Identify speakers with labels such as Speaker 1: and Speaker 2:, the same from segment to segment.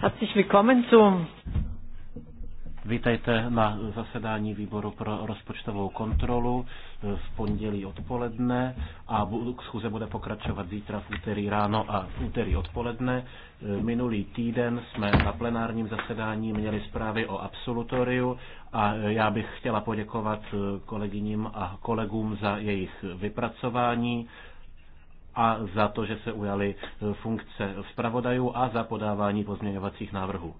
Speaker 1: Herzlich willkommen zu
Speaker 2: Vítejte na zasedání výboru pro rozpočtovou kontrolu v pondělí odpoledne a schůze bude pokračovat zítra v úterý ráno a v úterý odpoledne. Minulý týden jsme na plenárním zasedání měli zprávy o absolutoriu a já bych chtěla poděkovat kolegyním a kolegům za jejich vypracování a za to, že se ujali eh, funkce zpravodajů a za podávání pozměňovacích návrhů.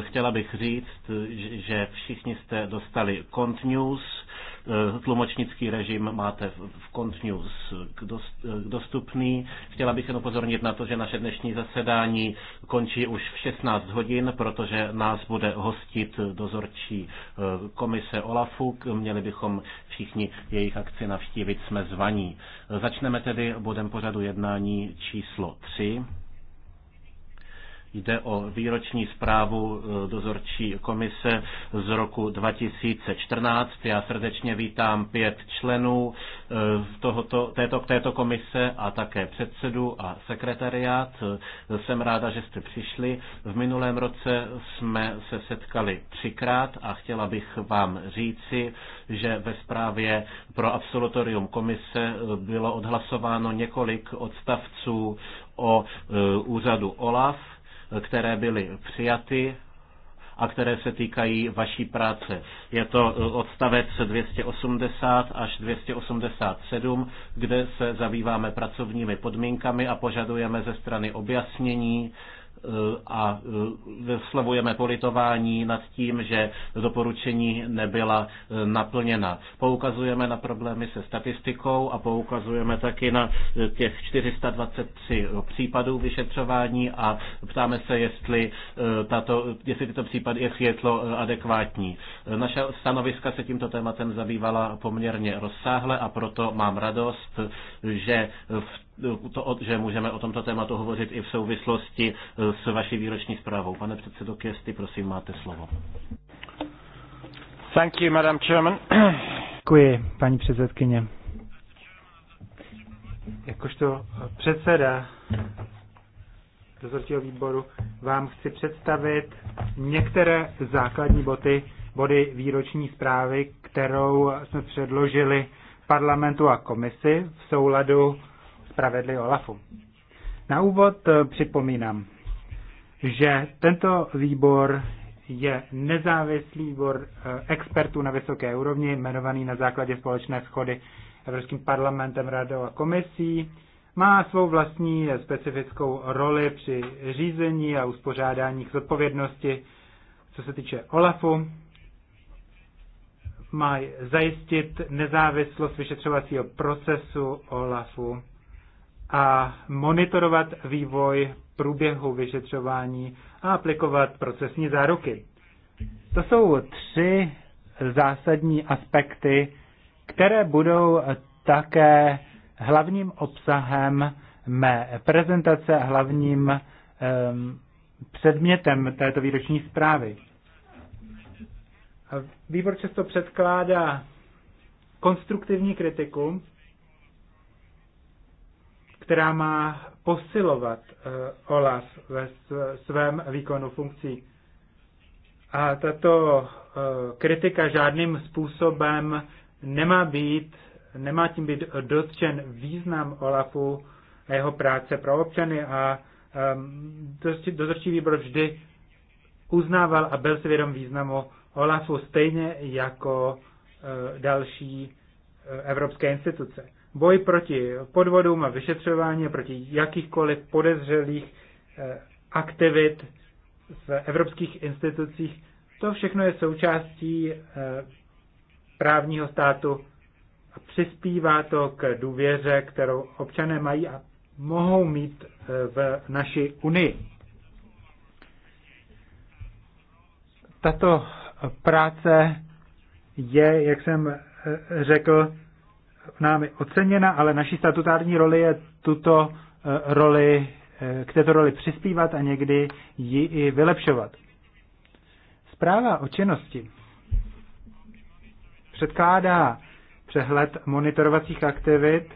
Speaker 2: Chtěla bych říct, že všichni jste dostali Cont News, tlumočnický režim máte v Cont News dostupný. Chtěla bych jen upozornit na to, že naše dnešní zasedání končí už v 16 hodin, protože nás bude hostit dozorčí eh, komise OLAFu. Měli bychom všichni jejich akci navštívit, jsme zvaní. Začneme tedy bodem pořadu jednání číslo 3. Jde o výroční zprávu e, dozorčí komise z roku 2014. Já srdečně vítám pět členů e, tohoto, této, této komise a také předsedu a sekretariát. E, jsem ráda, že jste přišli. V minulém roce jsme se setkali třikrát a chtěla bych vám říci, že ve zprávě pro absolutorium komise bylo odhlasováno několik odstavců o úřadu OLAF které byly přijaty a které se týkají vaší práce. Je to e, odstavec 280 až 287, kde se zabýváme pracovními podmínkami a požadujeme ze strany objasnění Eh, a eh, vyslovujeme politování nad tím, že doporučení nebyla eh, naplněna. Poukazujeme na problémy se statistikou a poukazujeme taky na těch 423 případů vyšetřování a ptáme se, jestli, tato, jestli tyto případy, je světlo adekvátní. Naše stanoviska se tímto tématem zabývala poměrně rozsáhle a proto mám radost, že v to, že můžeme o tomto tématu hovořit i v souvislosti e, s vaší výroční zprávou. Pane předsedo Kesty, prosím, máte slovo. Thank you, Madam Chairman.
Speaker 3: Děkuji, paní předsedkyně. Jakožto e, předseda dozorčího výboru vám chci představit některé základní body, body výroční zprávy, kterou jsme předložili parlamentu a komisi v souladu pravidly OLAFu. Na úvod eh, připomínám, že tento výbor je nezávislý výbor eh, expertů na vysoké úrovni, jmenovaný na základě společné schody Evropským parlamentem, radou a komisí. Má svou vlastní eh, specifickou roli při řízení a uspořádání k zodpovědnosti, co se týče OLAFu. Má zajistit nezávislost vyšetřovacího procesu OLAFu a monitorovat vývoj průběhu vyšetřování a aplikovat procesní záruky. To jsou tři zásadní aspekty, které budou také hlavním obsahem mé prezentace a hlavním um, předmětem této výroční zprávy. Výbor často předkládá konstruktivní kritiku která má posilovat eh, OLAF ve svém výkonu funkcí. A tato eh, kritika žádným způsobem nemá být, nemá tím být dotčen význam OLAFu a jeho práce pro občany a ehm, dozorčí výbor vždy uznával a byl si vědom významu OLAFu stejně jako eh, další evropské instituce. Boj proti podvodům a vyšetřování proti jakýchkoliv podezřelých eh, aktivit v evropských institucích, to všechno je součástí eh, právního státu a přispívá to k důvěře, kterou občané mají a mohou mít eh, v naší unii. Tato práce je, jak jsem řekl, námi oceněna, ale naší statutární roli je tuto eh, roli, eh, k této roli přispívat a někdy ji i vylepšovat. Zpráva o činnosti předkládá přehled monitorovacích aktivit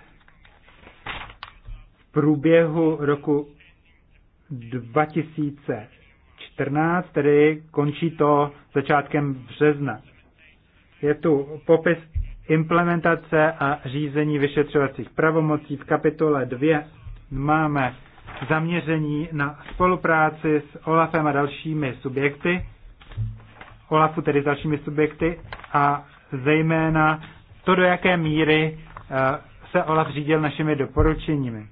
Speaker 3: v průběhu roku 2014, tedy končí to začátkem března. Je tu popis implementace a řízení vyšetřovacích pravomocí. V kapitole 2 máme zaměření na spolupráci s OLAFem a dalšími subjekty, OLAFu tedy s dalšími subjekty a zejména to, do jaké míry eh, se OLAF řídil našimi doporučeními.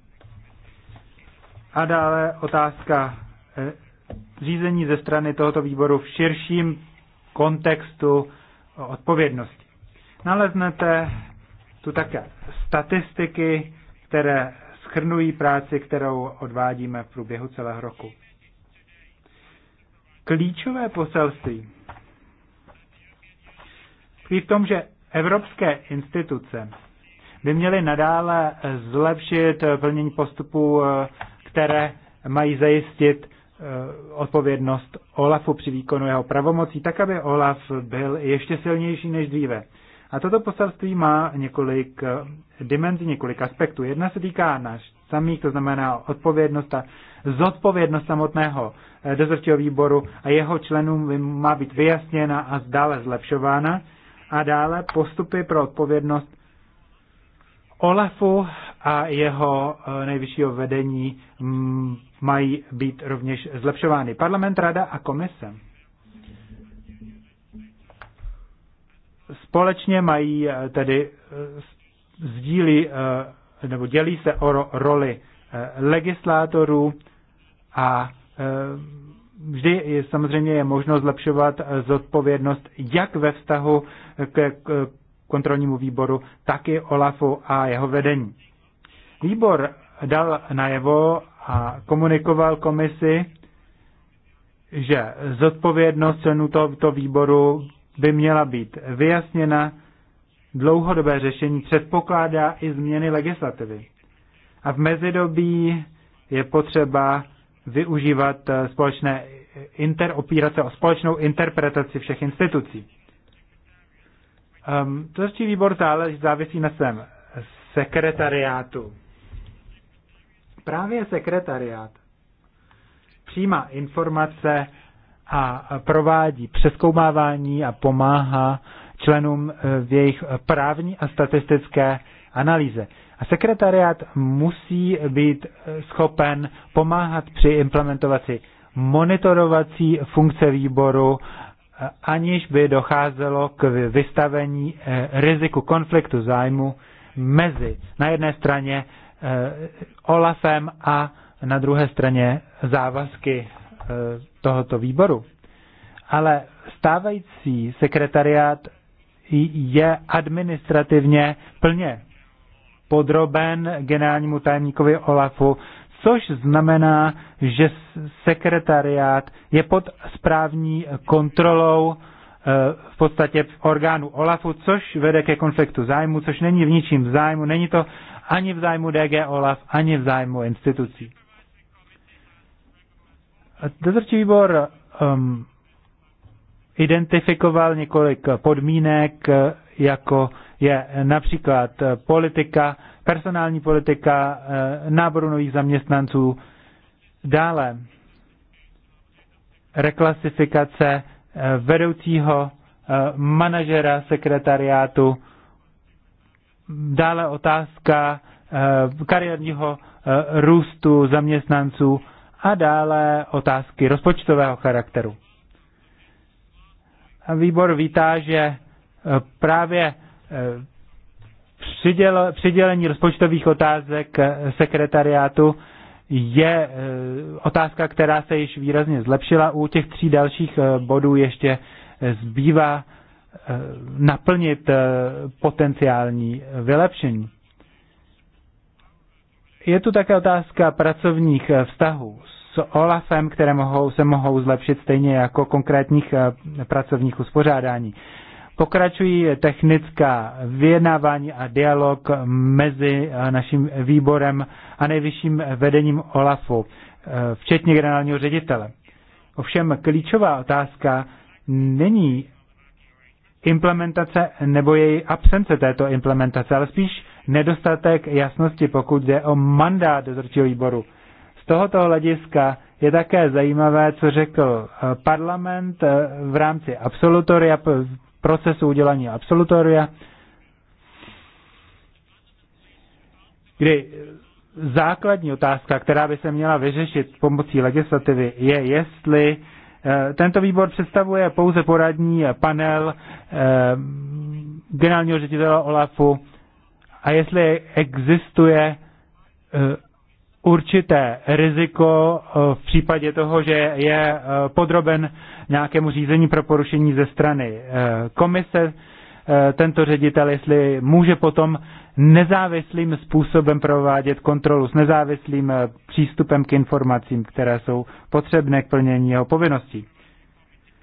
Speaker 3: A dále otázka eh, řízení ze strany tohoto výboru v širším kontextu odpovědnosti. Naleznete tu také statistiky, které schrnují práci, kterou odvádíme v průběhu celého roku. Klíčové poselství tkví v tom, že evropské instituce by měly nadále zlepšit plnění postupů, které mají zajistit eh, odpovědnost OLAFu při výkonu jeho pravomocí, tak aby OLAF byl ještě silnější než dříve. A toto poselství má několik eh, dimenzí, několik aspektů. Jedna se týká náš samých, to znamená odpovědnost a zodpovědnost samotného eh, dozorčího výboru a jeho členům má být vyjasněna a dále zlepšována. A dále postupy pro odpovědnost Olafu a jeho eh, nejvyššího vedení mm, mají být rovněž zlepšovány. Parlament, rada a komise společně mají eh, tedy eh, sdílí eh, nebo dělí se o roli legislátorů a vždy je, samozřejmě je možno zlepšovat zodpovědnost jak ve vztahu k kontrolnímu výboru, tak i OLAFu a jeho vedení. Výbor dal najevo a komunikoval komisi, že zodpovědnost členů tohoto výboru by měla být vyjasněna, dlouhodobé řešení předpokládá i změny legislativy. A v mezidobí je potřeba využívat eh, společné inter, opírat se o společnou interpretaci všech institucí. Um, Dozorčí výbor zálež, závisí na svém sekretariátu. Právě sekretariát přijímá informace a provádí přeskoumávání a pomáhá členům eh, v jejich právní a statistické analýze. A sekretariát musí být eh, schopen pomáhat při implementovaci monitorovací funkce výboru, eh, aniž by docházelo k vystavení riziku konfliktu zájmu mezi na jedné straně OLAFem a na druhé straně závazky tohoto výboru. Ale stávající sekretariát je administrativně plně podroben generálnímu tajemníkovi Olafu, což znamená, že sekretariát je pod správní kontrolou eh, v podstatě v orgánu OLAFu, což vede ke konfliktu zájmu, což není v ničím zájmu, není to ani v zájmu DG OLAF, ani v zájmu institucí. Dozorčí výbor um, identifikoval několik podmínek, jako je například politika, personální politika, eh, náboru nových zaměstnanců, dále reklasifikace eh, vedoucího eh, manažera sekretariátu, dále otázka kariérního růstu zaměstnanců a dále otázky rozpočtového charakteru. Výbor vítá, že e, právě e, přiděl, přidělení rozpočtových otázek e, sekretariátu je otázka, která se již výrazně zlepšila. U těch tří dalších bodů ještě zbývá naplnit potenciální vylepšení. Je tu také otázka pracovních eh, vztahů s OLAFem, které mohou, se mohou zlepšit stejně jako konkrétních eh, pracovních uspořádání. Pokračují technická vyjednávání a dialog mezi eh, naším výborem a nejvyšším vedením OLAFu, včetně generálního ředitele. Ovšem klíčová otázka není implementace nebo její absence této implementace, ale spíš nedostatek jasnosti, pokud jde o mandát dozorčího výboru. Z tohoto hlediska je také zajímavé, co řekl eh, parlament eh, v rámci absolutoria, procesu udělání absolutoria, kdy eh, základní otázka, která by se měla vyřešit pomocí legislativy, je, jestli tento výbor představuje pouze poradní panel generálního ředitele OLAFu a jestli existuje eh, určité riziko eh, v případě toho, že je eh, podroben nějakému řízení pro porušení ze strany komise, tento ředitel, jestli může potom nezávislým způsobem provádět kontrolu s nezávislým přístupem k informacím, které jsou potřebné k plnění jeho povinností.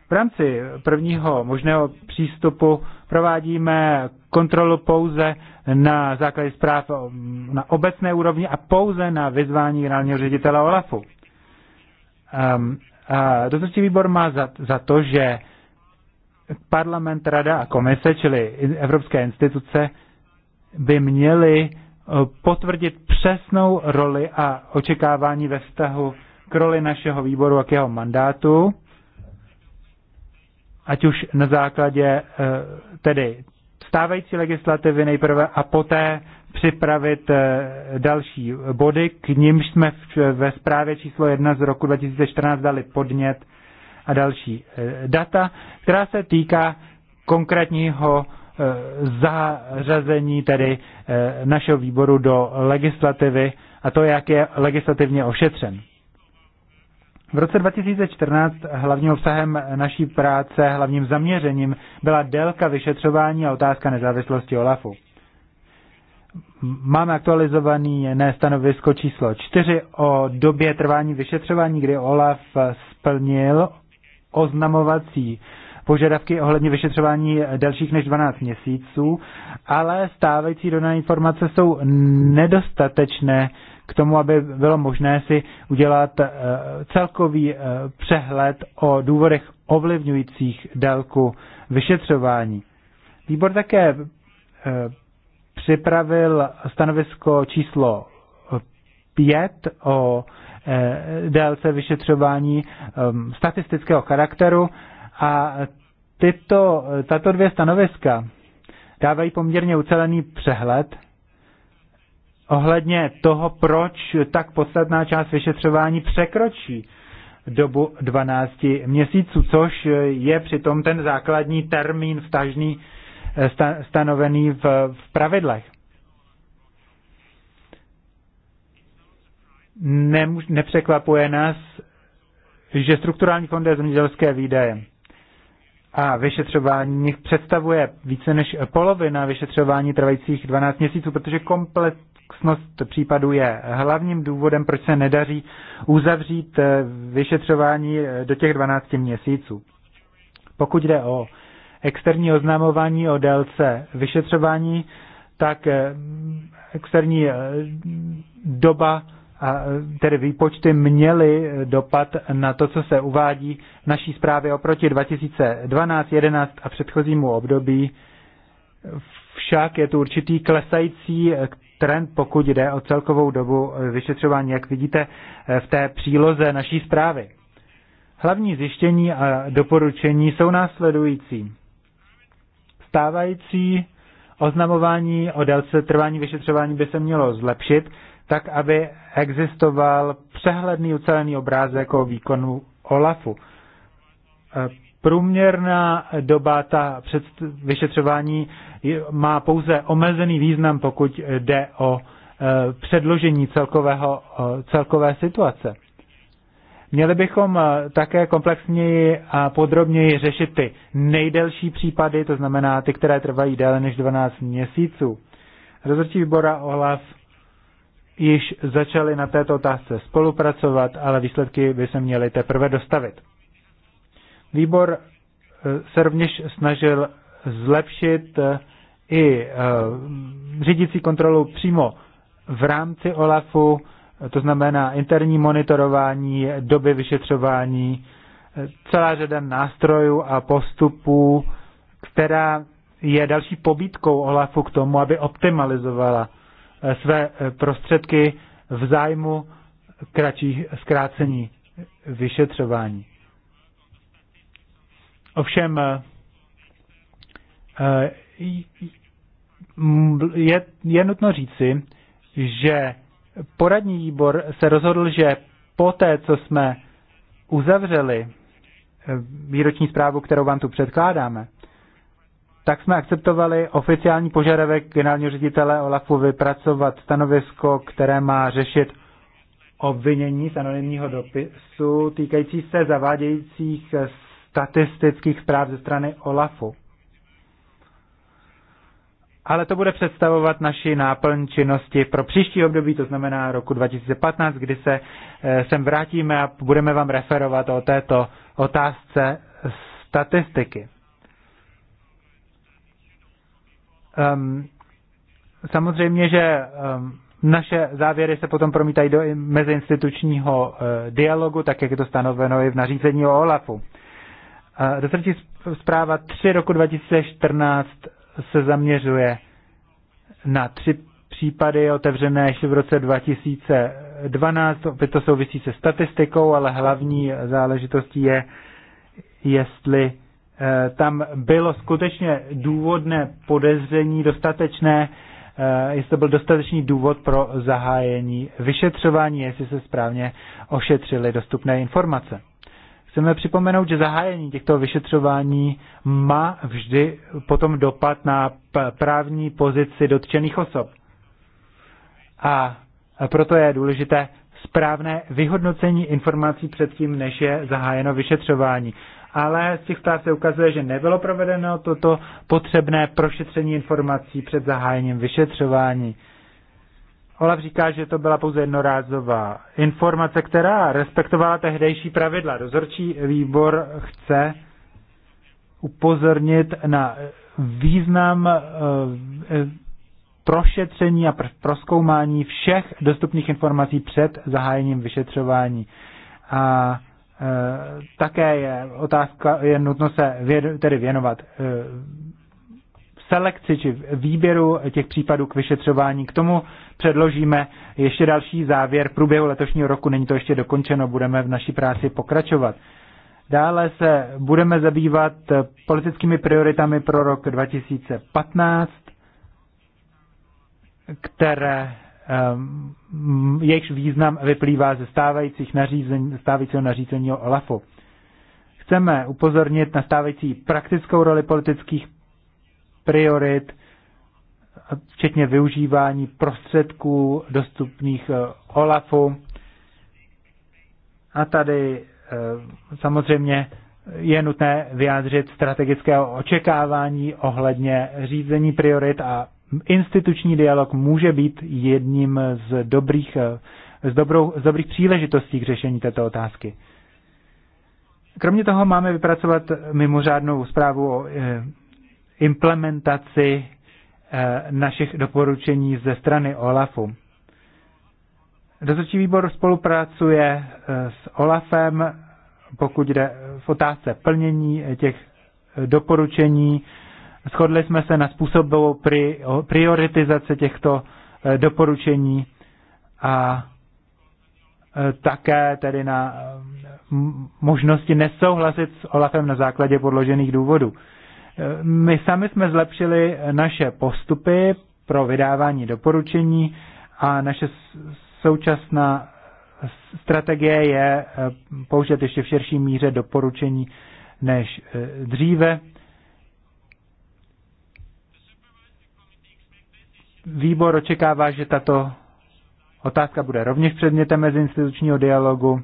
Speaker 3: V rámci prvního možného přístupu provádíme kontrolu pouze na základě zpráv na obecné úrovni a pouze na vyzvání generálního ředitele OLAFu. Um, a dozorčí výbor má za, za to, že parlament, rada a komise, čili evropské instituce, by měly eh, potvrdit přesnou roli a očekávání ve vztahu k roli našeho výboru a k jeho mandátu ať už na základě eh, tedy stávající legislativy nejprve a poté připravit eh, další body, k nimž jsme ve zprávě číslo 1 z roku 2014 dali podnět a další eh, data, která se týká konkrétního zařazení tedy našeho výboru do legislativy a to, jak je legislativně ošetřen. V roce 2014 hlavním obsahem naší práce, hlavním zaměřením byla délka vyšetřování a otázka nezávislosti OLAFu. Máme aktualizovaný nestanovisko stanovisko číslo 4 o době trvání vyšetřování, kdy OLAF splnil oznamovací požadavky ohledně vyšetřování delších než 12 měsíců, ale stávající dodané informace jsou nedostatečné k tomu, aby bylo možné si udělat eh, celkový eh, přehled o důvodech ovlivňujících délku vyšetřování. Výbor také eh, připravil stanovisko číslo 5 o délce vyšetřování ehm, statistického charakteru a tyto, tato dvě stanoviska dávají poměrně ucelený přehled ohledně toho, proč tak podstatná část vyšetřování překročí dobu 12 měsíců, což je přitom ten základní termín vtažný, eh, stanovený v, v pravidlech. Nemůž, nepřekvapuje nás, že strukturální fond je zemědělské výdaje a vyšetřování nich představuje více než polovina vyšetřování trvajících 12 měsíců, protože komplet, komplexnost případu je hlavním důvodem, proč se nedaří uzavřít eh, vyšetřování eh, do těch 12 měsíců. Pokud jde o externí oznamování o délce vyšetřování, tak eh, externí doba a tedy výpočty měly dopad na to, co se uvádí v naší zprávě oproti 2012, 2011 a předchozímu období. Však je tu určitý klesající trend, pokud jde o celkovou dobu vyšetřování, jak vidíte eh, v té příloze naší zprávy. Hlavní zjištění a doporučení jsou následující. Stávající oznamování o délce trvání vyšetřování by se mělo zlepšit, tak aby existoval přehledný ucelený obrázek o výkonu OLAFu. Eh, průměrná doba ta před vyšetřování má pouze omezený význam, pokud jde o e, předložení celkového, e, celkové situace. Měli bychom e, také komplexněji a podrobněji řešit ty nejdelší případy, to znamená ty, které trvají déle než 12 měsíců. Rozhodčí výbora OLAF již začaly na této otázce spolupracovat, ale výsledky by se měly teprve dostavit. Výbor eh, se rovněž snažil zlepšit eh, i eh, řídící kontrolu přímo v rámci OLAFu, to znamená interní monitorování, doby vyšetřování, celá řada nástrojů a postupů, která je další pobídkou OLAFu k tomu, aby optimalizovala své prostředky v zájmu kratších zkrácení vyšetřování. Ovšem eh, eh, je, je nutno říci, že poradní výbor se rozhodl, že poté, co jsme uzavřeli eh, výroční zprávu, kterou vám tu předkládáme, tak jsme akceptovali oficiální požadavek generálního ředitele Olafu vypracovat stanovisko, které má řešit obvinění z anonymního dopisu týkající se zavádějících statistických zpráv ze strany OLAFu. Ale to bude představovat naši náplň činnosti pro příští období, to znamená roku 2015, kdy se eh, sem vrátíme a budeme vám referovat o této otázce statistiky. Um, samozřejmě, že um, naše závěry se potom promítají do meziinstitučního eh, dialogu, tak jak je to stanoveno i v nařízení o OLAFu. Dozorčí zpráva 3 roku 2014 se zaměřuje na tři případy otevřené ještě v roce 2012. Opět to souvisí se statistikou, ale hlavní záležitostí je, jestli eh, tam bylo skutečně důvodné podezření dostatečné, eh, jestli to byl dostatečný důvod pro zahájení vyšetřování, jestli se správně ošetřily dostupné informace. Chceme připomenout, že zahájení těchto vyšetřování má vždy potom dopad na právní pozici dotčených osob. A proto je důležité správné vyhodnocení informací předtím, než je zahájeno vyšetřování. Ale z těch zpráv se ukazuje, že nebylo provedeno toto potřebné prošetření informací před zahájením vyšetřování. Olaf říká, že to byla pouze jednorázová informace, která respektovala tehdejší pravidla. Dozorčí výbor chce upozornit na význam eh, eh, prošetření a proskoumání všech dostupných informací před zahájením vyšetřování. A eh, také je otázka, je nutno se věd, tedy věnovat selekci či výběru těch případů k vyšetřování. K tomu předložíme ještě další závěr průběhu letošního roku. Není to ještě dokončeno, budeme v naší práci pokračovat. Dále se budeme zabývat politickými prioritami pro rok 2015, které ehm, jejichž význam vyplývá ze stávajících nařízení, stávajícího nařízení OLAFu. Chceme upozornit na stávající praktickou roli politických priorit, včetně využívání prostředků dostupných eh, OLAFu. A tady eh, samozřejmě je nutné vyjádřit strategického očekávání ohledně řízení priorit a instituční dialog může být jedním z dobrých, eh, z, dobrou, z dobrých příležitostí k řešení této otázky. Kromě toho máme vypracovat mimořádnou zprávu o implementaci eh, našich doporučení ze strany OLAFu. Dozorčí výbor spolupracuje eh, s OLAFem, pokud jde v otázce plnění eh, těch doporučení. Shodli jsme se na způsobovou prioritizaci těchto doporučení a také tedy na možnosti nesouhlasit s OLAFem na základě podložených důvodů. My sami jsme zlepšili naše postupy pro vydávání doporučení a naše současná strategie je eh, použít ještě v širší míře doporučení než eh, dříve. Výbor očekává, že tato otázka bude rovněž předmětem meziinstitučního dialogu.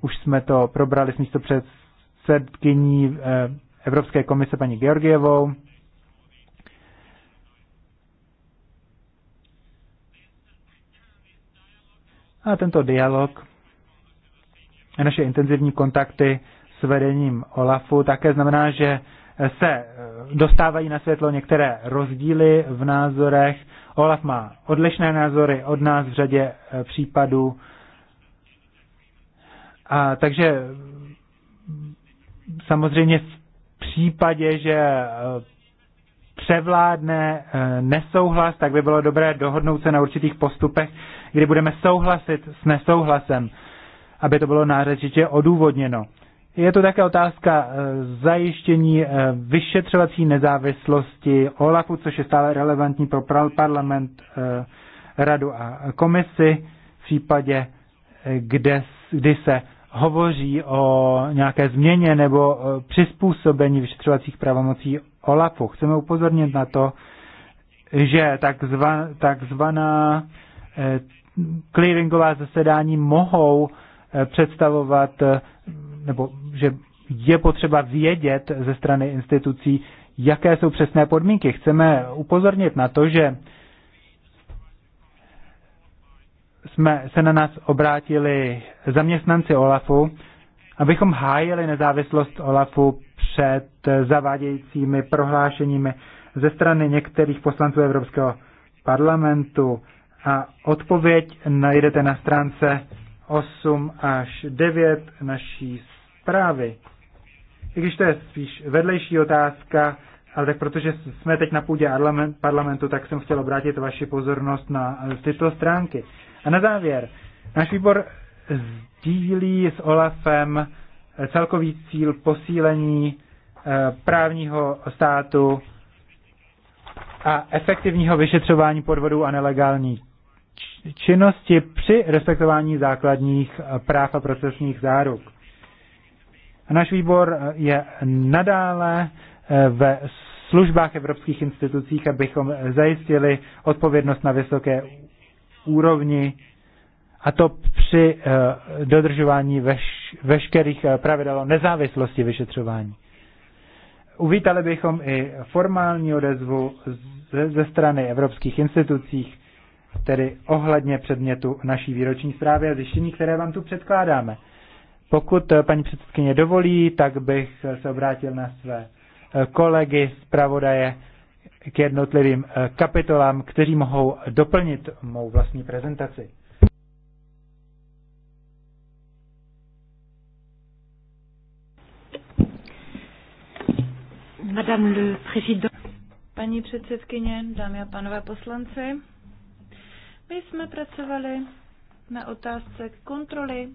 Speaker 3: Už jsme to probrali s místo předsedkyní eh, Evropské komise paní Georgievou. A tento dialog a naše intenzivní kontakty s vedením OLAFu také znamená, že se eh, dostávají na světlo některé rozdíly v názorech. Olaf má odlišné názory od nás v řadě eh, případů. A takže mm, samozřejmě případě, že eh, převládne eh, nesouhlas, tak by bylo dobré dohodnout se na určitých postupech, kdy budeme souhlasit s nesouhlasem, aby to bylo nářečitě odůvodněno. Je to také otázka eh, zajištění vyšetřovací nezávislosti OLAFu, což je stále relevantní pro parlament, radu a komisi v případě, kde, kdy se hovoří o nějaké změně nebo e, přizpůsobení vyšetřovacích pravomocí OLAFu. Chceme upozornit na to, že takzvaná, takzvaná e, clearingová zasedání mohou e, představovat, nebo že je potřeba vědět ze strany institucí, jaké jsou přesné podmínky. Chceme upozornit na to, že jsme se na nás obrátili zaměstnanci OLAFu, abychom hájili nezávislost OLAFu před zavádějícími prohlášeními ze strany některých poslanců Evropského parlamentu. A odpověď najdete na stránce 8 až 9 naší zprávy. I když to je spíš vedlejší otázka, ale tak protože jsme teď na půdě parlamentu, tak jsem chtěl obrátit vaši pozornost na tyto stránky. A na závěr, náš výbor sdílí s OLAFem celkový cíl posílení eh, právního státu a efektivního vyšetřování podvodů a nelegální činnosti při respektování základních eh, práv a procesních záruk. A náš výbor eh, je nadále ve službách evropských institucích, abychom zajistili odpovědnost na vysoké úrovni a to při eh, dodržování veš, veškerých eh, pravidel o nezávislosti vyšetřování. Uvítali bychom i formální odezvu ze, ze strany evropských institucích, tedy ohledně předmětu naší výroční zprávy a zjištění, které vám tu předkládáme. Pokud eh, paní předsedkyně dovolí, tak bych se obrátil na své kolegy zpravodaje k jednotlivým eh, kapitolám, kteří mohou doplnit mou vlastní prezentaci.
Speaker 1: Madame le Président. Paní předsedkyně, dámy a pánové poslanci, my jsme pracovali na otázce kontroly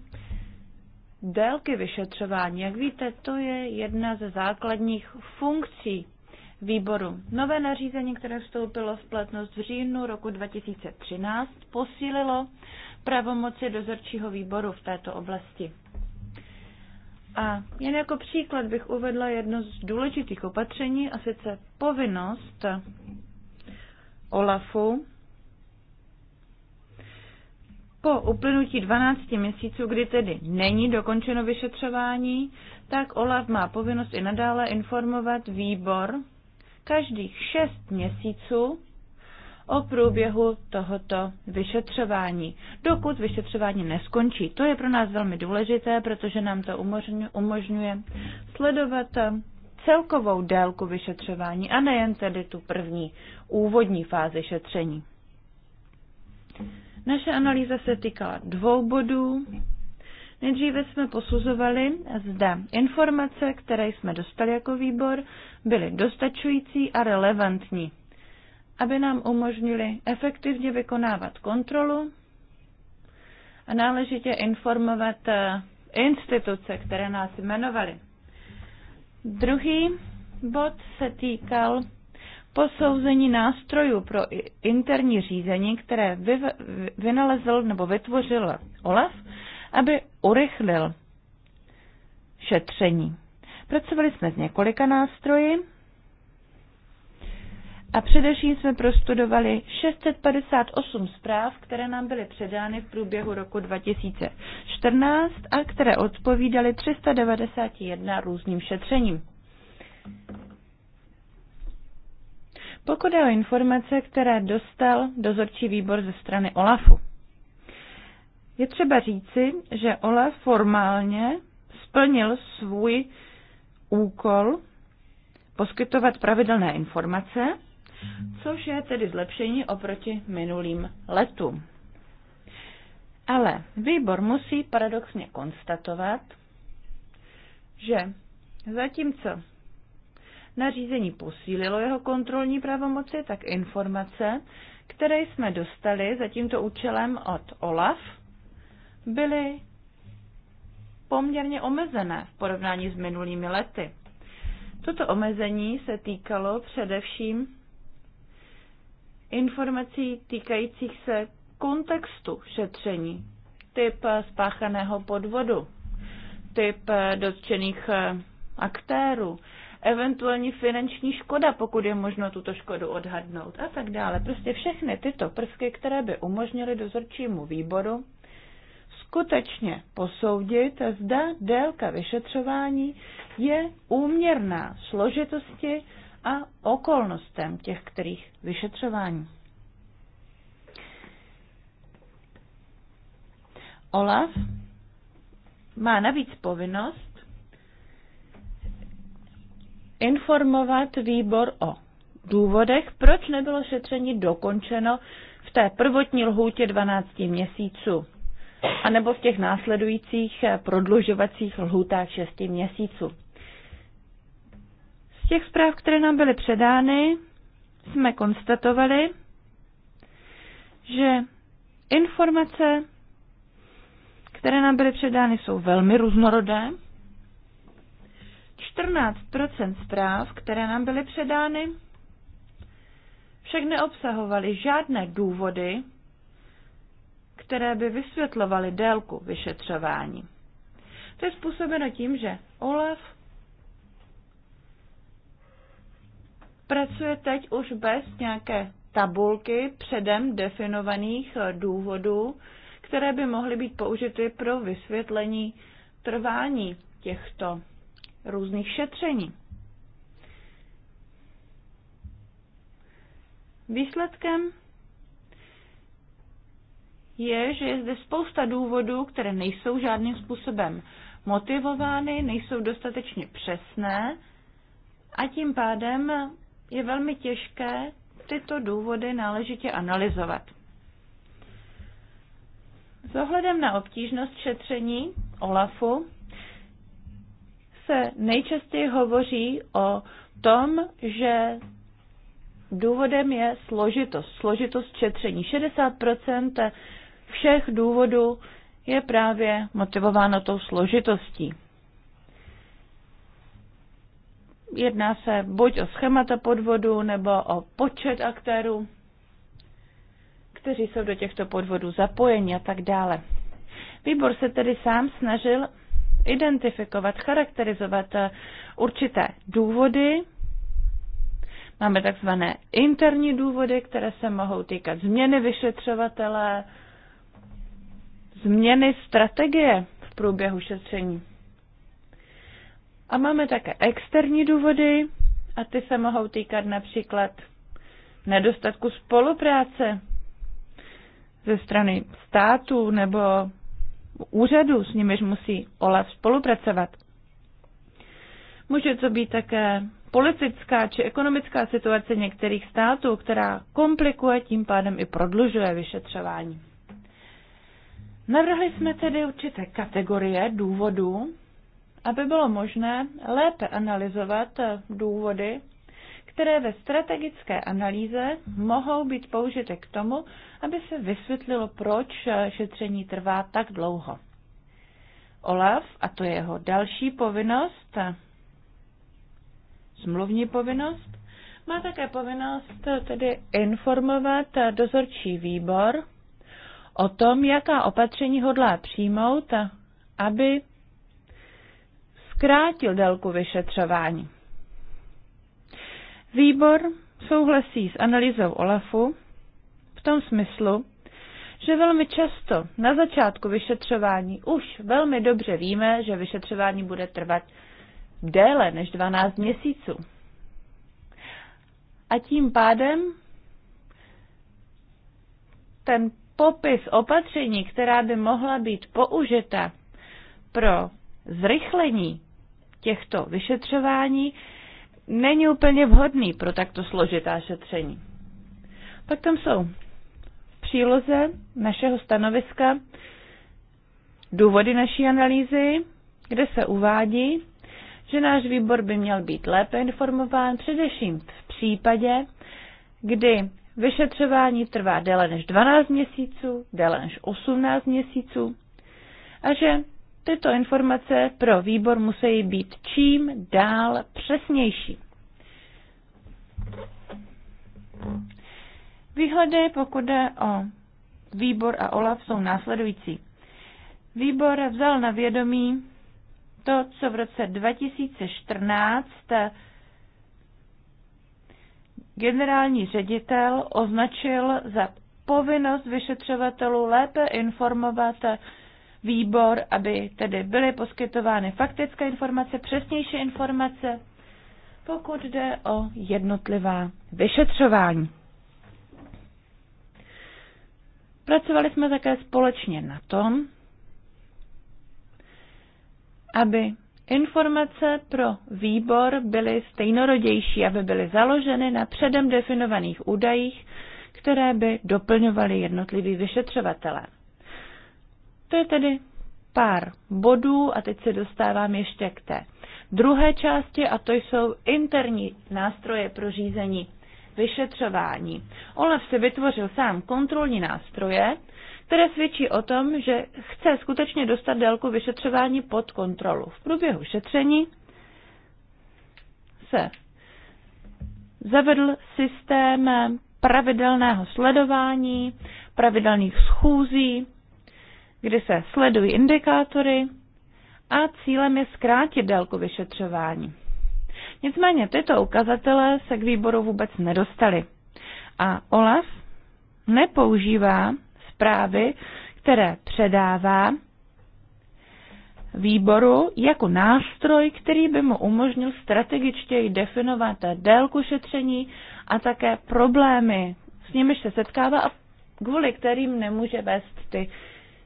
Speaker 1: délky vyšetřování. Jak víte, to je jedna ze základních funkcí výboru. Nové nařízení, které vstoupilo v platnost v říjnu roku 2013, posílilo pravomoci dozorčího výboru v této oblasti. A jen jako příklad bych uvedla jedno z důležitých opatření, a sice povinnost OLAFu po uplynutí 12 měsíců, kdy tedy není dokončeno vyšetřování, tak OLAF má povinnost i nadále informovat výbor každých šest měsíců o průběhu tohoto vyšetřování, dokud vyšetřování neskončí. To je pro nás velmi důležité, protože nám to umožňuje sledovat eh, celkovou délku vyšetřování a nejen tedy tu první úvodní fázi šetření. Naše analýza se týkala dvou bodů. Nejdříve jsme posuzovali zde informace, které jsme dostali jako výbor, byly dostačující a relevantní, aby nám umožnili efektivně vykonávat kontrolu a náležitě informovat eh, instituce, které nás jmenovaly. Druhý bod se týkal posouzení nástrojů pro interní řízení, které vynalezl nebo vytvořil OLAF, aby urychlil šetření. Pracovali jsme s několika nástroji a především jsme prostudovali 658 zpráv, které nám byly předány v průběhu roku 2014 a které odpovídaly 391 různým šetřením. Pokud je o informace, které dostal dozorčí výbor ze strany OLAFu. Je třeba říci, že OLAF formálně splnil svůj úkol poskytovat pravidelné informace, což je tedy zlepšení oproti minulým letům. Ale výbor musí paradoxně konstatovat, že zatímco nařízení posílilo jeho kontrolní pravomoci, tak informace, které jsme dostali za tímto účelem od OLAF, byly poměrně omezené v porovnání s minulými lety. Toto omezení se týkalo především informací týkajících se kontextu šetření, typ spáchaného podvodu, typ dotčených eh, aktérů, eventuální finanční škoda, pokud je možno tuto škodu odhadnout a tak dále. Prostě všechny tyto prvky, které by umožnily dozorčímu výboru skutečně posoudit, zda délka vyšetřování je úměrná složitosti a okolnostem těch kterých vyšetřování. Olaf má navíc povinnost informovat výbor o důvodech, proč nebylo šetření dokončeno v té prvotní lhůtě 12 měsíců anebo v těch následujících eh, prodlužovacích lhůtách 6 měsíců. Z těch zpráv, které nám byly předány, jsme konstatovali, že informace, které nám byly předány, jsou velmi různorodé. 14 zpráv, které nám byly předány, však neobsahovaly žádné důvody které by vysvětlovaly délku vyšetřování. To je způsobeno tím, že OLAF pracuje teď už bez nějaké tabulky předem definovaných důvodů, které by mohly být použity pro vysvětlení trvání těchto různých šetření. Výsledkem je, že je zde spousta důvodů, které nejsou žádným způsobem motivovány, nejsou dostatečně přesné a tím pádem je velmi těžké tyto důvody náležitě analyzovat. S ohledem na obtížnost šetření OLAFu se nejčastěji hovoří o tom, že důvodem je složitost, složitost šetření. 60 všech důvodů je právě motivováno tou složitostí. Jedná se buď o schémata podvodu nebo o počet aktérů, kteří jsou do těchto podvodů zapojeni a tak dále. Výbor se tedy sám snažil identifikovat, charakterizovat určité důvody. Máme takzvané interní důvody, které se mohou týkat změny vyšetřovatele, změny strategie v průběhu šetření. A máme také externí důvody a ty se mohou týkat například nedostatku spolupráce ze strany států nebo úřadů, s nimiž musí OLAF spolupracovat. Může to být také politická či ekonomická situace některých států, která komplikuje tím pádem i prodlužuje vyšetřování. Navrhli jsme tedy určité kategorie důvodů, aby bylo možné lépe analyzovat důvody, které ve strategické analýze mohou být použity k tomu, aby se vysvětlilo, proč šetření trvá tak dlouho. Olaf, a to je jeho další povinnost, smluvní povinnost, má také povinnost tedy informovat dozorčí výbor o tom, jaká opatření hodlá přijmout, aby zkrátil délku vyšetřování. Výbor souhlasí s analýzou OLAFu v tom smyslu, že velmi často na začátku vyšetřování už velmi dobře víme, že vyšetřování bude trvat déle než 12 měsíců. A tím pádem ten popis opatření, která by mohla být použita pro zrychlení těchto vyšetřování, není úplně vhodný pro takto složitá šetření. Pak tam jsou v příloze našeho stanoviska důvody naší analýzy, kde se uvádí, že náš výbor by měl být lépe informován především v případě, kdy vyšetřování trvá déle než 12 měsíců, déle než 18 měsíců a že tyto informace pro výbor musí být čím dál přesnější. Výhledy, pokud jde o výbor a OLAF, jsou následující. Výbor vzal na vědomí to, co v roce 2014 generální ředitel označil za povinnost vyšetřovatelů lépe informovat výbor, aby tedy byly poskytovány faktické informace, přesnější informace, pokud jde o jednotlivá vyšetřování. Pracovali jsme také společně na tom, aby Informace pro výbor byly stejnorodější, aby byly založeny na předem definovaných údajích, které by doplňovaly jednotliví vyšetřovatele. To je tedy pár bodů a teď se dostávám ještě k té druhé části a to jsou interní nástroje pro řízení vyšetřování. Olaf si vytvořil sám kontrolní nástroje, které svědčí o tom, že chce skutečně dostat délku vyšetřování pod kontrolu. V průběhu šetření se zavedl systém pravidelného sledování, pravidelných schůzí, kdy se sledují indikátory a cílem je zkrátit délku vyšetřování. Nicméně tyto ukazatele se k výboru vůbec nedostaly a OLAF nepoužívá zprávy, které předává výboru jako nástroj, který by mu umožnil strategičtěji definovat délku šetření a také problémy, s nimiž se setkává a kvůli kterým nemůže vést ty,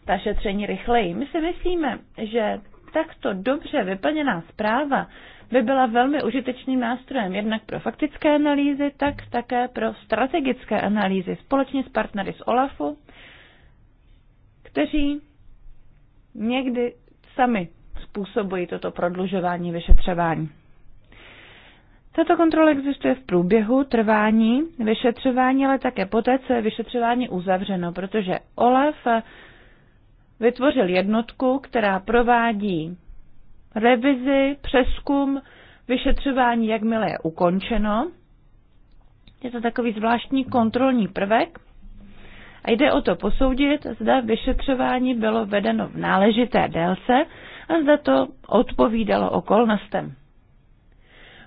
Speaker 1: ta šetření rychleji. My si myslíme, že takto dobře vyplněná zpráva by byla velmi užitečným nástrojem jednak pro faktické analýzy, tak také pro strategické analýzy společně s partnery z OLAFu, kteří někdy sami způsobují toto prodlužování vyšetřování. Tato kontrola existuje v průběhu trvání vyšetřování, ale také poté, co je vyšetřování uzavřeno, protože OLAF vytvořil jednotku, která provádí revizi, přeskum vyšetřování, jakmile je ukončeno. Je to takový zvláštní kontrolní prvek, a jde o to posoudit, zda vyšetřování bylo vedeno v náležité délce a zda to odpovídalo okolnostem.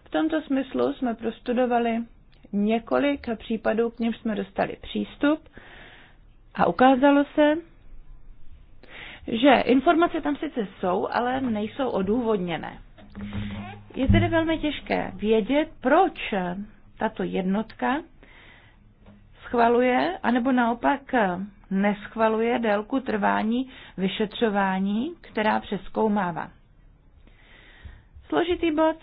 Speaker 1: V tomto smyslu jsme prostudovali několik případů, k nimž jsme dostali přístup a ukázalo se, že informace tam sice jsou, ale nejsou odůvodněné. Je tedy velmi těžké vědět, proč tato jednotka schvaluje, anebo naopak neschvaluje délku trvání vyšetřování, která přeskoumává. Složitý bod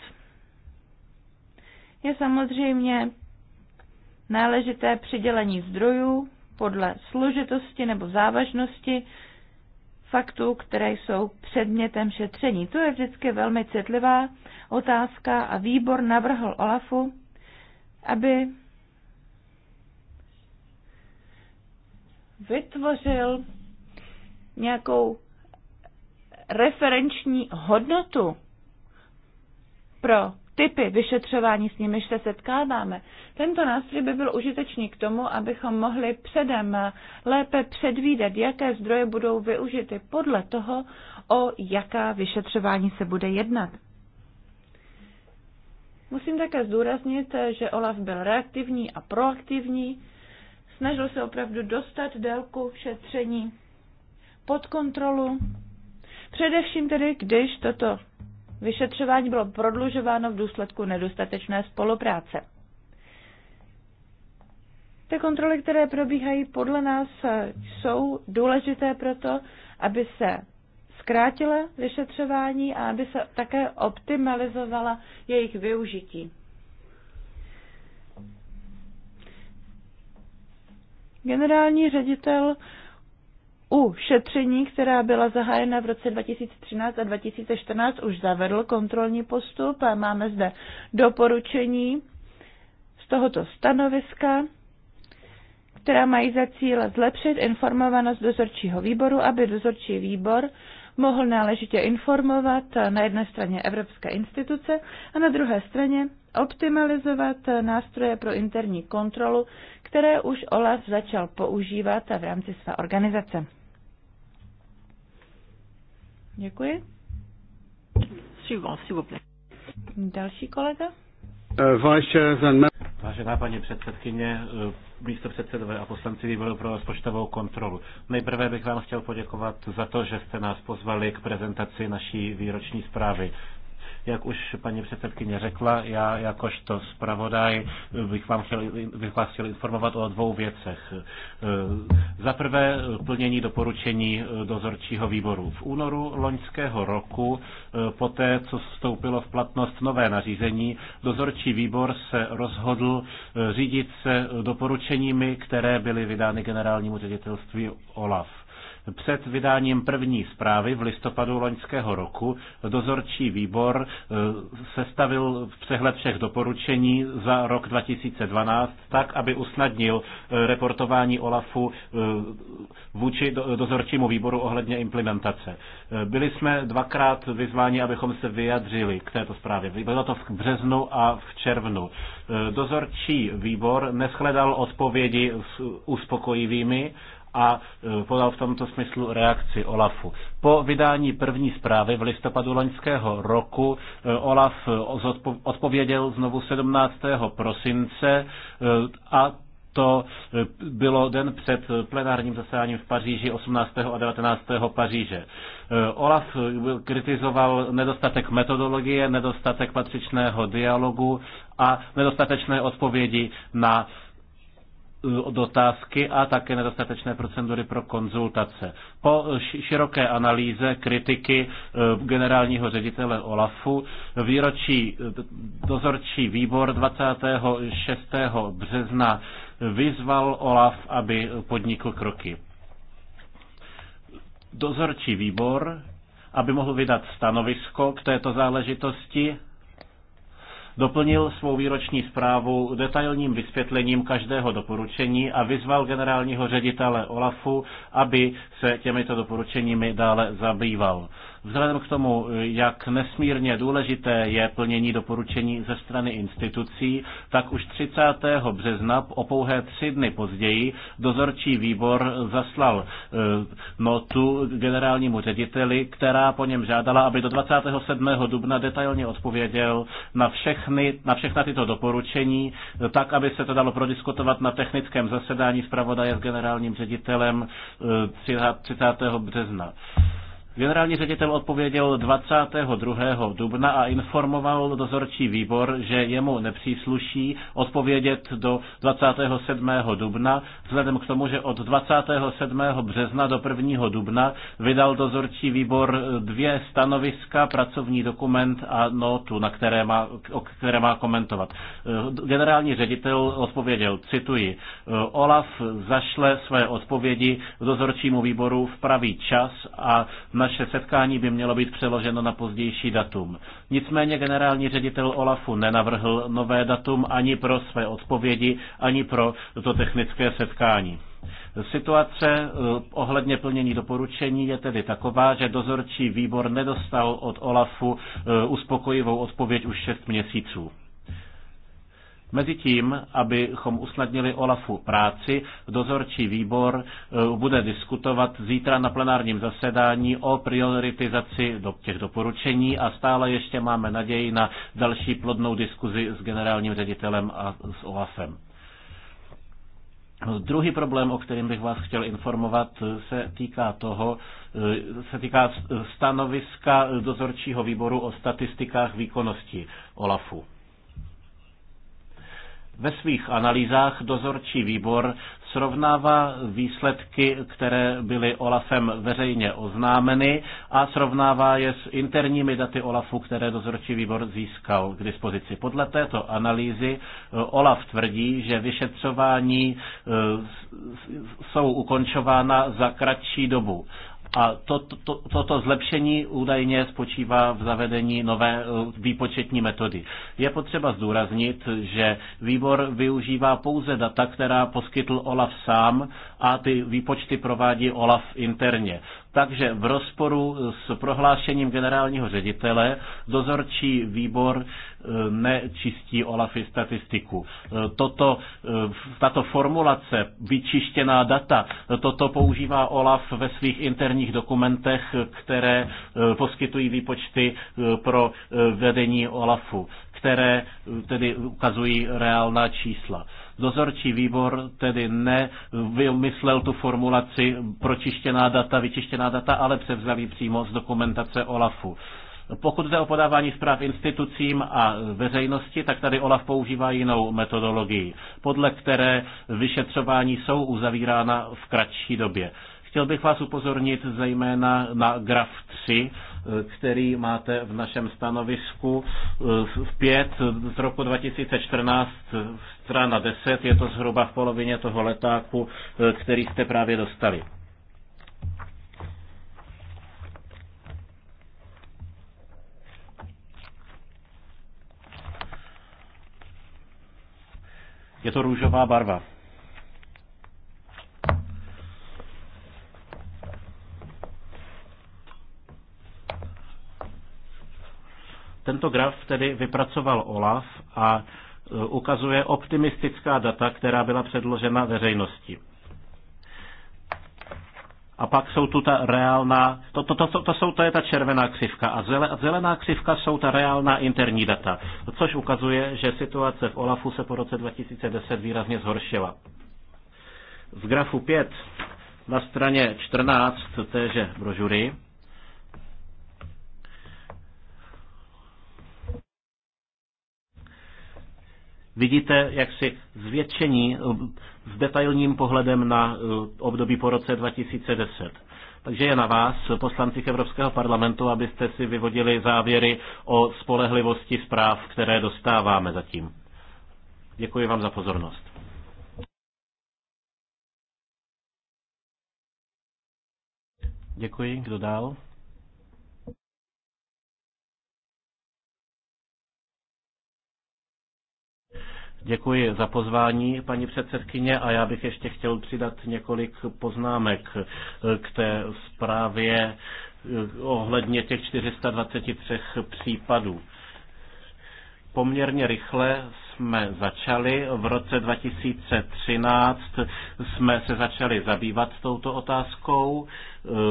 Speaker 1: je samozřejmě náležité přidělení zdrojů podle složitosti nebo závažnosti faktů, které jsou předmětem šetření. To je vždycky velmi citlivá otázka a výbor navrhl Olafu, aby vytvořil nějakou referenční hodnotu pro typy vyšetřování, s nimiž se setkáváme. Tento nástroj by byl užitečný k tomu, abychom mohli předem lépe předvídat, jaké zdroje budou využity podle toho, o jaká vyšetřování se bude jednat. Musím také zdůraznit, že Olaf byl reaktivní a proaktivní snažil se opravdu dostat délku šetření pod kontrolu. Především tedy, když toto vyšetřování bylo prodlužováno v důsledku nedostatečné spolupráce. Ty kontroly, které probíhají podle nás, jsou důležité proto, aby se zkrátila vyšetřování a aby se také optimalizovala jejich využití. Generální ředitel u šetření, která byla zahájena v roce 2013 a 2014, už zavedl kontrolní postup a máme zde doporučení z tohoto stanoviska, která mají za cíl zlepšit informovanost dozorčího výboru, aby dozorčí výbor mohl náležitě informovat na jedné straně evropské instituce a na druhé straně optimalizovat nástroje pro interní kontrolu, které už OLAF začal používat v rámci své organizace. Děkuji. Další kolega.
Speaker 2: Eh, Vážená paní předsedkyně, eh, místo předsedové a poslanci výboru pro rozpočtovou kontrolu. Nejprve bych vám chtěl poděkovat za to, že jste nás pozvali k prezentaci naší výroční zprávy. Jak už paní předsedkyně řekla, já jakožto zpravodaj bych, vám chtěl, bych vás chtěl informovat o dvou věcech. Eh, za prvé plnění doporučení dozorčího výboru. V únoru loňského roku, eh, poté co vstoupilo v platnost nové nařízení, dozorčí výbor se rozhodl eh, řídit se doporučeními, které byly vydány generálnímu ředitelství OLAF. Před vydáním první zprávy v listopadu loňského roku dozorčí výbor e, sestavil přehled všech doporučení za rok 2012 tak, aby usnadnil e, reportování OLAFu e, vůči dozorčímu výboru ohledně implementace. Byli jsme dvakrát vyzváni, abychom se vyjadřili k této zprávě. Bylo to v březnu a v červnu. Dozorčí výbor neschledal odpovědi s uspokojivými a e, podal v tomto smyslu reakci Olafu. Po vydání první zprávy v listopadu loňského roku e, Olaf e, odpověděl znovu 17. prosince a to bylo den před plenárním zasedáním v Paříži 18. a 19. Paříže. Olaf kritizoval nedostatek metodologie, nedostatek patřičného dialogu a nedostatečné odpovědi na Eh, dotázky a také nedostatečné procedury pro konzultace. Po široké analýze kritiky eh, generálního ředitele OLAFu výročí eh, dozorčí výbor 26. března vyzval OLAF, aby podnikl kroky. Dozorčí výbor, aby mohl vydat stanovisko k této záležitosti, doplnil svou výroční zprávu detailním vysvětlením každého doporučení a vyzval generálního ředitele OLAFu, aby se těmito doporučeními dále zabýval. Vzhledem k tomu, jak nesmírně důležité je plnění doporučení ze strany institucí, tak už 30. března o pouhé tři dny později dozorčí výbor zaslal eh, notu generálnímu řediteli, která po něm žádala, aby do 27. dubna detailně odpověděl na, všechny, na všechna tyto doporučení, tak, aby se to dalo prodiskutovat na technickém zasedání zpravodaje s generálním ředitelem 30. Eh, března. Generální ředitel odpověděl 22. dubna a informoval dozorčí výbor, že jemu nepřísluší odpovědět do 27. dubna, vzhledem k tomu, že od 27. března do 1. dubna vydal dozorčí výbor dvě stanoviska, pracovní dokument a notu, na které má, o které má komentovat. Generální ředitel odpověděl, cituji, Olaf zašle své odpovědi dozorčímu výboru v pravý čas a na naše setkání by mělo být přeloženo na pozdější datum. Nicméně generální ředitel Olafu nenavrhl nové datum ani pro své odpovědi, ani pro to technické setkání. Situace eh, ohledně plnění doporučení je tedy taková, že dozorčí výbor nedostal od Olafu eh, uspokojivou odpověď už 6 měsíců. Mezitím, abychom usnadnili Olafu práci, dozorčí výbor eh, bude diskutovat zítra na plenárním zasedání o prioritizaci do těch doporučení a stále ještě máme naději na další plodnou diskuzi s generálním ředitelem a s Olafem. Druhý problém, o kterém bych vás chtěl informovat, se týká toho, eh, se týká stanoviska dozorčího výboru o statistikách výkonnosti OLAFu. Ve svých analýzách dozorčí výbor srovnává výsledky, které byly Olafem veřejně oznámeny a srovnává je s interními daty Olafu, které dozorčí výbor získal k dispozici. Podle této analýzy e, Olaf tvrdí, že vyšetřování e, jsou ukončována za kratší dobu a toto to, to, to zlepšení údajně spočívá v zavedení nové eh, výpočetní metody. Je potřeba zdůraznit, že výbor využívá pouze data, která poskytl OLAF sám a ty výpočty provádí OLAF interně. Takže v rozporu s prohlášením generálního ředitele dozorčí výbor eh, nečistí Olafy statistiku. Eh, toto, eh, tato formulace, vyčištěná data, toto používá Olaf ve svých interních dokumentech, které poskytují výpočty pro vedení Olafu, které tedy ukazují reálná čísla. Dozorčí výbor tedy nevymyslel tu formulaci pročištěná data, vyčištěná data, ale převzali přímo z dokumentace OLAFu. Pokud jde o podávání zpráv institucím a veřejnosti, tak tady OLAF používá jinou metodologii, podle které vyšetřování jsou uzavírána v kratší době. Chtěl bych vás upozornit zejména na graf 3, který máte v našem stanovisku v eh, 5 z roku 2014, strana 10, je to zhruba v polovině toho letáku, eh, který jste právě dostali. Je to růžová barva. Tento graf tedy vypracoval OLAF a e, ukazuje optimistická data, která byla předložena veřejnosti. A pak jsou tu ta reálná, to, to, to, to, to, jsou, to je ta červená křivka a zelená křivka jsou ta reálná interní data, což ukazuje, že situace v OLAFu se po roce 2010 výrazně zhoršila. V grafu 5 na straně 14 téže brožury Vidíte jaksi zvětšení eh, s detailním pohledem na eh, období po roce 2010. Takže je na vás, poslancích Evropského parlamentu, abyste si vyvodili závěry o spolehlivosti zpráv, které dostáváme zatím. Děkuji vám za pozornost. Děkuji. Kdo dál? Děkuji za pozvání, paní předsedkyně, a já bych ještě chtěl přidat několik poznámek k té zprávě eh, ohledně těch 423 případů poměrně rychle jsme začali. V roce 2013 jsme se začali zabývat touto otázkou. E,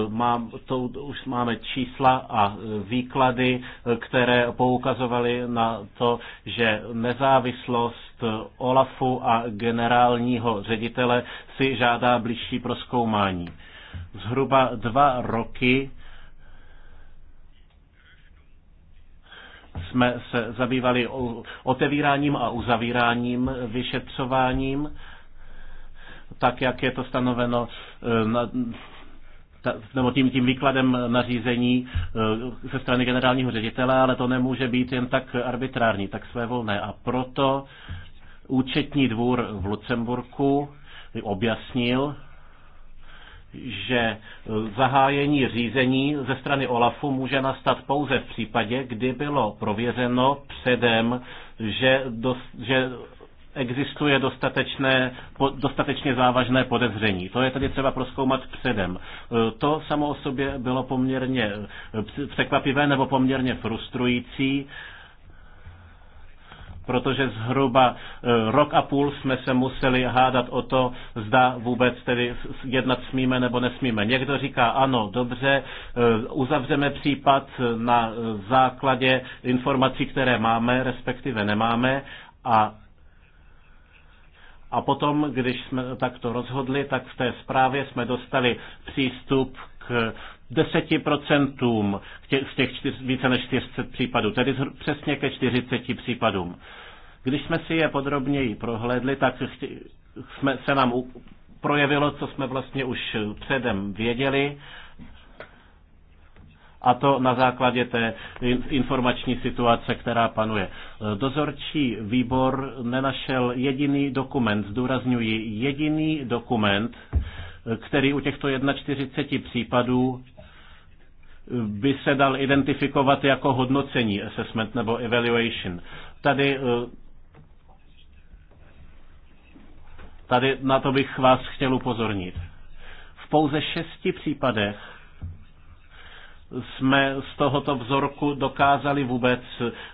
Speaker 2: mám, to, už máme čísla a výklady, které poukazovaly na to, že nezávislost OLAFu a generálního ředitele si žádá blížší proskoumání. Zhruba dva roky jsme se zabývali otevíráním a uzavíráním, vyšetřováním, tak jak je to stanoveno eh, na, nebo tím, tím výkladem nařízení eh, ze strany generálního ředitele, ale to nemůže být jen tak arbitrární, tak své volné. A proto účetní dvůr v Lucemburku objasnil, že eh, zahájení řízení ze strany OLAFu může nastat pouze v případě, kdy bylo prověřeno předem, že, dos, že existuje dostatečné, dostatečně závažné podezření. To je tedy třeba proskoumat předem. Eh, to samo o sobě bylo poměrně eh, překvapivé nebo poměrně frustrující protože zhruba eh, rok a půl jsme se museli hádat o to, zda vůbec tedy jednat smíme nebo nesmíme. Někdo říká ano, dobře, eh, uzavřeme případ na eh, základě informací, které máme, respektive nemáme a a potom, když jsme takto rozhodli, tak v té zprávě jsme dostali přístup k 10% z těch čtyř, více než 400 případů, tedy přesně ke 40 případům. Když jsme si je podrobněji prohlédli, tak jsme, se nám projevilo, co jsme vlastně už předem věděli, a to na základě té informační situace, která panuje. Dozorčí výbor nenašel jediný dokument, zdůrazňuji jediný dokument, který u těchto 41 případů by se dal identifikovat jako hodnocení assessment nebo evaluation. Tady eh, Tady na to bych vás chtěl upozornit. V pouze šesti případech jsme z tohoto vzorku dokázali vůbec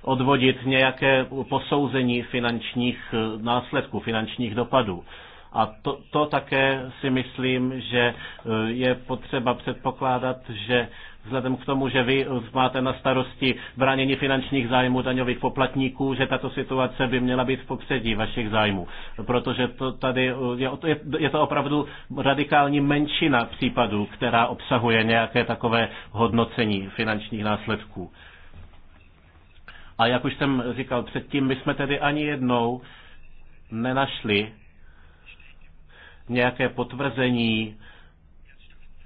Speaker 2: odvodit nějaké posouzení finančních eh, následků, finančních dopadů. A to, to také si myslím, že eh, je potřeba předpokládat, že vzhledem k tomu, že vy eh, máte na starosti bránění finančních zájmů daňových poplatníků, že tato situace by měla být v popředí vašich zájmů. Protože to tady eh, je, je to opravdu radikální menšina případů, která obsahuje nějaké takové hodnocení finančních následků. A jak už jsem říkal předtím, my jsme tedy ani jednou nenašli nějaké potvrzení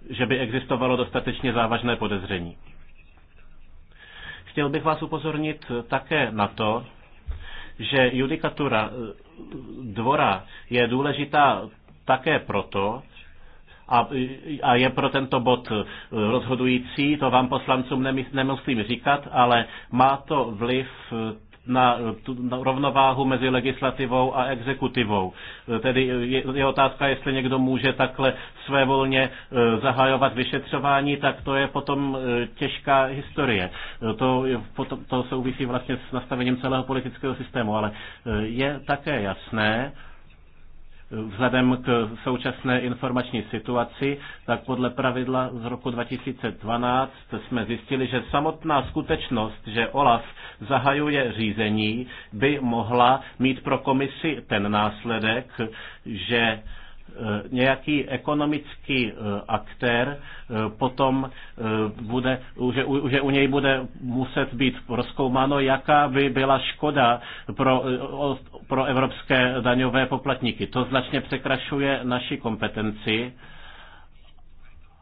Speaker 2: že by existovalo dostatečně závažné podezření. Chtěl bych vás upozornit také na to, že judikatura eh, dvora je důležitá také proto, a, a je pro tento bod eh, rozhodující, to vám poslancům nemyslím říkat, ale má to vliv eh, na, tu, na rovnováhu mezi legislativou a exekutivou. Tedy je, je otázka, jestli někdo může takhle svévolně e, zahajovat vyšetřování, tak to je potom e, těžká historie. E, to, potom, to souvisí vlastně s nastavením celého politického systému, ale je také jasné, Vzhledem k současné informační situaci, tak podle pravidla z roku 2012 jsme zjistili, že samotná skutečnost, že OLAF zahajuje řízení, by mohla mít pro komisi ten následek, že Eh, nějaký ekonomický eh, aktér eh, potom bude, že, že u něj bude muset být rozkoumáno, jaká by byla škoda pro, pro evropské daňové poplatníky. To značně překrašuje naši kompetenci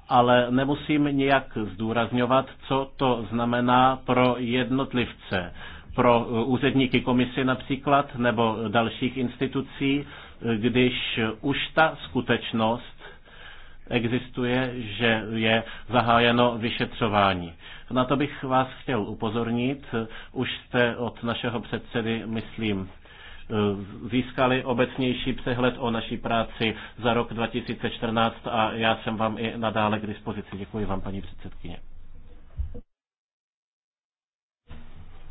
Speaker 2: ale nemusím nějak zdůrazňovat, co to znamená pro jednotlivce, pro úředníky komisy například nebo dalších institucí, když už ta skutečnost existuje, že je zahájeno vyšetřování. Na to bych vás chtěl upozornit. Už jste od našeho předsedy, myslím, získali obecnější přehled o naší práci za rok 2014 a já jsem vám i nadále k dispozici. Děkuji vám, paní předsedkyně.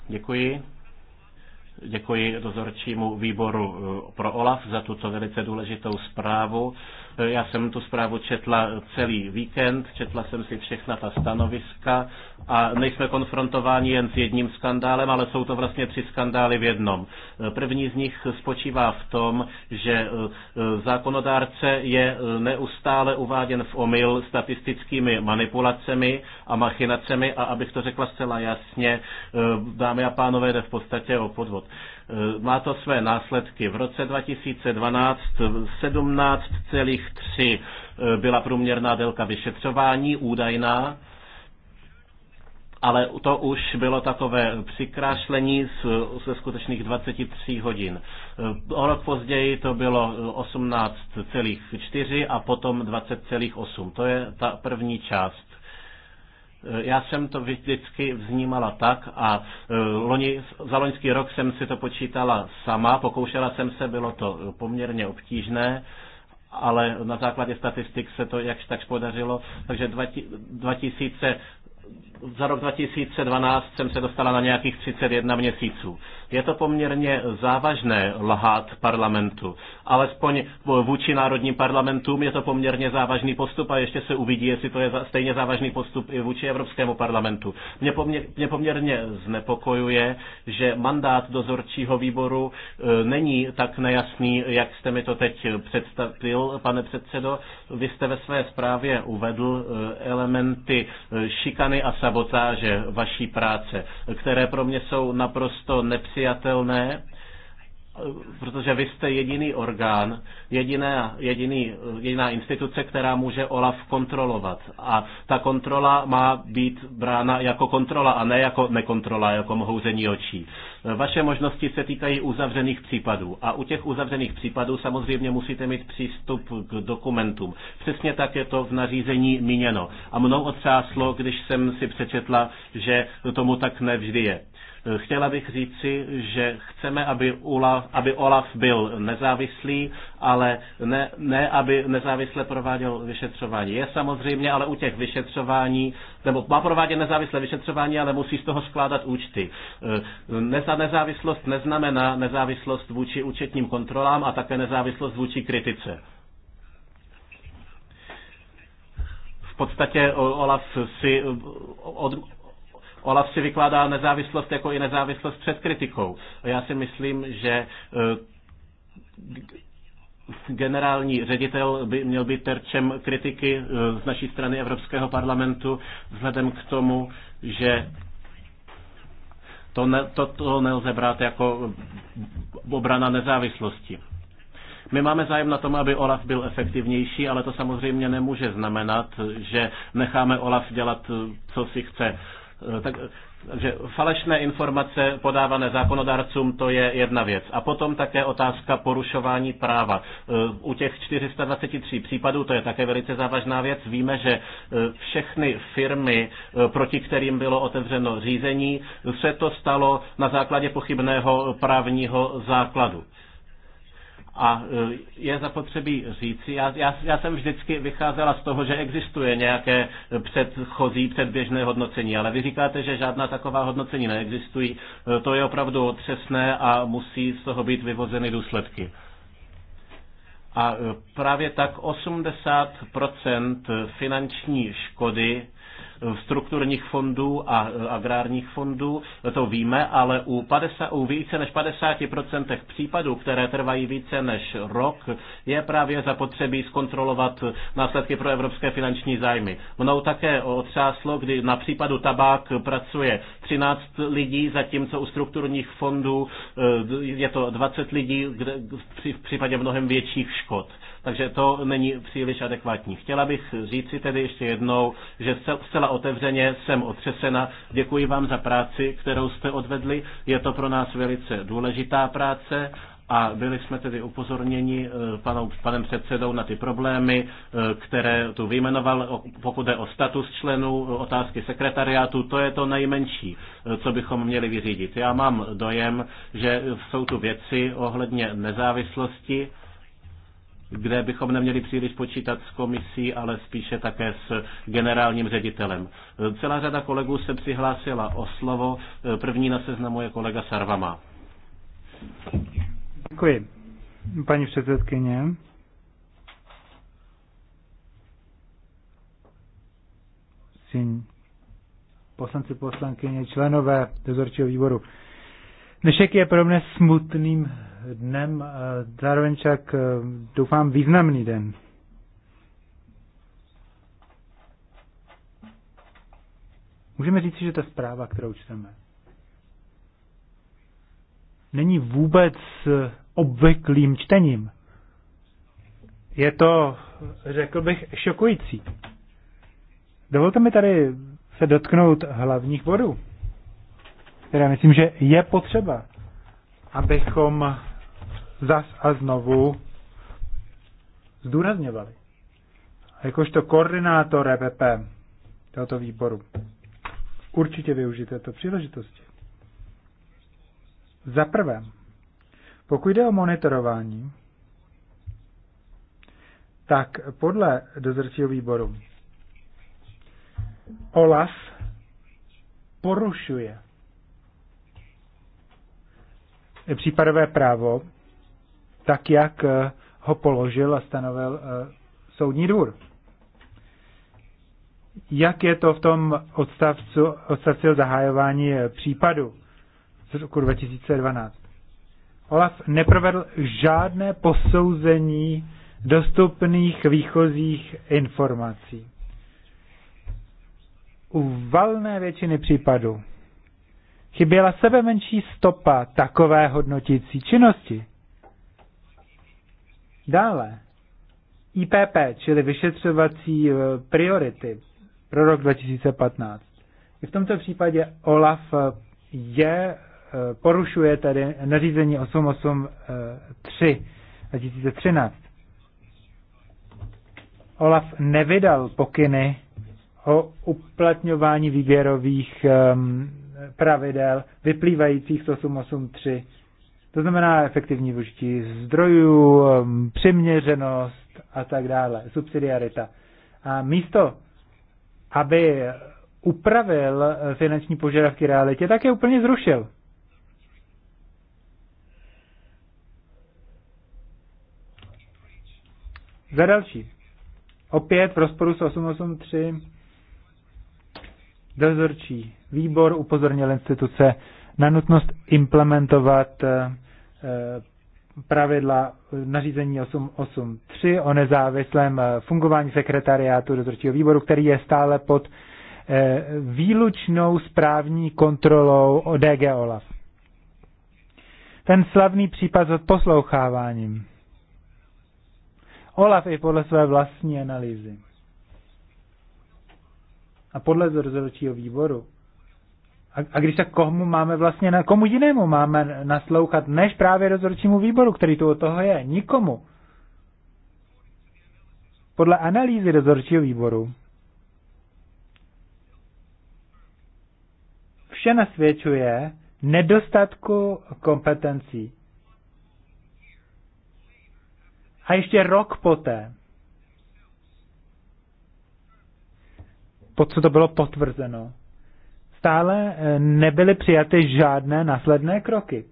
Speaker 2: Děkuji. Děkuji dozorčímu výboru eh, pro OLAF za tuto velice důležitou zprávu. Eh, já jsem tu zprávu četla celý víkend, četla jsem si všechna ta stanoviska a nejsme konfrontováni jen s jedním skandálem, ale jsou to vlastně tři skandály v jednom. Eh, první z nich spočívá v tom, že eh, zákonodárce je neustále uváděn v omyl statistickými manipulacemi a machinacemi a abych to řekla zcela jasně, dámy a pánové, jde v podstatě o podvod. Eh, má to své následky. V roce 2012 17,3 eh, byla průměrná délka vyšetřování, údajná, ale to už bylo takové přikrášlení ze skutečných 23 hodin. Eh, o rok později to bylo 18,4 a potom 20,8. To je ta první část. Eh, já jsem to vždycky vnímala tak a eh, loni, za loňský rok jsem si to počítala sama, pokoušela jsem se, bylo to eh, poměrně obtížné, ale na základě statistik se to jakž tak podařilo, takže 2000 za rok 2012 jsem se dostala na nějakých 31 měsíců. Je to poměrně závažné lhát parlamentu. Alespoň vůči národním parlamentům je to poměrně závažný postup a ještě se uvidí, jestli to je stejně závažný postup i vůči Evropskému parlamentu. Mě, poměrně, mě poměrně znepokojuje, že mandát dozorčího výboru e, není tak nejasný, jak jste mi to teď představil, pane předsedo. Vy jste ve své zprávě uvedl e, elementy e, šikany a sabotáže vaší práce, které pro mě jsou naprosto nepřijatelné protože vy jste jediný orgán, jediná, jediný, jediná instituce, která může OLAF kontrolovat. A ta kontrola má být brána jako kontrola a ne jako nekontrola, jako mohouzení očí. Vaše možnosti se týkají uzavřených případů a u těch uzavřených případů samozřejmě musíte mít přístup k dokumentům. Přesně tak je to v nařízení míněno. A mnou otřáslo, když jsem si přečetla, že tomu tak nevždy je. Chtěla bych říci, že chceme, aby, Olaf, aby Olaf byl nezávislý, ale ne, ne, aby nezávisle prováděl vyšetřování. Je samozřejmě, ale u těch vyšetřování, nebo má provádět nezávislé vyšetřování, ale musí z toho skládat účty. E, neza, nezávislost neznamená nezávislost vůči účetním kontrolám a také nezávislost vůči kritice. V podstatě Olaf si od, Olaf si vykládá nezávislost jako i nezávislost před kritikou. Já si myslím, že e, generální ředitel by měl být terčem kritiky e, z naší strany Evropského parlamentu vzhledem k tomu, že to, ne, to, to nelze brát jako obrana nezávislosti. My máme zájem na tom, aby OLAF byl efektivnější, ale to samozřejmě nemůže znamenat, že necháme OLAF dělat, co si chce. Eh, tak, takže falešné informace podávané zákonodárcům, to je jedna věc. A potom také otázka porušování práva. Eh, u těch 423 případů, to je také velice závažná věc, víme, že eh, všechny firmy, proti kterým bylo otevřeno řízení, se to stalo na základě pochybného právního základu. A e, je zapotřebí říci, já, já, já jsem vždycky vycházela z toho, že existuje nějaké předchozí, předběžné hodnocení, ale vy říkáte, že žádná taková hodnocení neexistují. E, to je opravdu otřesné a musí z toho být vyvozeny důsledky. A e, právě tak 80% finanční škody strukturních fondů a eh, agrárních fondů, to víme, ale u, 50, u více než 50% případů, které trvají více než rok, je právě zapotřebí zkontrolovat následky pro evropské finanční zájmy. Mnou také otřáslo, kdy na případu tabák pracuje 13 lidí, zatímco u strukturních fondů eh, je to 20 lidí kde, v případě mnohem větších škod. Takže to není příliš adekvátní. Chtěla bych říci tedy ještě jednou, že zcela otevřeně jsem otřesena. Děkuji vám za práci, kterou jste odvedli. Je to pro nás velice důležitá práce a byli jsme tedy upozorněni eh, panou, panem předsedou na ty problémy, eh, které tu vyjmenoval, pokud je o status členů, eh, otázky sekretariátu, to je to nejmenší, co bychom měli vyřídit. Já mám dojem, že jsou tu věci ohledně nezávislosti, kde bychom neměli příliš počítat s komisí, ale spíše také s generálním ředitelem. Celá řada kolegů se přihlásila o slovo. První na seznamu je kolega Sarvama.
Speaker 3: Děkuji, paní předsedkyně. Syn, poslanci, poslankyně, členové dozorčího výboru. Dnešek je pro mě smutným dnem, eh, zároveň však eh, doufám významný den. Můžeme říct, že ta zpráva, kterou čteme, není vůbec eh, obvyklým čtením. Je to, řekl bych, šokující. Dovolte mi tady se dotknout hlavních bodů, které myslím, že je potřeba, abychom zas a znovu zdůrazňovali. Jakožto koordinátor EPP tohoto výboru. Určitě využijte této příležitosti. Za prvé, pokud jde o monitorování, tak podle dozorčího výboru OLAF porušuje případové právo tak, jak eh, ho položil a stanovil eh, soudní dvůr. Jak je to v tom odstavcu, odstavci o zahájování eh, případu z roku 2012? Olaf neprovedl žádné posouzení dostupných výchozích informací. U valné většiny případů chyběla sebe menší stopa takové hodnotící činnosti. Dále, IPP, čili vyšetřovací eh, priority pro rok 2015. I v tomto případě OLAF eh, je, eh, porušuje tedy nařízení 883 2013. OLAF nevydal pokyny o uplatňování výběrových ehm, pravidel vyplývajících z 883 to znamená efektivní využití zdrojů, přiměřenost a tak dále, subsidiarita. A místo, aby upravil finanční požadavky realitě, tak je úplně zrušil. Za další. Opět v rozporu s 883 dozorčí výbor upozornil instituce na nutnost implementovat eh, eh, pravidla nařízení 883 o nezávislém eh, fungování sekretariátu dozorčího výboru, který je stále pod výlučnou správní kontrolou o DG Olaf. Ten slavný případ s posloucháváním. Olaf i podle své vlastní analýzy. A podle dozorčího výboru a, a když tak komu máme vlastně, na, komu jinému máme naslouchat, než právě rozhodčímu výboru, který tu od toho je? Nikomu. Podle analýzy rozhodčího výboru vše nasvědčuje nedostatku kompetencí. A ještě rok poté, po co to bylo potvrzeno, stále eh, nebyly přijaty žádné následné kroky.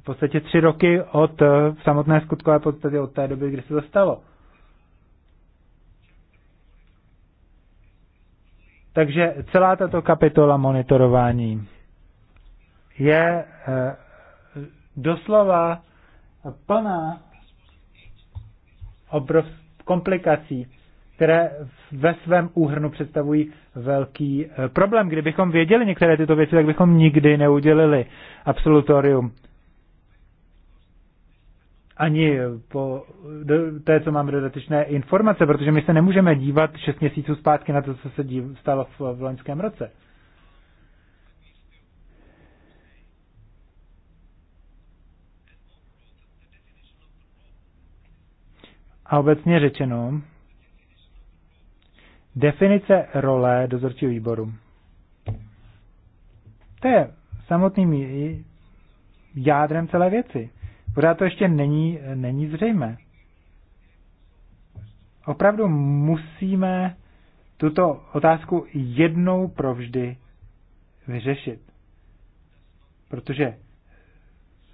Speaker 3: V podstatě tři roky od eh, samotné skutkové podstaty, od té doby, kdy se to stalo. Takže celá tato kapitola monitorování je eh, doslova plná obrov komplikací které ve svém úhrnu představují velký eh, problém. Kdybychom věděli některé tyto věci, tak bychom nikdy neudělili absolutorium. Ani po té, co máme dodatečné informace, protože my se nemůžeme dívat 6 měsíců zpátky na to, co se stalo v, v loňském roce. A obecně řečeno, Definice role dozorčího výboru. To je samotným jádrem celé věci. Pořád to ještě není, není zřejmé. Opravdu musíme tuto otázku jednou provždy vyřešit. Protože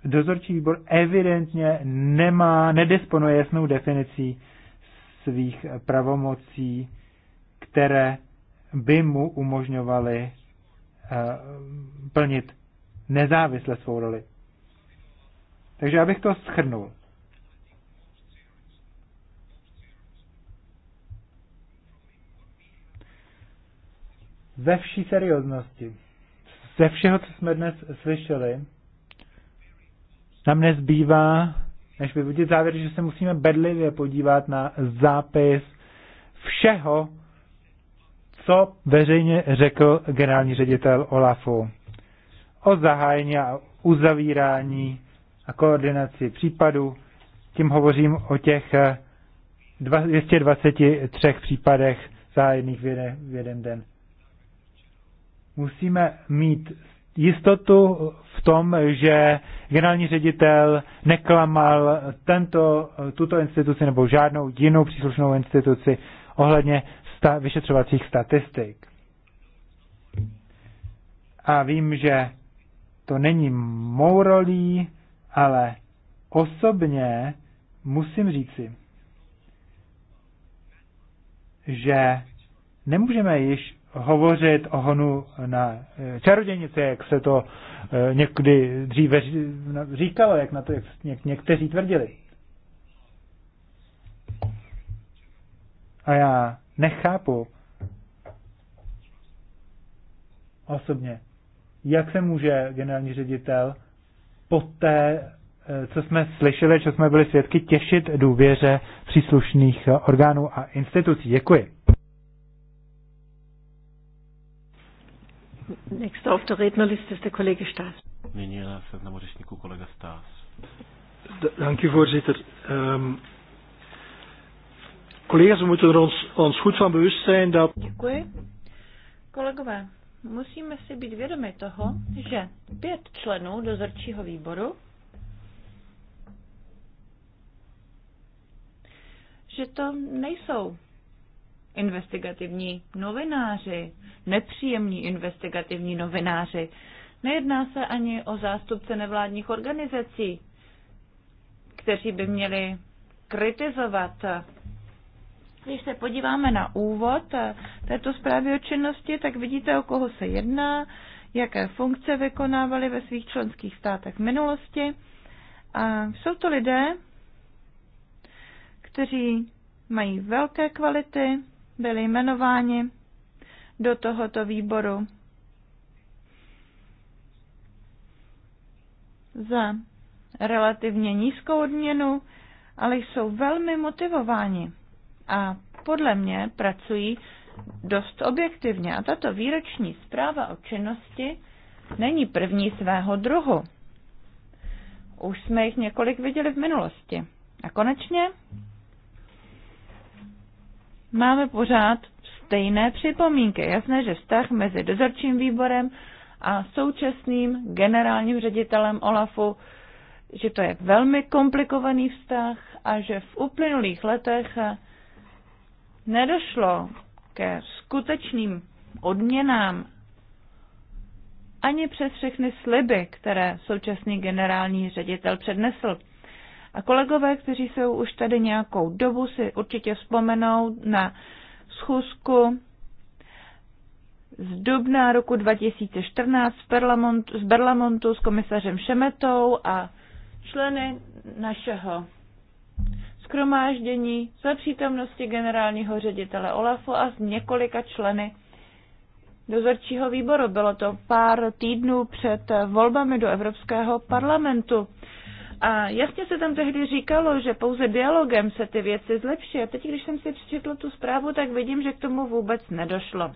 Speaker 3: dozorčí výbor evidentně nemá, nedisponuje jasnou definicí svých pravomocí které by mu umožňovaly eh, plnit nezávisle svou roli. Takže abych to schrnul. Ze vší serióznosti, ze všeho, co jsme dnes slyšeli, nám nezbývá, než vyvodit závěr, že se musíme bedlivě podívat na zápis všeho, co veřejně řekl generální ředitel Olafu o zahájení a uzavírání a koordinaci případů. Tím hovořím o těch 223 eh, případech zahájených v jeden, v jeden den. Musíme mít jistotu v tom, že generální ředitel neklamal tento, tuto instituci nebo žádnou jinou příslušnou instituci ohledně sta- vyšetřovacích statistik. A vím, že to není mou rolí, ale osobně musím říci, že nemůžeme již hovořit o honu na eh, čarodějnice, jak se to eh, někdy dříve říkalo, jak na to jak někteří tvrdili. A já nechápu osobně, jak se může generální ředitel po té, eh, co jsme slyšeli, co jsme byli svědky, těšit důvěře příslušných eh, orgánů a institucí. Děkuji.
Speaker 1: Nächster auf der Rednerliste ist der Kollege Stas.
Speaker 2: Nyní je na seznamu řečníků kolega Staes. Dank u Um,
Speaker 3: Collega's, we moeten er ons, ons goed van bewust zijn dat...
Speaker 1: Děkuji. Kolegové, musíme si být vědomi toho, že pět členů dozorčího výboru, že to nejsou investigativní novináři, nepříjemní investigativní novináři. Nejedná se ani o zástupce nevládních organizací, kteří by měli kritizovat když se podíváme na úvod eh, této zprávy o činnosti, tak vidíte, o koho se jedná, jaké funkce vykonávali ve svých členských státech v minulosti. A jsou to lidé, kteří mají velké kvality, byli jmenováni do tohoto výboru za relativně nízkou odměnu, ale jsou velmi motivováni a podle mě pracují dost objektivně. A tato výroční zpráva o činnosti není první svého druhu. Už jsme jich několik viděli v minulosti. A konečně máme pořád stejné připomínky. Jasné, že vztah mezi dozorčím výborem a současným generálním ředitelem OLAFu, že to je velmi komplikovaný vztah a že v uplynulých letech nedošlo ke skutečným odměnám ani přes všechny sliby, které současný generální ředitel přednesl. A kolegové, kteří jsou už tady nějakou dobu, si určitě vzpomenou na schůzku z dubna roku 2014 z Perlamont, z Berlamontu s komisařem Šemetou a členy našeho schromáždění za přítomnosti generálního ředitele Olafu a s několika členy dozorčího výboru. Bylo to pár týdnů před volbami do Evropského parlamentu. A jasně se tam tehdy říkalo, že pouze dialogem se ty věci zlepší. A teď, když jsem si přečetla tu zprávu, tak vidím, že k tomu vůbec nedošlo.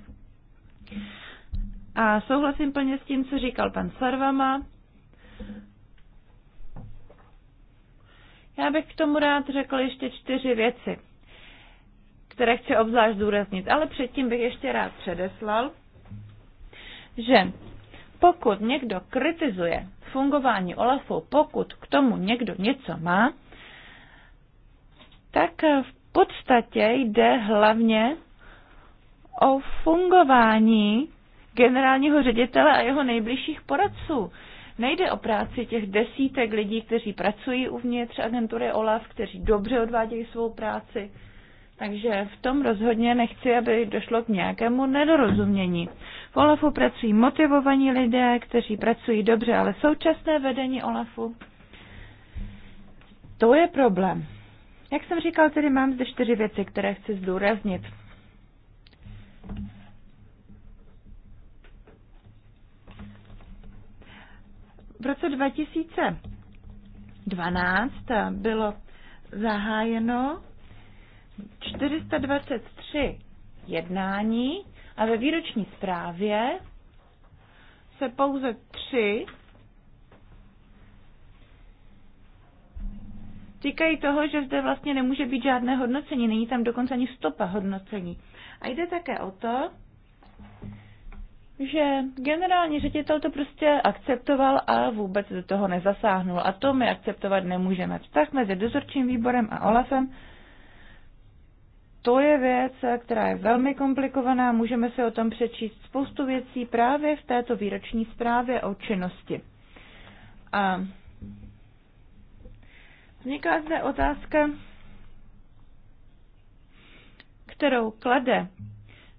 Speaker 1: A souhlasím plně s tím, co říkal pan Sarvama. Já bych k tomu rád řekl ještě čtyři věci, které chci obzvlášť zdůraznit, ale předtím bych ještě rád předeslal, že pokud někdo kritizuje fungování OLAFu, pokud k tomu někdo něco má, tak v podstatě jde hlavně o fungování generálního ředitele a jeho nejbližších poradců. Nejde o práci těch desítek lidí, kteří pracují uvnitř agentury OLAF, kteří dobře odvádějí svou práci. Takže v tom rozhodně nechci, aby došlo k nějakému nedorozumění. V OLAFu pracují motivovaní lidé, kteří pracují dobře, ale současné vedení OLAFu, to je problém. Jak jsem říkal, tedy mám zde čtyři věci, které chci zdůraznit. V roce 2012 eh, bylo zahájeno 423 jednání a ve výroční zprávě se pouze tři Říkají toho, že zde vlastně nemůže být žádné hodnocení, není tam dokonce ani stopa hodnocení. A jde také o to, že generální ředitel to prostě akceptoval a vůbec do toho nezasáhnul. A to my akceptovat nemůžeme. Vztah mezi dozorčím výborem a OLAFem, to je věc, která je velmi komplikovaná, můžeme se o tom přečíst spoustu věcí právě v této výroční zprávě o činnosti. A vzniká zde otázka, kterou klade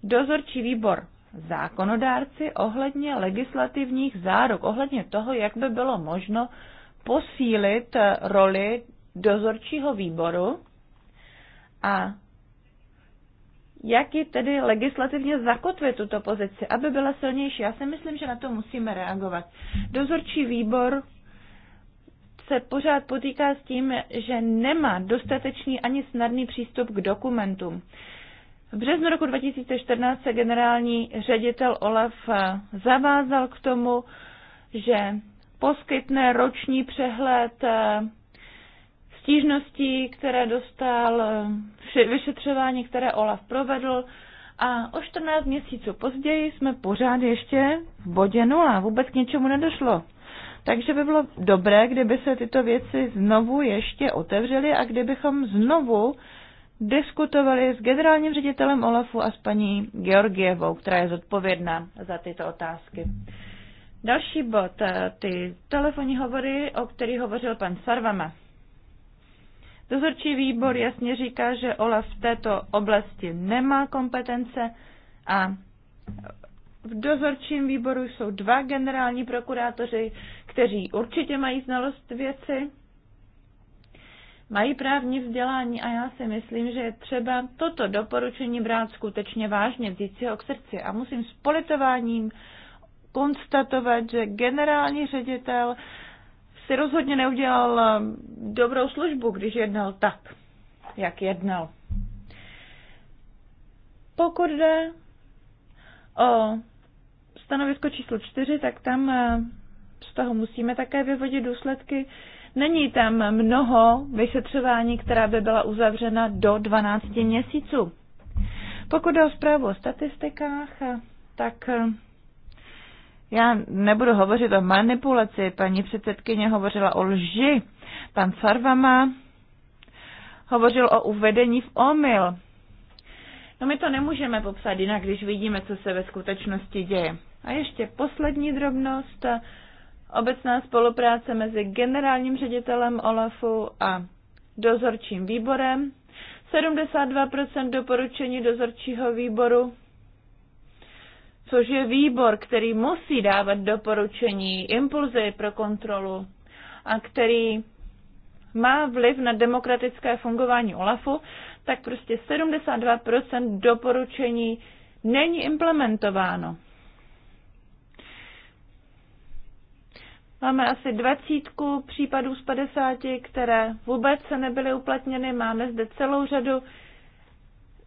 Speaker 1: dozorčí výbor zákonodárci ohledně legislativních záruk, ohledně toho, jak by bylo možno posílit roli dozorčího výboru a jak ji tedy legislativně zakotvit tuto pozici, aby byla silnější. Já si myslím, že na to musíme reagovat. Dozorčí výbor se pořád potýká s tím, že nemá dostatečný ani snadný přístup k dokumentům. V březnu roku 2014 se generální ředitel Olaf eh, zavázal k tomu, že poskytne roční přehled eh, stížností, které dostal, eh, vyšetřování, které Olaf provedl. A o 14 měsíců později jsme pořád ještě v bodě nula. Vůbec k něčemu nedošlo. Takže by bylo dobré, kdyby se tyto věci znovu ještě otevřely a kdybychom znovu diskutovali s generálním ředitelem Olafu a s paní Georgievou, která je zodpovědná za tyto otázky. Další bod, eh, ty telefonní hovory, o kterých hovořil pan Sarvama. Dozorčí výbor jasně říká, že OLAF v této oblasti nemá kompetence a v dozorčím výboru jsou dva generální prokurátoři, kteří určitě mají znalost věci, mají právní vzdělání a já si myslím, že je třeba toto doporučení brát skutečně vážně, vzít si ho k srdci. A musím s politováním konstatovat, že generální ředitel si rozhodně neudělal um, dobrou službu, když jednal tak, jak jednal. Pokud jde o stanovisko číslo čtyři, tak tam um, z toho musíme také vyvodit důsledky, Není tam mnoho vyšetřování, která by byla uzavřena do 12 měsíců. Pokud jde o zprávu o statistikách, tak eh, já nebudu hovořit o manipulaci. Paní předsedkyně hovořila o lži. Pan Sarvama hovořil o uvedení v omyl. No my to nemůžeme popsat jinak, když vidíme, co se ve skutečnosti děje. A ještě poslední drobnost obecná spolupráce mezi generálním ředitelem OLAFu a dozorčím výborem, 72% doporučení dozorčího výboru, což je výbor, který musí dávat doporučení, impulzy pro kontrolu a který má vliv na demokratické fungování OLAFu, tak prostě 72% doporučení není implementováno. Máme asi dvacítku případů z 50, které vůbec se nebyly uplatněny. Máme zde celou řadu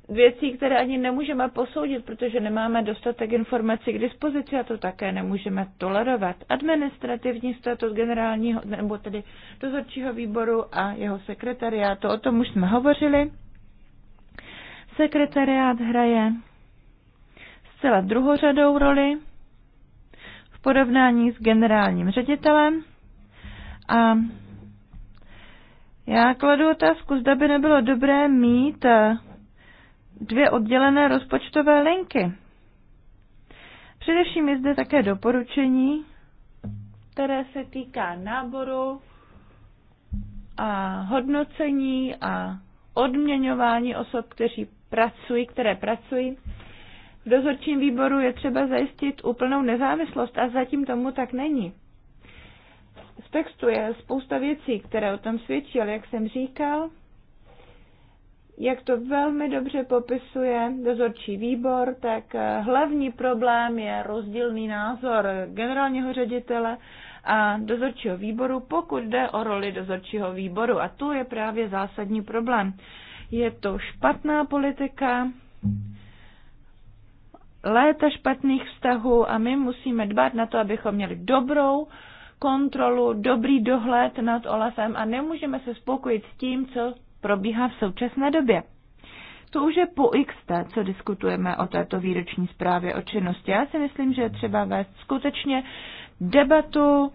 Speaker 1: věcí, které ani nemůžeme posoudit, protože nemáme dostatek informací k dispozici a to také nemůžeme tolerovat. Administrativní status generálního nebo tedy dozorčího výboru a jeho sekretariátu, o tom už jsme hovořili. Sekretariát hraje zcela druhořadou roli porovnání s generálním ředitelem. A já kladu otázku, zda by nebylo dobré mít eh, dvě oddělené rozpočtové linky. Především je zde také doporučení, které se týká náboru a hodnocení a odměňování osob, kteří pracují, které pracují v dozorčím výboru je třeba zajistit úplnou nezávislost a zatím tomu tak není. V textu je spousta věcí, které o tom svědčí, ale jak jsem říkal, jak to velmi dobře popisuje dozorčí výbor, tak eh, hlavní problém je rozdílný názor generálního ředitele a dozorčího výboru, pokud jde o roli dozorčího výboru. A tu je právě zásadní problém. Je to špatná politika, léta špatných vztahů a my musíme dbát na to, abychom měli dobrou kontrolu, dobrý dohled nad Olafem a nemůžeme se spokojit s tím, co probíhá v současné době. To už je po x, co diskutujeme o této výroční zprávě o činnosti. Já si myslím, že je třeba vést skutečně debatu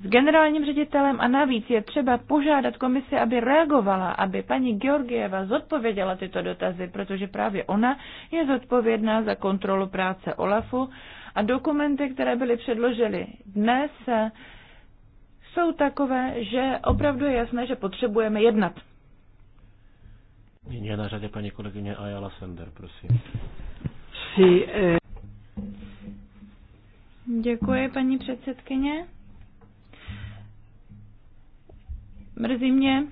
Speaker 1: s generálním ředitelem a navíc je třeba požádat komisi, aby reagovala, aby paní Georgieva zodpověděla tyto dotazy, protože právě ona je zodpovědná za kontrolu práce OLAFu a dokumenty, které byly předloženy dnes, jsou takové, že opravdu je jasné, že potřebujeme jednat.
Speaker 2: Nyní je na řadě paní kolegyně Ayala Sender, prosím. Si, eh...
Speaker 1: Děkuji, paní předsedkyně. Mrzí mě,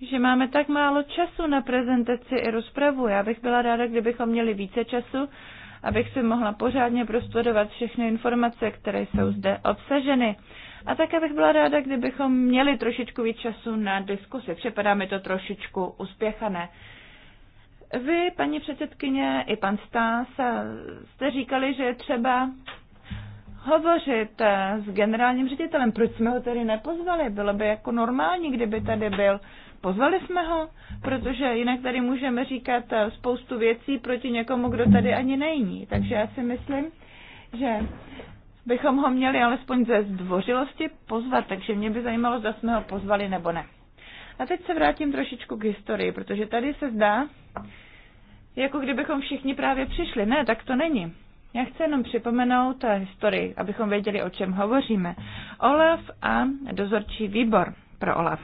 Speaker 1: že máme tak málo času na prezentaci i rozpravu. Já bych byla ráda, kdybychom měli více času, abych si mohla pořádně prostudovat všechny informace, které jsou zde obsaženy. A také bych byla ráda, kdybychom měli trošičku víc času na diskusi. Připadá mi to trošičku uspěchané. Vy, paní předsedkyně, i pan Stása, jste říkali, že je třeba hovořit eh, s generálním ředitelem. Proč jsme ho tedy nepozvali? Bylo by jako normální, kdyby tady byl. Pozvali jsme ho, protože jinak tady můžeme říkat eh, spoustu věcí proti někomu, kdo tady ani není. Takže já si myslím, že bychom ho měli alespoň ze zdvořilosti pozvat, takže mě by zajímalo, zda jsme ho pozvali nebo ne. A teď se vrátím trošičku k historii, protože tady se zdá, jako kdybychom všichni právě přišli. Ne, tak to není. Já chci jenom připomenout eh, historii, abychom věděli, o čem hovoříme. OLAF a dozorčí výbor pro OLAF.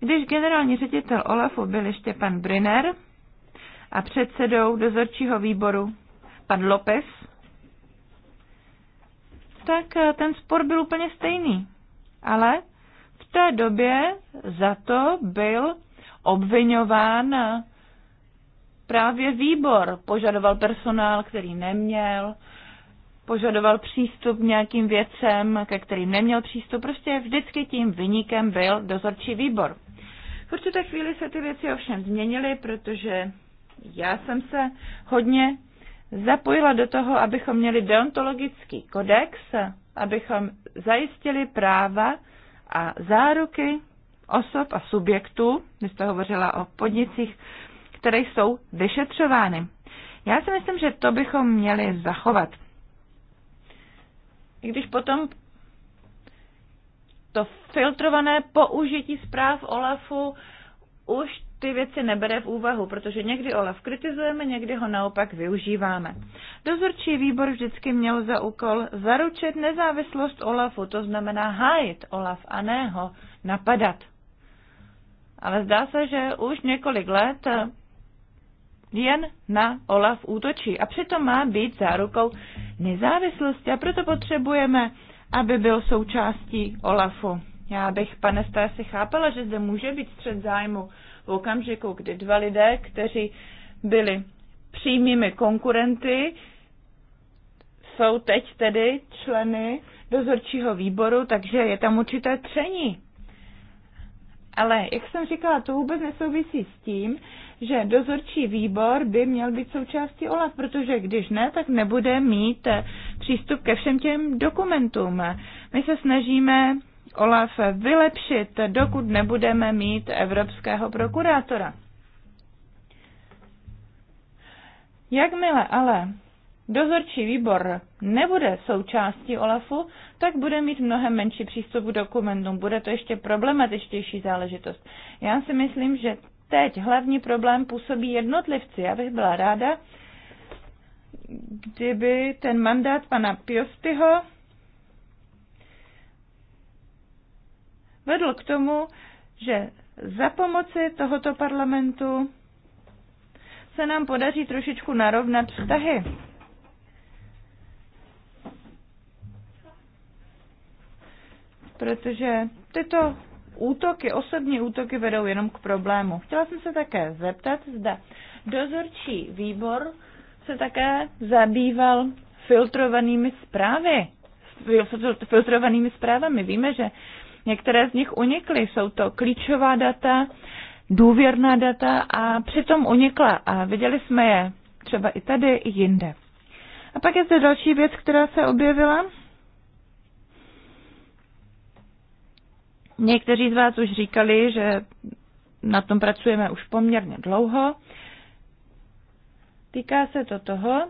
Speaker 1: Když generální ředitel OLAFu byl ještě pan Briner a předsedou dozorčího výboru pan López, tak eh, ten spor byl úplně stejný. Ale v té době za to byl obvinován eh, právě výbor. Požadoval personál, který neměl, požadoval přístup nějakým věcem, ke kterým neměl přístup. Prostě vždycky tím vynikem byl dozorčí výbor. V určité chvíli se ty věci ovšem změnily, protože já jsem se hodně zapojila do toho, abychom měli deontologický kodex, abychom zajistili práva a záruky osob a subjektů, vy jste hovořila o podnicích, které jsou vyšetřovány. Já si myslím, že to bychom měli zachovat. I když potom to filtrované použití zpráv OLAFu už ty věci nebere v úvahu, protože někdy OLAF kritizujeme, někdy ho naopak využíváme. Dozorčí výbor vždycky měl za úkol zaručit nezávislost OLAFu, to znamená hájit OLAF a ne ho napadat. Ale zdá se, že už několik let jen na Olaf útočí a přitom má být zárukou nezávislosti a proto potřebujeme, aby byl součástí Olafu. Já bych, pane Stasi, chápala, že zde může být střed zájmu v okamžiku, kdy dva lidé, kteří byli přímými konkurenty, jsou teď tedy členy dozorčího výboru, takže je tam určité tření. Ale jak jsem říkala, to vůbec nesouvisí s tím, že dozorčí výbor by měl být součástí OLAF, protože když ne, tak nebude mít eh, přístup ke všem těm dokumentům. My se snažíme OLAF vylepšit, dokud nebudeme mít evropského prokurátora. Jakmile ale dozorčí výbor nebude součástí OLAFu, tak bude mít mnohem menší přístup k dokumentům. Bude to ještě problematičtější záležitost. Já si myslím, že teď hlavní problém působí jednotlivci. Já bych byla ráda, kdyby ten mandát pana Piostyho vedl k tomu, že za pomoci tohoto parlamentu se nám podaří trošičku narovnat vztahy protože tyto útoky, osobní útoky vedou jenom k problému. Chtěla jsem se také zeptat, zda dozorčí výbor se také zabýval filtrovanými zprávy, filtrovanými zprávami. Víme, že některé z nich unikly. Jsou to klíčová data, důvěrná data a přitom unikla. A viděli jsme je třeba i tady, i jinde. A pak je zde další věc, která se objevila Někteří z vás už říkali, že na tom pracujeme už poměrně dlouho. Týká se to toho,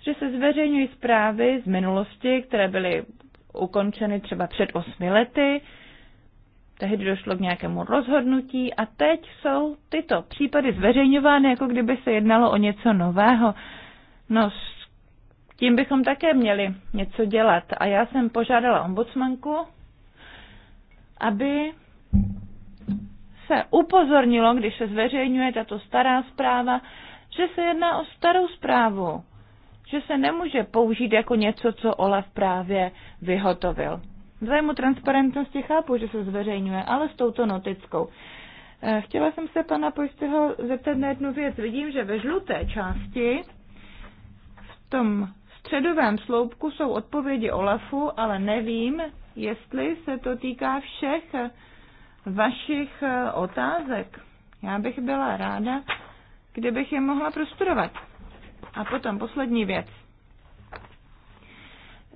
Speaker 1: že se zveřejňují zprávy z minulosti, které byly ukončeny třeba před osmi lety, tehdy došlo k nějakému rozhodnutí a teď jsou tyto případy zveřejňovány, jako kdyby se jednalo o něco nového. No, s tím bychom také měli něco dělat. A já jsem požádala ombudsmanku, aby se upozornilo, když se zveřejňuje tato stará zpráva, že se jedná o starou zprávu, že se nemůže použít jako něco, co Olaf právě vyhotovil. V zájmu transparentnosti chápu, že se zveřejňuje, ale s touto notickou. Eh, chtěla jsem se pana Pojsteho zeptat na jednu věc. Vidím, že ve žluté části v tom středovém sloupku jsou odpovědi Olafu, ale nevím, jestli se to týká všech vašich eh, otázek. Já bych byla ráda, kdybych je mohla prostudovat. A potom poslední věc.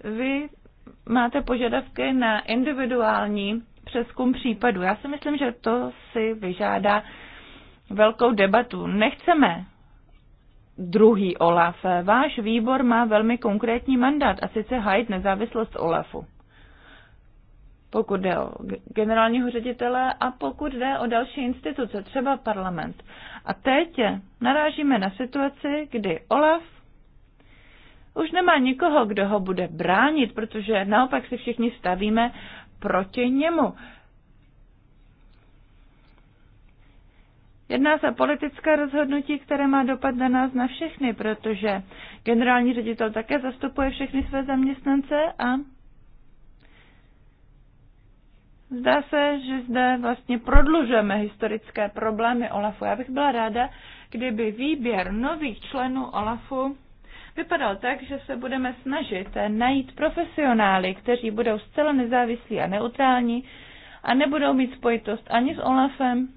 Speaker 1: Vy máte požadavky na individuální přeskum případu. Já si myslím, že to si vyžádá velkou debatu. Nechceme druhý OLAF. Váš výbor má velmi konkrétní mandát a sice hajit nezávislost OLAFu pokud jde o generálního ředitele a pokud jde o další instituce, třeba parlament. A teď narážíme na situaci, kdy Olaf už nemá nikoho, kdo ho bude bránit, protože naopak se všichni stavíme proti němu. Jedná se o politické rozhodnutí, které má dopad na nás na všechny, protože generální ředitel také zastupuje všechny své zaměstnance a Zdá se, že zde vlastně prodlužujeme historické problémy OLAFu. Já bych byla ráda, kdyby výběr nových členů OLAFu vypadal tak, že se budeme snažit najít profesionály, kteří budou zcela nezávislí a neutrální a nebudou mít spojitost ani s OLAFem,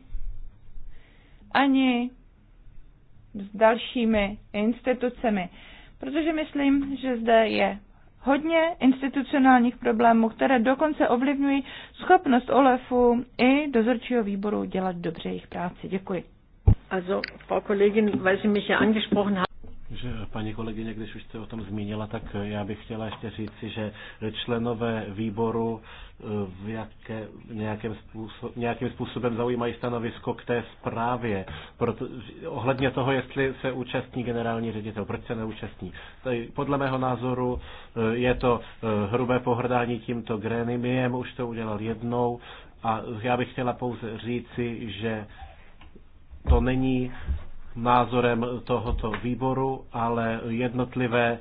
Speaker 1: ani s dalšími institucemi. Protože myslím, že zde je hodně institucionálních problémů, které dokonce ovlivňují schopnost Olefu i dozorčího výboru dělat dobře jejich práci. Děkuji. Also, Frau Kollegin, weil Sie mich ja angesprochen haben. Že,
Speaker 2: paní kolegyně, když už jste o tom zmínila, tak já bych chtěla ještě říci, že členové výboru eh, v jaké, nějakém, způsob, nějakým způsobem zaujímají stanovisko k té zprávě proto, ohledně toho, jestli se účastní generální ředitel, proč se neúčastní. Tady, podle mého názoru eh, je to eh, hrubé pohrdání tímto grénimiem, už to udělal jednou a já bych chtěla pouze říci, že to není názorem tohoto výboru, ale jednotlivé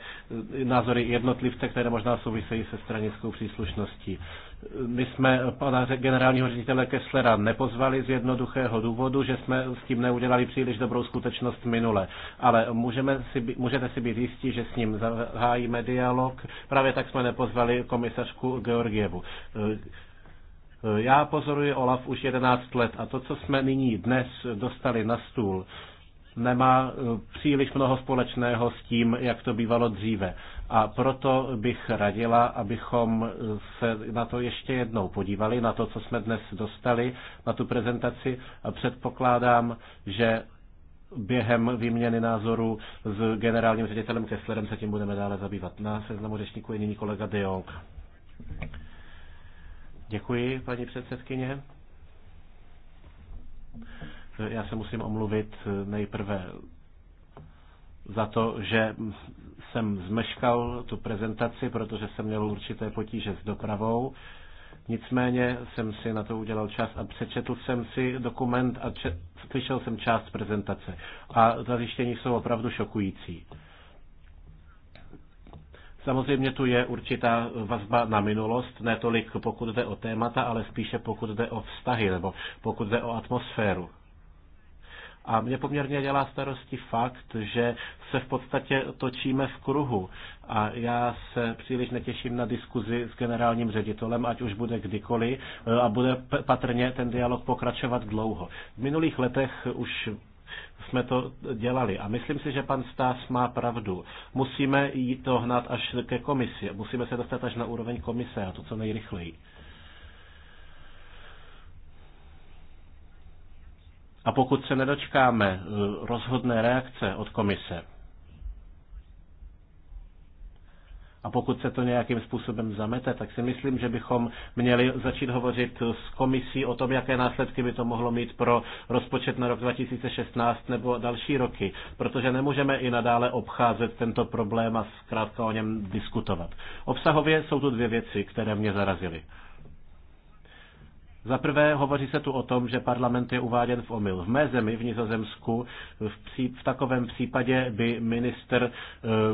Speaker 2: názory jednotlivce, které možná souvisejí se stranickou příslušností. My jsme pana generálního ředitele Kesslera nepozvali z jednoduchého důvodu, že jsme s tím neudělali příliš dobrou skutečnost minule. Ale můžeme si, můžete si být jistí, že s ním zahájíme dialog. Právě tak jsme nepozvali komisařku Georgievu. Já pozoruji Olaf už 11 let a to, co jsme nyní dnes dostali na stůl, nemá eh, příliš mnoho společného s tím, jak to bývalo dříve. A proto bych radila, abychom eh, se na to ještě jednou podívali, na to, co jsme dnes dostali, na tu prezentaci. A předpokládám, že během výměny názorů s generálním ředitelem Kesslerem se tím budeme dále zabývat. Na seznamu řečníku je nyní kolega De Děkuji, paní předsedkyně. Já se musím omluvit eh, nejprve za to, že jsem zmeškal tu prezentaci, protože jsem měl určité potíže s dopravou. Nicméně jsem si na to udělal čas a přečetl jsem si dokument a slyšel jsem část prezentace. A ta zjištění jsou opravdu šokující. Samozřejmě tu je určitá vazba na minulost, ne tolik pokud jde o témata, ale spíše pokud jde o vztahy nebo pokud jde o atmosféru. A mě poměrně dělá starosti fakt, že se v podstatě točíme v kruhu. A já se příliš netěším na diskuzi s generálním ředitelem, ať už bude kdykoliv, eh, a bude patrně ten dialog pokračovat dlouho. V minulých letech už jsme to dělali. A myslím si, že pan Stás má pravdu. Musíme jít to hnat až ke komisi. Musíme se dostat až na úroveň komise a to co nejrychleji. A pokud se nedočkáme eh, rozhodné reakce od komise, a pokud se to nějakým způsobem zamete, tak si myslím, že bychom měli začít hovořit s komisí o tom, jaké následky by to mohlo mít pro rozpočet na rok 2016 nebo další roky, protože nemůžeme i nadále obcházet tento problém a zkrátka o něm diskutovat. Obsahově jsou tu dvě věci, které mě zarazily. Za prvé hovoří se tu o tom, že parlament je uváděn v omyl. V mé zemi, v Nizozemsku, v, pří, v takovém případě by minister e,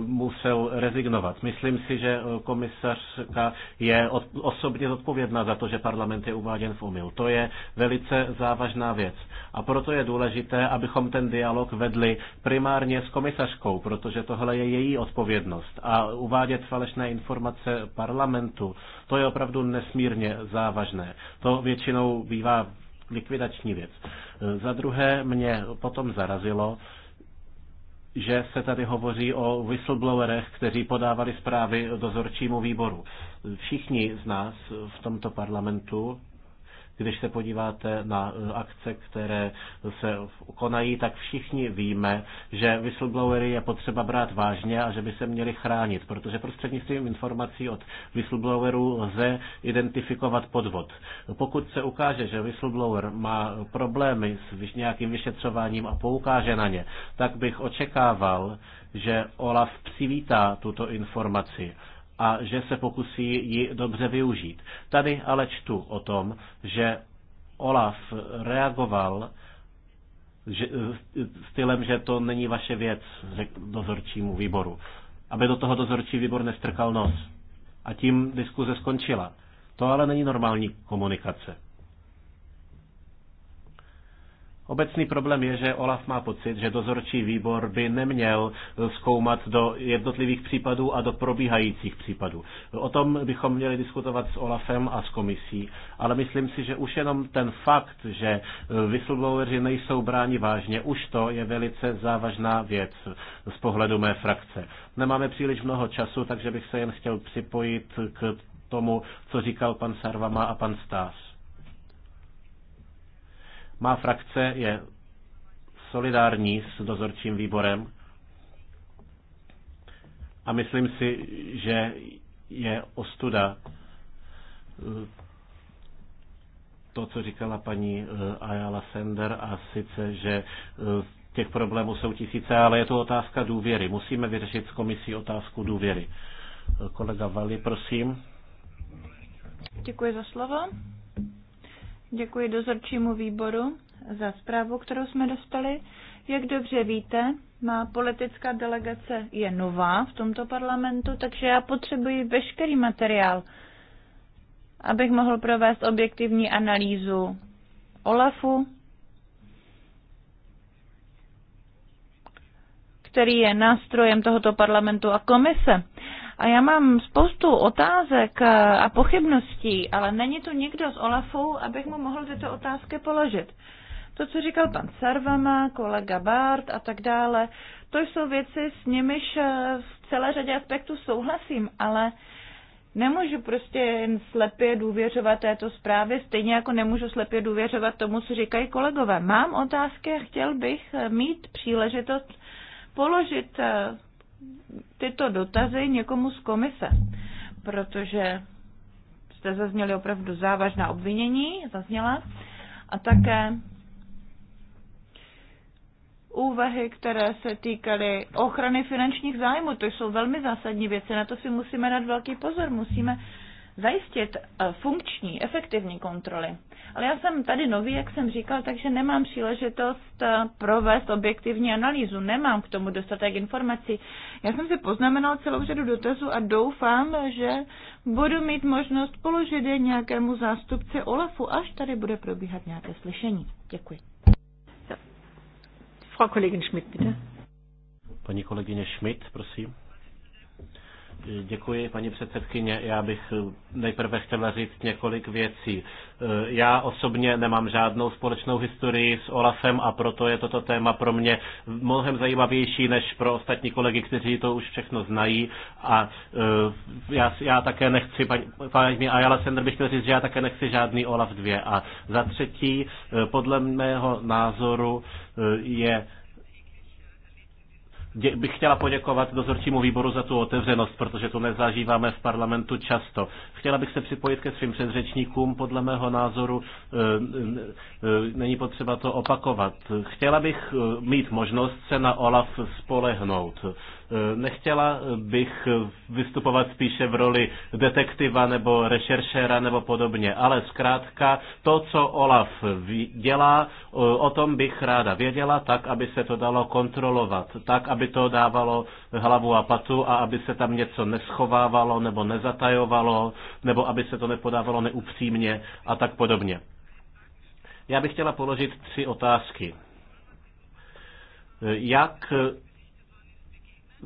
Speaker 2: musel rezignovat. Myslím si, že eh, komisařka je od, osobně zodpovědná za to, že parlament je uváděn v omyl. To je velice závažná věc. A proto je důležité, abychom ten dialog vedli primárně s komisařkou, protože tohle je její odpovědnost. A uvádět falešné informace parlamentu, to je opravdu nesmírně závažné. To většinou bývá likvidační věc. Za druhé mě potom zarazilo, že se tady hovoří o whistleblowerech, kteří podávali zprávy dozorčímu výboru. Všichni z nás v tomto parlamentu když se podíváte na e, akce, které se konají, tak všichni víme, že whistleblowery je potřeba brát vážně a že by se měli chránit, protože prostřednictvím informací od whistleblowerů lze identifikovat podvod. Pokud se ukáže, že whistleblower má problémy s nějakým vyšetřováním a poukáže na ně, tak bych očekával, že Olaf přivítá tuto informaci a že se pokusí ji dobře využít. Tady ale čtu o tom, že Olaf reagoval že, stylem, že to není vaše věc dozorčímu výboru. Aby do toho dozorčí výbor nestrkal nos. A tím diskuze skončila. To ale není normální komunikace. Obecný problém je, že Olaf má pocit, že dozorčí výbor by neměl zkoumat do jednotlivých případů a do probíhajících případů. O tom bychom měli diskutovat s Olafem a s komisí, ale myslím si, že už jenom ten fakt, že whistlebloweri nejsou bráni vážně, už to je velice závažná věc z pohledu mé frakce. Nemáme příliš mnoho času, takže bych se jen chtěl připojit k tomu, co říkal pan Sarvama a pan Stás. Má frakce je solidární s dozorčím výborem a myslím si, že je ostuda eh, to, co říkala paní eh, Ayala Sender a sice, že eh, těch problémů jsou tisíce, ale je to otázka důvěry. Musíme vyřešit s komisí otázku důvěry. Kolega Vali, prosím.
Speaker 1: Děkuji za slovo. Děkuji dozorčímu výboru za zprávu, kterou jsme dostali. Jak dobře víte, má politická delegace je nová v tomto parlamentu, takže já potřebuji veškerý materiál, abych mohl provést objektivní analýzu OLAFu, který je nástrojem tohoto parlamentu a komise. A já mám spoustu otázek eh, a pochybností, ale není tu nikdo z Olafu, abych mu mohl tyto otázky položit. To, co říkal pan Sarvama, kolega Bart a tak dále, to jsou věci, s nimiž eh, v celé řadě aspektů souhlasím, ale nemůžu prostě jen slepě důvěřovat této zprávě, stejně jako nemůžu slepě důvěřovat tomu, co říkají kolegové. Mám otázky a chtěl bych eh, mít příležitost položit tyto dotazy někomu z komise, protože jste zazněli opravdu závažná obvinění, zazněla, a také úvahy, které se týkaly ochrany finančních zájmů. To jsou velmi zásadní věci, na to si musíme dát velký pozor. Musíme zajistit eh, funkční, efektivní kontroly. Ale já jsem tady nový, jak jsem říkal, takže nemám příležitost eh, provést objektivní analýzu, nemám k tomu dostatek informací. Já jsem si poznamenal celou řadu dotazů a doufám, že budu mít možnost položit je nějakému zástupci OLAFu, až tady bude probíhat nějaké slyšení. Děkuji. Frau Kollegin Schmidt, bitte.
Speaker 2: Paní kolegyně Schmidt, prosím. Děkuji, paní předsedkyně. Já bych nejprve chtěla říct několik věcí. Já osobně nemám žádnou společnou historii s Olafem a proto je toto téma pro mě mnohem zajímavější než pro ostatní kolegy, kteří to už všechno znají. A e, já, já také nechci, paní, Ayala Sender bych chtěl říct, že já také nechci žádný Olaf 2. A za třetí, e, podle mého názoru e, je bych chtěla poděkovat dozorčímu výboru za tu otevřenost, protože to nezažíváme v parlamentu často. Chtěla bych se připojit ke svým předřečníkům. Podle mého názoru eh, eh, není potřeba to opakovat. Chtěla bych eh, mít možnost se na OLAF spolehnout. Eh, nechtěla bych vystupovat spíše v roli detektiva nebo rešeršera nebo podobně, ale zkrátka to, co Olaf dělá, eh, o tom bych ráda věděla, tak, aby se to dalo kontrolovat, tak, aby to dávalo hlavu a patu a aby se tam něco neschovávalo nebo nezatajovalo, nebo aby se to nepodávalo neupřímně a tak podobně. Já bych chtěla položit tři otázky. Eh, jak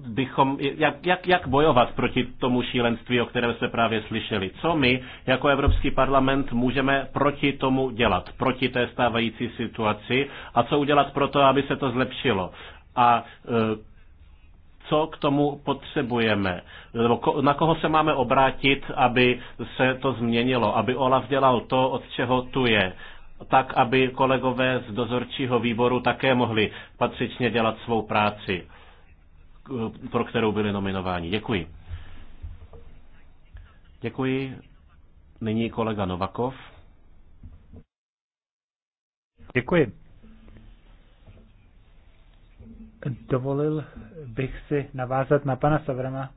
Speaker 2: bychom, jak, jak, jak bojovat proti tomu šílenství, o kterém jsme právě slyšeli? Co my jako Evropský parlament můžeme proti tomu dělat, proti té stávající situaci a co udělat pro to, aby se to zlepšilo? A e, co k tomu potřebujeme, nebo na koho se máme obrátit, aby se to změnilo, aby Olaf dělal to, od čeho tu je, tak, aby kolegové z dozorčího výboru také mohli patřičně dělat svou práci pro kterou byli nominováni. Děkuji. Děkuji. Nyní kolega Novakov.
Speaker 3: Děkuji. Dovolil bych si navázat na pana Savrama,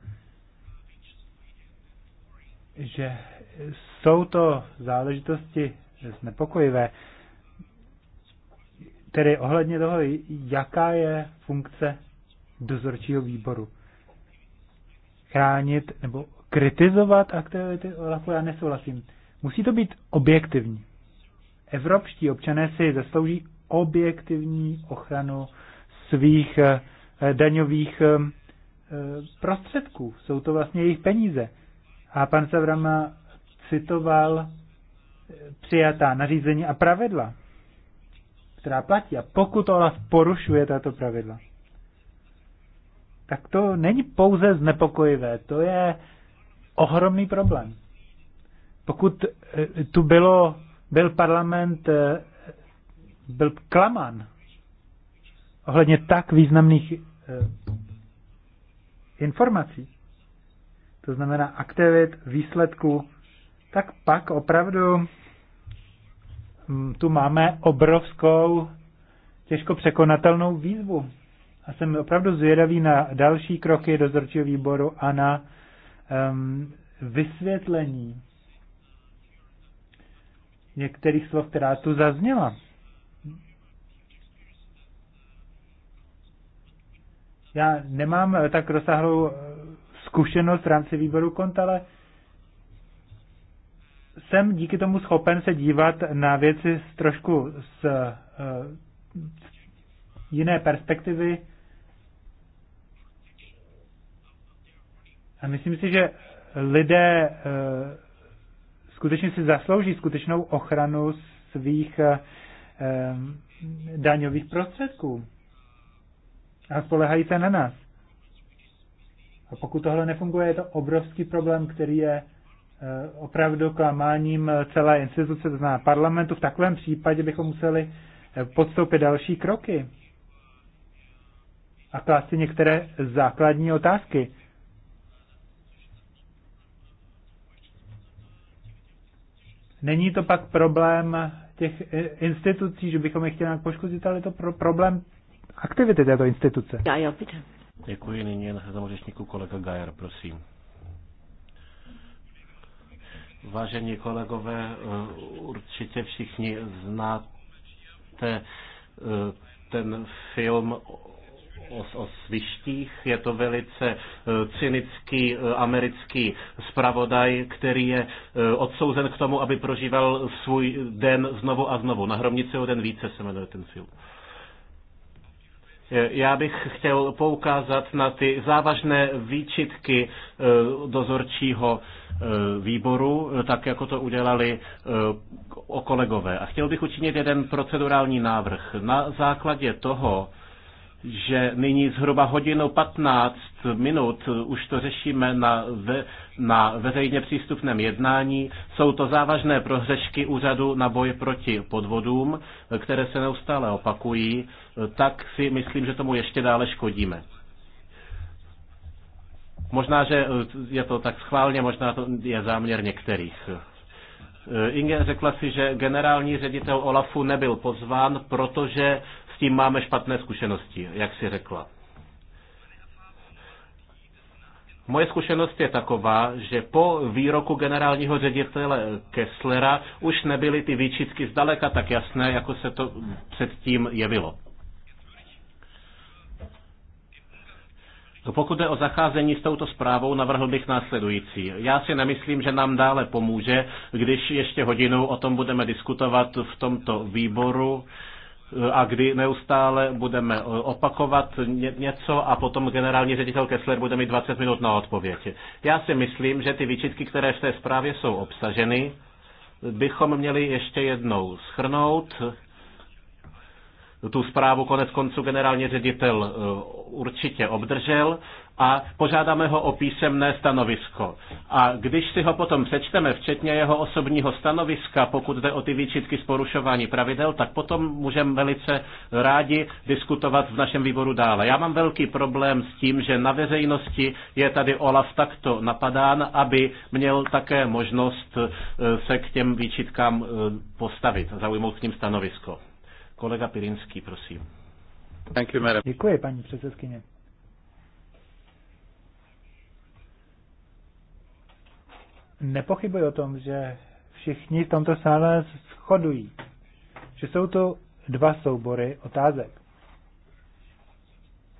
Speaker 3: že jsou to záležitosti znepokojivé, tedy ohledně toho, jaká je funkce dozorčího výboru. Chránit nebo kritizovat aktivity OLAFu já nesouhlasím. Musí to být objektivní. Evropští občané si zaslouží objektivní ochranu svých eh, daňových eh, prostředků. Jsou to vlastně jejich peníze. A pan Savrama citoval eh, přijatá nařízení a pravidla, která platí. A pokud OLAF porušuje tato pravidla, tak to není pouze znepokojivé, to je ohromný problém. Pokud eh, tu bylo, byl parlament eh, byl klaman ohledně tak významných eh, informací, to znamená aktivit, výsledku, tak pak opravdu hm, tu máme obrovskou, těžko překonatelnou výzvu a jsem opravdu zvědavý na další kroky dozorčího výboru a na um, vysvětlení některých slov, která tu zazněla. Já nemám eh, tak rozsáhlou eh, zkušenost v rámci výboru kont, ale jsem díky tomu schopen se dívat na věci z trošku z, eh, z jiné perspektivy A myslím si, že lidé eh, skutečně si zaslouží skutečnou ochranu svých eh, eh, daňových prostředků. A spolehají se na nás. A pokud tohle nefunguje, je to obrovský problém, který je opravdu klamáním celé instituce, to znamená parlamentu. V takovém případě bychom museli podstoupit další kroky a klást si některé základní otázky. Není to pak problém těch eh, institucí, že bychom je chtěli nějak poškodit, ale je to pro problém aktivity této instituce. Já, já,
Speaker 2: Děkuji, nyní na seznamu kolega Gajer, prosím. Vážení kolegové, eh, určitě všichni znáte eh, ten film o, o svištích. Je to velice e, cynický e, americký zpravodaj, který je e, odsouzen k tomu, aby prožíval svůj den znovu a znovu. Na hromnici o den více se jmenuje ten film. Já bych chtěl poukázat na ty závažné výčitky dozorčího výboru, tak jako to udělali o kolegové. A chtěl bych učinit jeden procedurální návrh. Na základě toho, že nyní zhruba hodinu 15 minut už to řešíme na, ve, na veřejně přístupném jednání. Jsou to závažné prohřešky úřadu na boj proti podvodům, které se neustále opakují, tak si myslím, že tomu ještě dále škodíme. Možná, že eh, je to tak schválně, možná to je záměr některých. Eh, Inge řekla si, že generální ředitel Olafu nebyl pozván, protože s tím máme špatné zkušenosti, jak si řekla. Moje zkušenost je taková, že po výroku generálního ředitele Kesslera už nebyly ty výčitky zdaleka tak jasné, jako se to předtím jevilo. Pokud jde o zacházení s touto zprávou, navrhl bych následující. Já si nemyslím, že nám dále pomůže, když ještě hodinu o tom budeme diskutovat v tomto výboru a kdy neustále budeme eh, opakovat něco a potom generální ředitel Kessler bude mít 20 minut na odpověď. Já si myslím, že ty výčitky, které v té zprávě jsou obsaženy, bychom měli ještě jednou schrnout. Tu zprávu konec konců generální ředitel eh, určitě obdržel a požádáme ho o písemné stanovisko. A když si ho potom přečteme, včetně jeho osobního stanoviska, pokud jde o ty výčitky z porušování pravidel, tak potom můžeme velice rádi diskutovat v našem výboru dále. Já mám velký problém s tím, že na veřejnosti je tady Olaf takto napadán, aby měl také možnost e, se k těm výčitkám e, postavit, zaujmout k ním stanovisko. Kolega Pirinský, prosím.
Speaker 3: Děkuji, paní předsedkyně. nepochybuji o tom, že všichni v tomto sále shodují, že jsou to dva soubory otázek.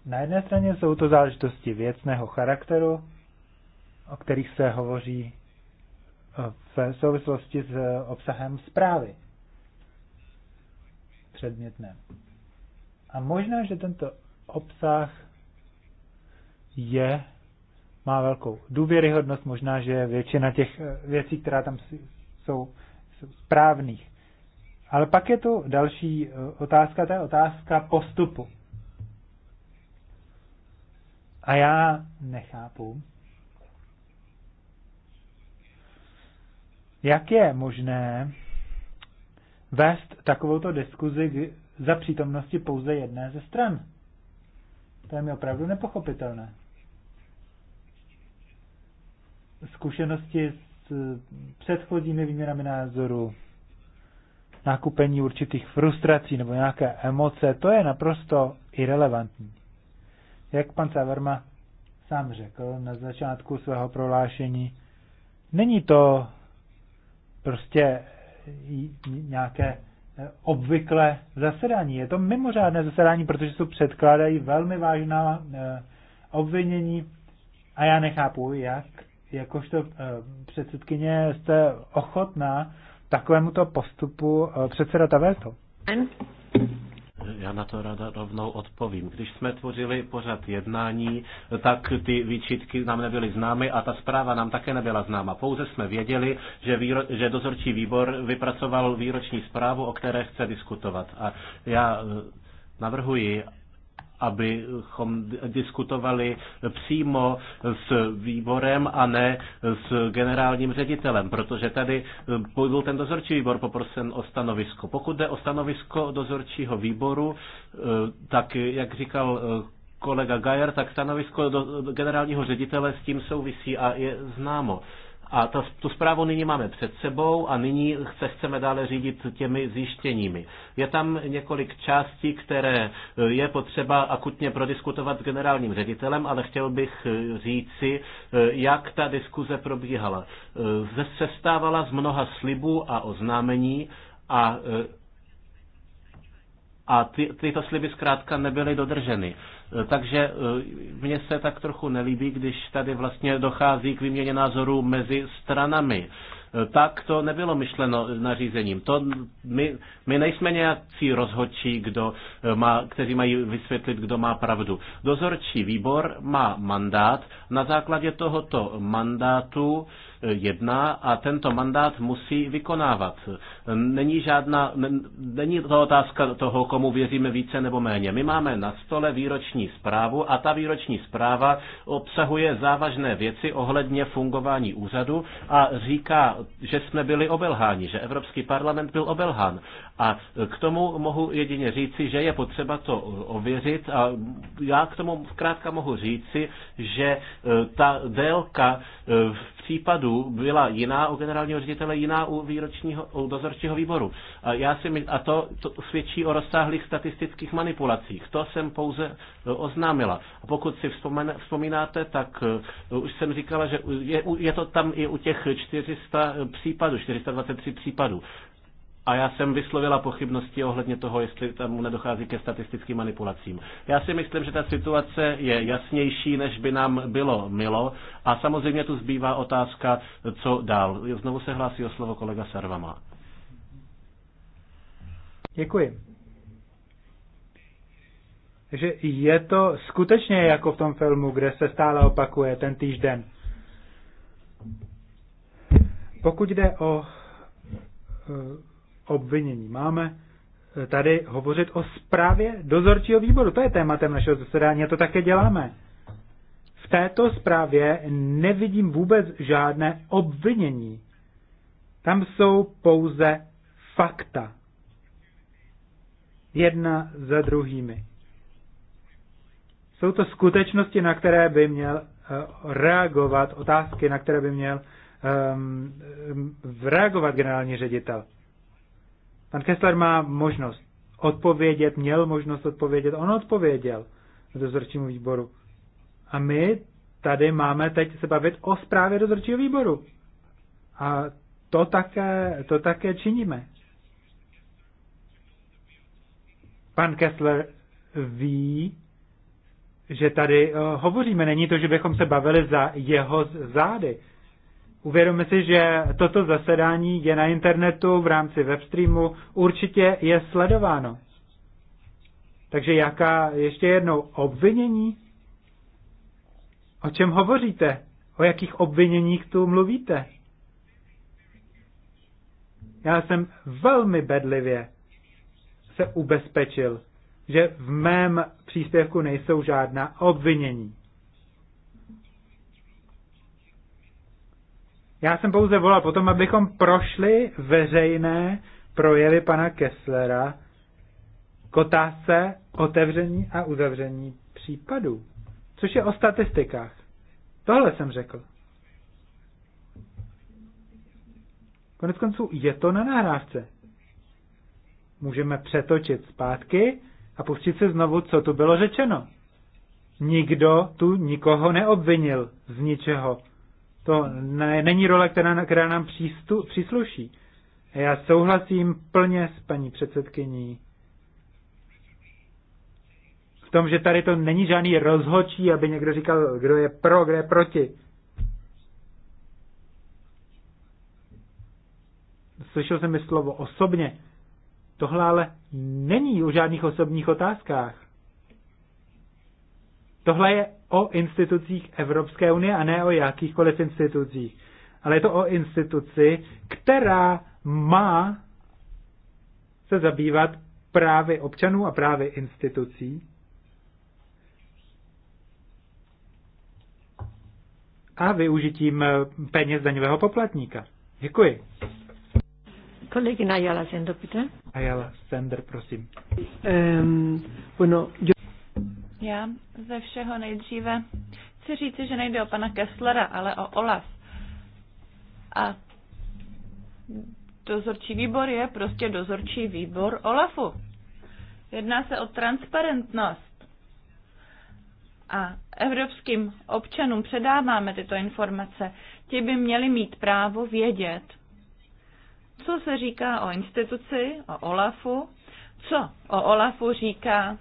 Speaker 3: Na jedné straně jsou to záležitosti věcného charakteru, o kterých se hovoří eh, v souvislosti s eh, obsahem zprávy předmětné, A možná, že tento obsah je má velkou důvěryhodnost, možná, že většina těch eh, věcí, která tam jsou, jsou správných. Ale pak je tu další eh, otázka, to je otázka postupu. A já nechápu, jak je možné vést takovouto diskuzi za přítomnosti pouze jedné ze stran. To je mi opravdu nepochopitelné zkušenosti s eh, předchozími výměnami názoru, nakupení určitých frustrací nebo nějaké emoce, to je naprosto irrelevantní. Jak pan Saverma sám řekl na začátku svého prohlášení, není to prostě nějaké eh, obvykle zasedání. Je to mimořádné zasedání, protože se předkládají velmi vážná eh, obvinění a já nechápu, jak jakožto eh, předsedkyně jste ochotná takovémuto postupu eh, předseda a
Speaker 2: Já na to rada rovnou odpovím. Když jsme tvořili pořad jednání, tak ty výčitky nám nebyly známy a ta zpráva nám také nebyla známa. Pouze jsme věděli, že, výro, že dozorčí výbor vypracoval výroční zprávu, o které chce diskutovat. A já eh, navrhuji, abychom diskutovali přímo s výborem a ne s generálním ředitelem, protože tady eh, byl ten dozorčí výbor poprosen o stanovisko. Pokud jde o stanovisko dozorčího výboru, eh, tak jak říkal eh, kolega Gajer, tak stanovisko do generálního ředitele s tím souvisí a je známo. A ta, tu zprávu nyní máme před sebou a nyní se chceme dále řídit těmi zjištěními. Je tam několik částí, které eh, je potřeba akutně prodiskutovat s generálním ředitelem, ale chtěl bych eh, říci, eh, jak ta diskuze probíhala. Zestávala z mnoha slibů a oznámení a a ty, tyto sliby zkrátka nebyly dodrženy. E, takže e, mně se tak trochu nelíbí, když tady vlastně dochází k výměně názorů mezi stranami. E, tak to nebylo myšleno nařízením. To my, my nejsme nějací rozhodčí, kdo má, kteří mají vysvětlit, kdo má pravdu. Dozorčí výbor má mandát. Na základě tohoto mandátu uh, jedná a tento mandát musí vykonávat. Není, žádná, není to otázka toho, komu věříme více nebo méně. My máme na stole výroční zprávu a ta výroční zpráva obsahuje závažné věci ohledně fungování úřadu a říká, že jsme byli obelháni, že Evropský parlament byl obelhán. A k tomu mohu jedině říci, že je potřeba to ověřit a já k tomu zkrátka mohu říci, že e, ta délka v e, případů byla jiná u generálního ředitele, jiná u, výročního, u dozorčího výboru. A, já si my, a to, to svědčí o rozsáhlých statistických manipulacích. To jsem pouze e, oznámila. A pokud si vzpomen, vzpomínáte, tak e, už jsem říkala, že je, je to tam i u těch 400 e, případů, 423 případů a já jsem vyslovila pochybnosti ohledně toho, jestli tam nedochází ke statistickým manipulacím. Já si myslím, že ta situace je jasnější, než by nám bylo milo. A samozřejmě tu zbývá otázka, co dál. Znovu se hlásí o slovo kolega Sarvama.
Speaker 3: Děkuji. Takže je to skutečně jako v tom filmu, kde se stále opakuje ten týžden. Pokud jde o eh, obvinění. Máme eh, tady hovořit o zprávě dozorčího výboru. To je tématem našeho zasedání a to také děláme. V této zprávě nevidím vůbec žádné obvinění. Tam jsou pouze fakta. Jedna za druhými. Jsou to skutečnosti, na které by měl eh, reagovat, otázky, na které by měl um, reagovat generální ředitel. Pan Kessler má možnost odpovědět, měl možnost odpovědět, on odpověděl dozorčímu výboru. A my tady máme teď se bavit o zprávě dozorčího výboru. A to také, to také činíme. Pan Kessler ví, že tady eh, hovoříme. Není to, že bychom se bavili za jeho zády. Uvědomme si, že toto zasedání je na internetu v rámci webstreamu, určitě je sledováno. Takže jaká ještě jednou obvinění? O čem hovoříte? O jakých obviněních tu mluvíte? Já jsem velmi bedlivě se ubezpečil, že v mém příspěvku nejsou žádná obvinění. Já jsem pouze volal potom, abychom prošli veřejné projevy pana Kesslera k otázce otevření a uzavření případů, což je o statistikách. Tohle jsem řekl. Konec konců je to na nahrávce. Můžeme přetočit zpátky a pustit se znovu, co tu bylo řečeno. Nikdo tu nikoho neobvinil z ničeho. To ne, není role, která, která nám přístu, přísluší. A já souhlasím plně s paní předsedkyní v tom, že tady to není žádný rozhočí, aby někdo říkal, kdo je pro, kdo je proti. Slyšel jsem mi slovo osobně. Tohle ale není o žádných osobních otázkách. Tohle je o institucích Evropské unie a ne o jakýchkoliv institucích. Ale je to o instituci, která má se zabývat právy občanů a právy institucí. A využitím eh, peněz daňového poplatníka. Děkuji.
Speaker 1: Kolegyna Jala Sender,
Speaker 3: Jala Sender, prosím. Um, bueno, yo...
Speaker 1: Já ze všeho nejdříve chci říci, že nejde o pana Kesslera, ale o Olaf. A dozorčí výbor je prostě dozorčí výbor Olafu. Jedná se o transparentnost. A evropským občanům předáváme tyto informace. Ti by měli mít právo vědět, co se říká o instituci, o Olafu, co o Olafu říká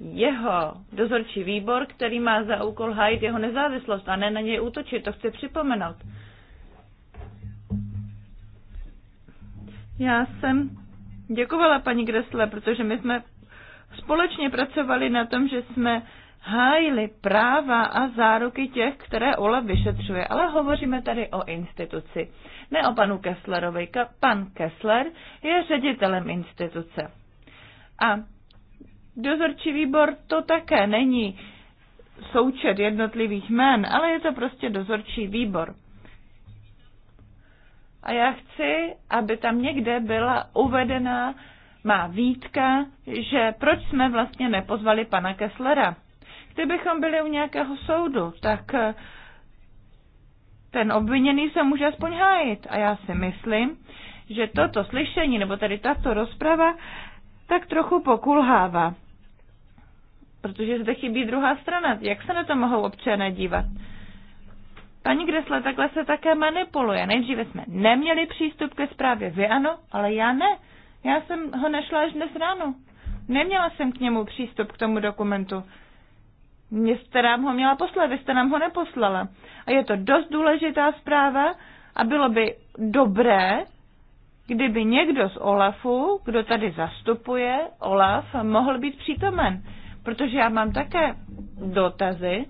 Speaker 1: jeho dozorčí výbor, který má za úkol hájit jeho nezávislost a ne na něj útočit. To chci připomenout. Já jsem děkovala paní Gresle, protože my jsme společně pracovali na tom, že jsme hájili práva a záruky těch, které OLAF vyšetřuje. Ale hovoříme tady o instituci, ne o panu Kesslerovi. Pan Kessler je ředitelem instituce. A Dozorčí výbor to také není součet jednotlivých jmen, ale je to prostě dozorčí výbor. A já chci, aby tam někde byla uvedena má výtka, že proč jsme vlastně nepozvali pana Kesslera. Kdybychom byli u nějakého soudu, tak eh, ten obviněný se může aspoň hájit. A já si myslím, že toto slyšení, nebo tedy tato rozprava, tak trochu pokulhává protože zde chybí druhá strana. Jak se na to mohou občané dívat? Paní Gresle, takhle se také manipuluje. Nejdříve jsme neměli přístup ke zprávě. Vy ano, ale já ne. Já jsem ho našla až dnes ráno. Neměla jsem k němu přístup k tomu dokumentu. Mě jste nám ho měla poslat, vy jste nám ho neposlala. A je to dost důležitá zpráva a bylo by dobré, kdyby někdo z Olafu, kdo tady zastupuje Olaf, mohl být přítomen protože já mám také dotazy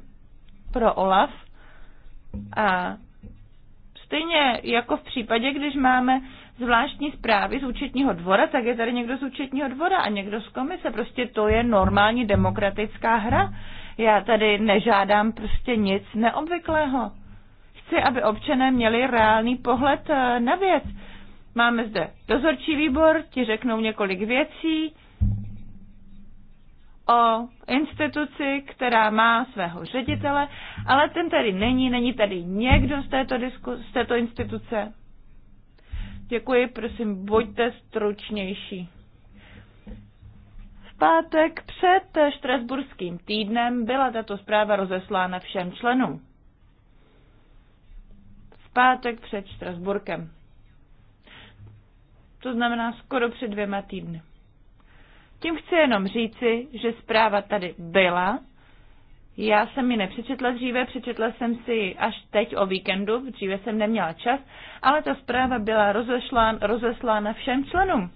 Speaker 1: pro OLAF a stejně jako v případě, když máme zvláštní zprávy z účetního dvora, tak je tady někdo z účetního dvora a někdo z komise. Prostě to je normální demokratická hra. Já tady nežádám prostě nic neobvyklého. Chci, aby občané měli reálný pohled eh, na věc. Máme zde dozorčí výbor, ti řeknou několik věcí, o instituci, která má svého ředitele, ale ten tady není, není tady někdo z této, disku, z této instituce. Děkuji, prosím, buďte stručnější. V pátek před Štrasburským týdnem byla tato zpráva rozeslána všem členům. V pátek před Štrasburkem. To znamená skoro před dvěma týdny. Tím chci jenom říci, že zpráva tady byla. Já jsem ji nepřečetla dříve, přečetla jsem si ji až teď o víkendu, dříve jsem neměla čas, ale ta zpráva byla rozeslána všem členům.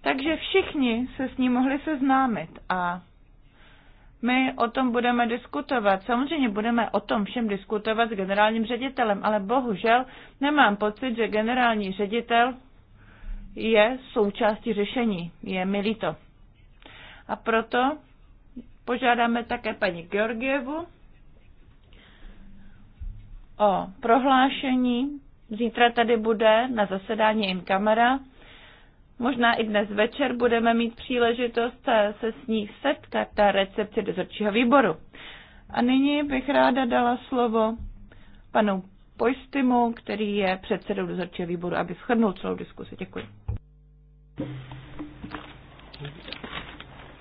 Speaker 1: Takže všichni se s ní mohli seznámit a my o tom budeme diskutovat. Samozřejmě budeme o tom všem diskutovat s generálním ředitelem, ale bohužel nemám pocit, že generální ředitel je součástí řešení. Je mi líto. A proto požádáme také paní Georgievu o prohlášení. Zítra tady bude na zasedání in kamera. Možná i dnes večer budeme mít příležitost se s ní setkat na recepci dozorčího výboru. A nyní bych ráda dala slovo panu Pojstimu, který je předsedou dozorčího výboru, aby shrnul celou diskusi. Děkuji.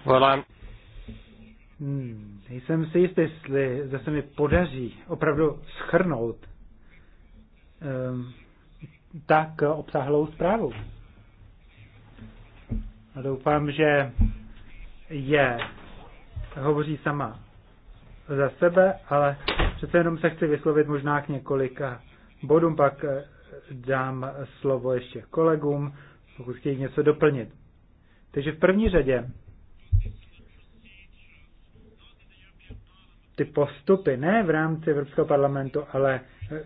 Speaker 2: Volám.
Speaker 3: Hmm, nejsem si jistý, jestli zase mi podaří opravdu schrnout um, tak obsáhlou zprávu. A doufám, že je, hovoří sama za sebe, ale přece jenom se chci vyslovit možná k několika bodům, pak eh, dám slovo ještě kolegům, pokud chtějí něco doplnit. Takže v první řadě ty postupy, ne v rámci Evropského parlamentu, ale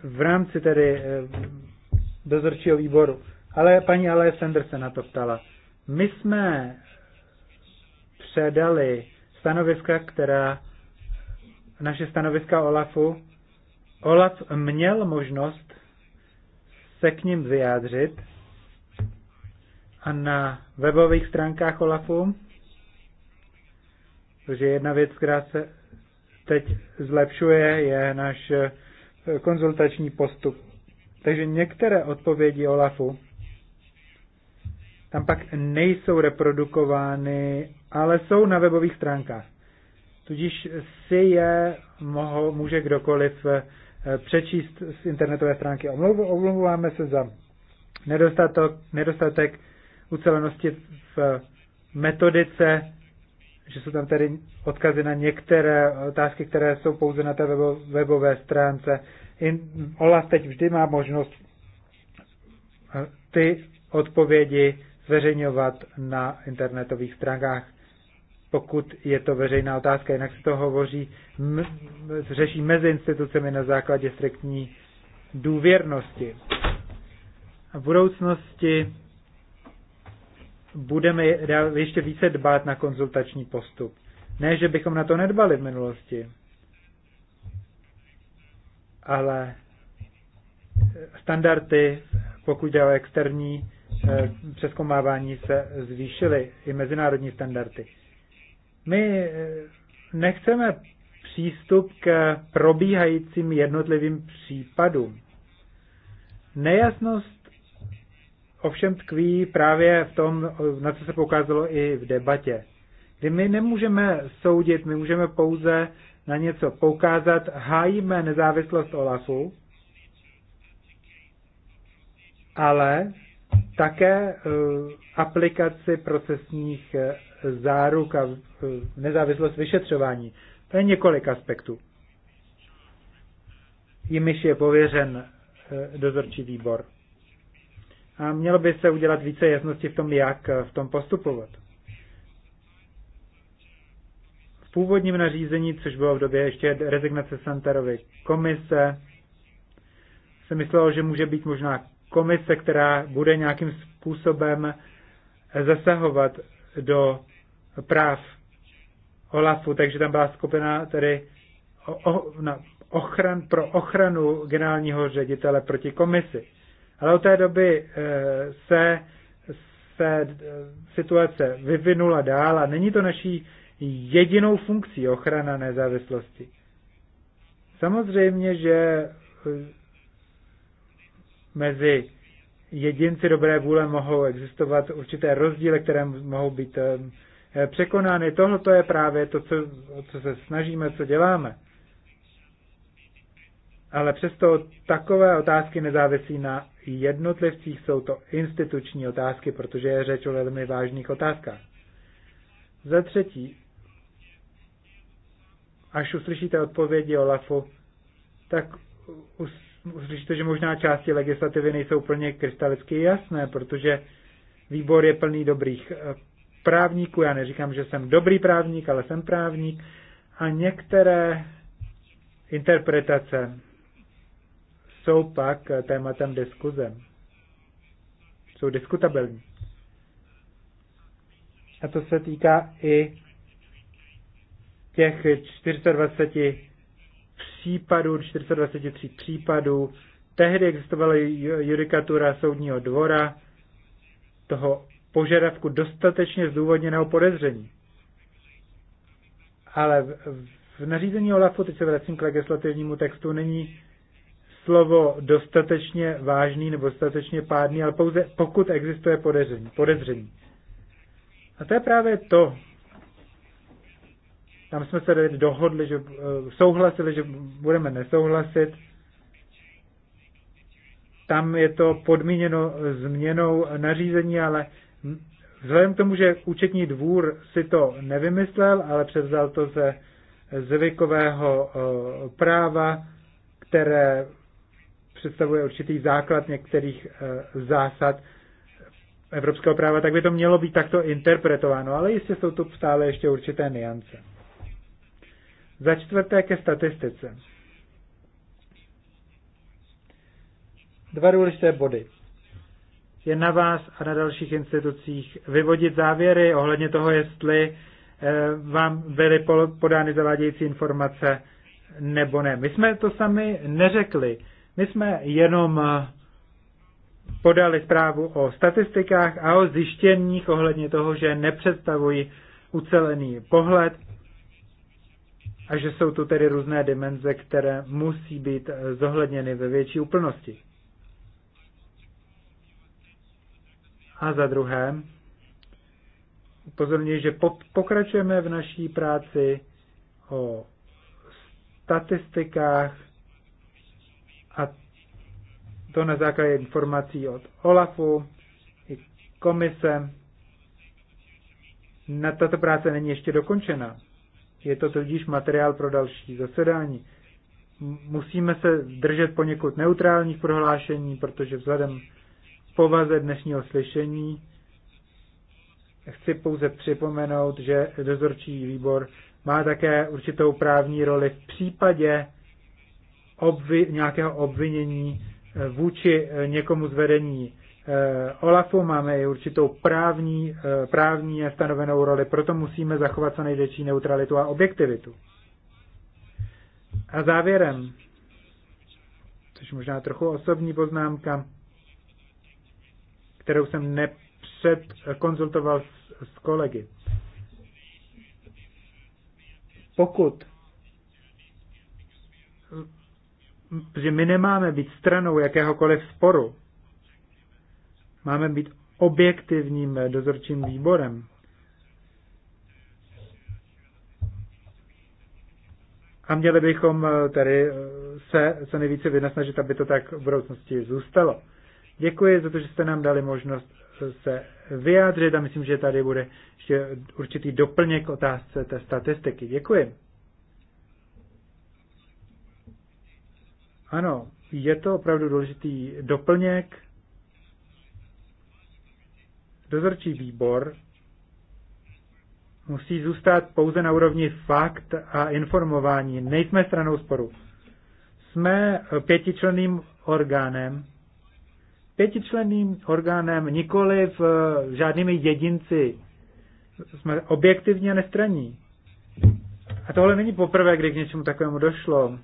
Speaker 3: v rámci tedy eh, dozorčího výboru. Ale paní Alessander se na to ptala. My jsme předali stanoviska, která naše stanoviska Olafu. Olaf měl možnost se k ním vyjádřit a na webových stránkách Olafu takže jedna věc, která se teď zlepšuje, je náš eh, konzultační postup. Takže některé odpovědi Olafu tam pak nejsou reprodukovány, ale jsou na webových stránkách. Tudíž si je moho, může kdokoliv eh, přečíst z internetové stránky. Omlouváme se za nedostatek, nedostatek ucelenosti v metodice že jsou tam tedy odkazy na některé otázky, které jsou pouze na té webo, webové stránce. In, Olaf teď vždy má možnost eh, ty odpovědi zveřejňovat na internetových stránkách, pokud je to veřejná otázka. Jinak se to hovoří, m, řeší mezi institucemi na základě striktní důvěrnosti. V budoucnosti budeme ještě více dbát na konzultační postup. Ne, že bychom na to nedbali v minulosti, ale eh, standardy, pokud jde o externí eh, přeskomávání, se zvýšily, i mezinárodní standardy. My eh, nechceme přístup k probíhajícím jednotlivým případům. Nejasnost ovšem tkví právě v tom, na co se poukázalo i v debatě. Kdy my nemůžeme soudit, my můžeme pouze na něco poukázat, hájíme nezávislost OLAFu, ale také eh, aplikaci procesních eh, záruk a eh, nezávislost vyšetřování. To je několik aspektů. Jimiž je pověřen dozorčí výbor. A mělo by se udělat více jasnosti v tom, jak eh, v tom postupovat. V původním nařízení, což bylo v době ještě rezignace Santarovy komise, se myslelo, že může být možná komise, která bude nějakým způsobem eh, zasahovat do práv Olafu, takže tam byla skupina tedy o, o, na ochran, pro ochranu generálního ředitele proti komisi. Ale od té doby eh, se, se eh, situace vyvinula dál a není to naší jedinou funkcí ochrana nezávislosti. Samozřejmě, že eh, mezi jedinci dobré vůle mohou existovat určité rozdíly, které mohou být překonány. Tohle je právě to, co, co se snažíme, co děláme ale přesto takové otázky nezávisí na jednotlivcích, jsou to instituční otázky, protože je řeč o velmi vážných otázkách. Za třetí, až uslyšíte odpovědi Olafu, tak uslyšíte, že možná části legislativy nejsou úplně krystalicky jasné, protože výbor je plný dobrých eh, právníků. Já neříkám, že jsem dobrý právník, ale jsem právník. A některé interpretace jsou pak eh, tématem diskuze. Jsou diskutabilní. A to se týká i těch 420 případů, 423 případů. Tehdy existovala judikatura soudního dvora toho požadavku dostatečně zdůvodněného podezření. Ale v nařízení OLAFu, teď se vracím k legislativnímu textu, není slovo dostatečně vážný nebo dostatečně pádný, ale pouze pokud existuje podezření. podezření. A to je právě to. Tam jsme se dohodli, že eh, souhlasili, že budeme nesouhlasit. Tam je to podmíněno změnou nařízení, ale vzhledem k tomu, že účetní dvůr si to nevymyslel, ale převzal to ze zvykového eh, práva, které představuje určitý základ některých eh, zásad evropského práva, tak by to mělo být takto interpretováno, ale jistě jsou tu stále ještě určité niance. Za čtvrté ke statistice. Dva důležité body. Je na vás a na dalších institucích vyvodit závěry ohledně toho, jestli eh, vám byly podány zavádějící informace nebo ne. My jsme to sami neřekli. My jsme jenom eh, podali zprávu o statistikách a o zjištěních ohledně toho, že nepředstavují ucelený pohled a že jsou tu tedy různé dimenze, které musí být eh, zohledněny ve větší úplnosti. A za druhé, upozorňuji, že pokračujeme v naší práci o statistikách a to na základě informací od OLAFu i komise. Na tato práce není ještě dokončena. Je to tudíž materiál pro další zasedání. Musíme se držet poněkud neutrálních prohlášení, protože vzhledem k povaze dnešního slyšení chci pouze připomenout, že dozorčí výbor má také určitou právní roli v případě obvi, nějakého obvinění eh, vůči eh, někomu z vedení eh, OLAFu, máme i určitou právní, právní stanovenou roli, proto musíme zachovat co největší neutralitu a objektivitu. A závěrem, což možná trochu osobní poznámka, kterou jsem nepřed konzultoval s, s kolegy. Pokud že my nemáme být stranou jakéhokoliv sporu. Máme být objektivním dozorčím výborem. A měli bychom eh, tady eh, se co nejvíce vynasnažit, aby to tak v budoucnosti zůstalo. Děkuji za to, že jste nám dali možnost eh, se vyjádřit a myslím, že tady bude ještě určitý doplněk otázce té statistiky. Děkuji. Ano, je to opravdu důležitý doplněk. Dozorčí výbor musí zůstat pouze na úrovni fakt a informování. Nejsme stranou sporu. Jsme pětičlenným orgánem, pětičlenným orgánem, nikoli v žádnými jedinci. Jsme objektivně nestraní. A tohle není poprvé, kdy k něčemu takovému došlo.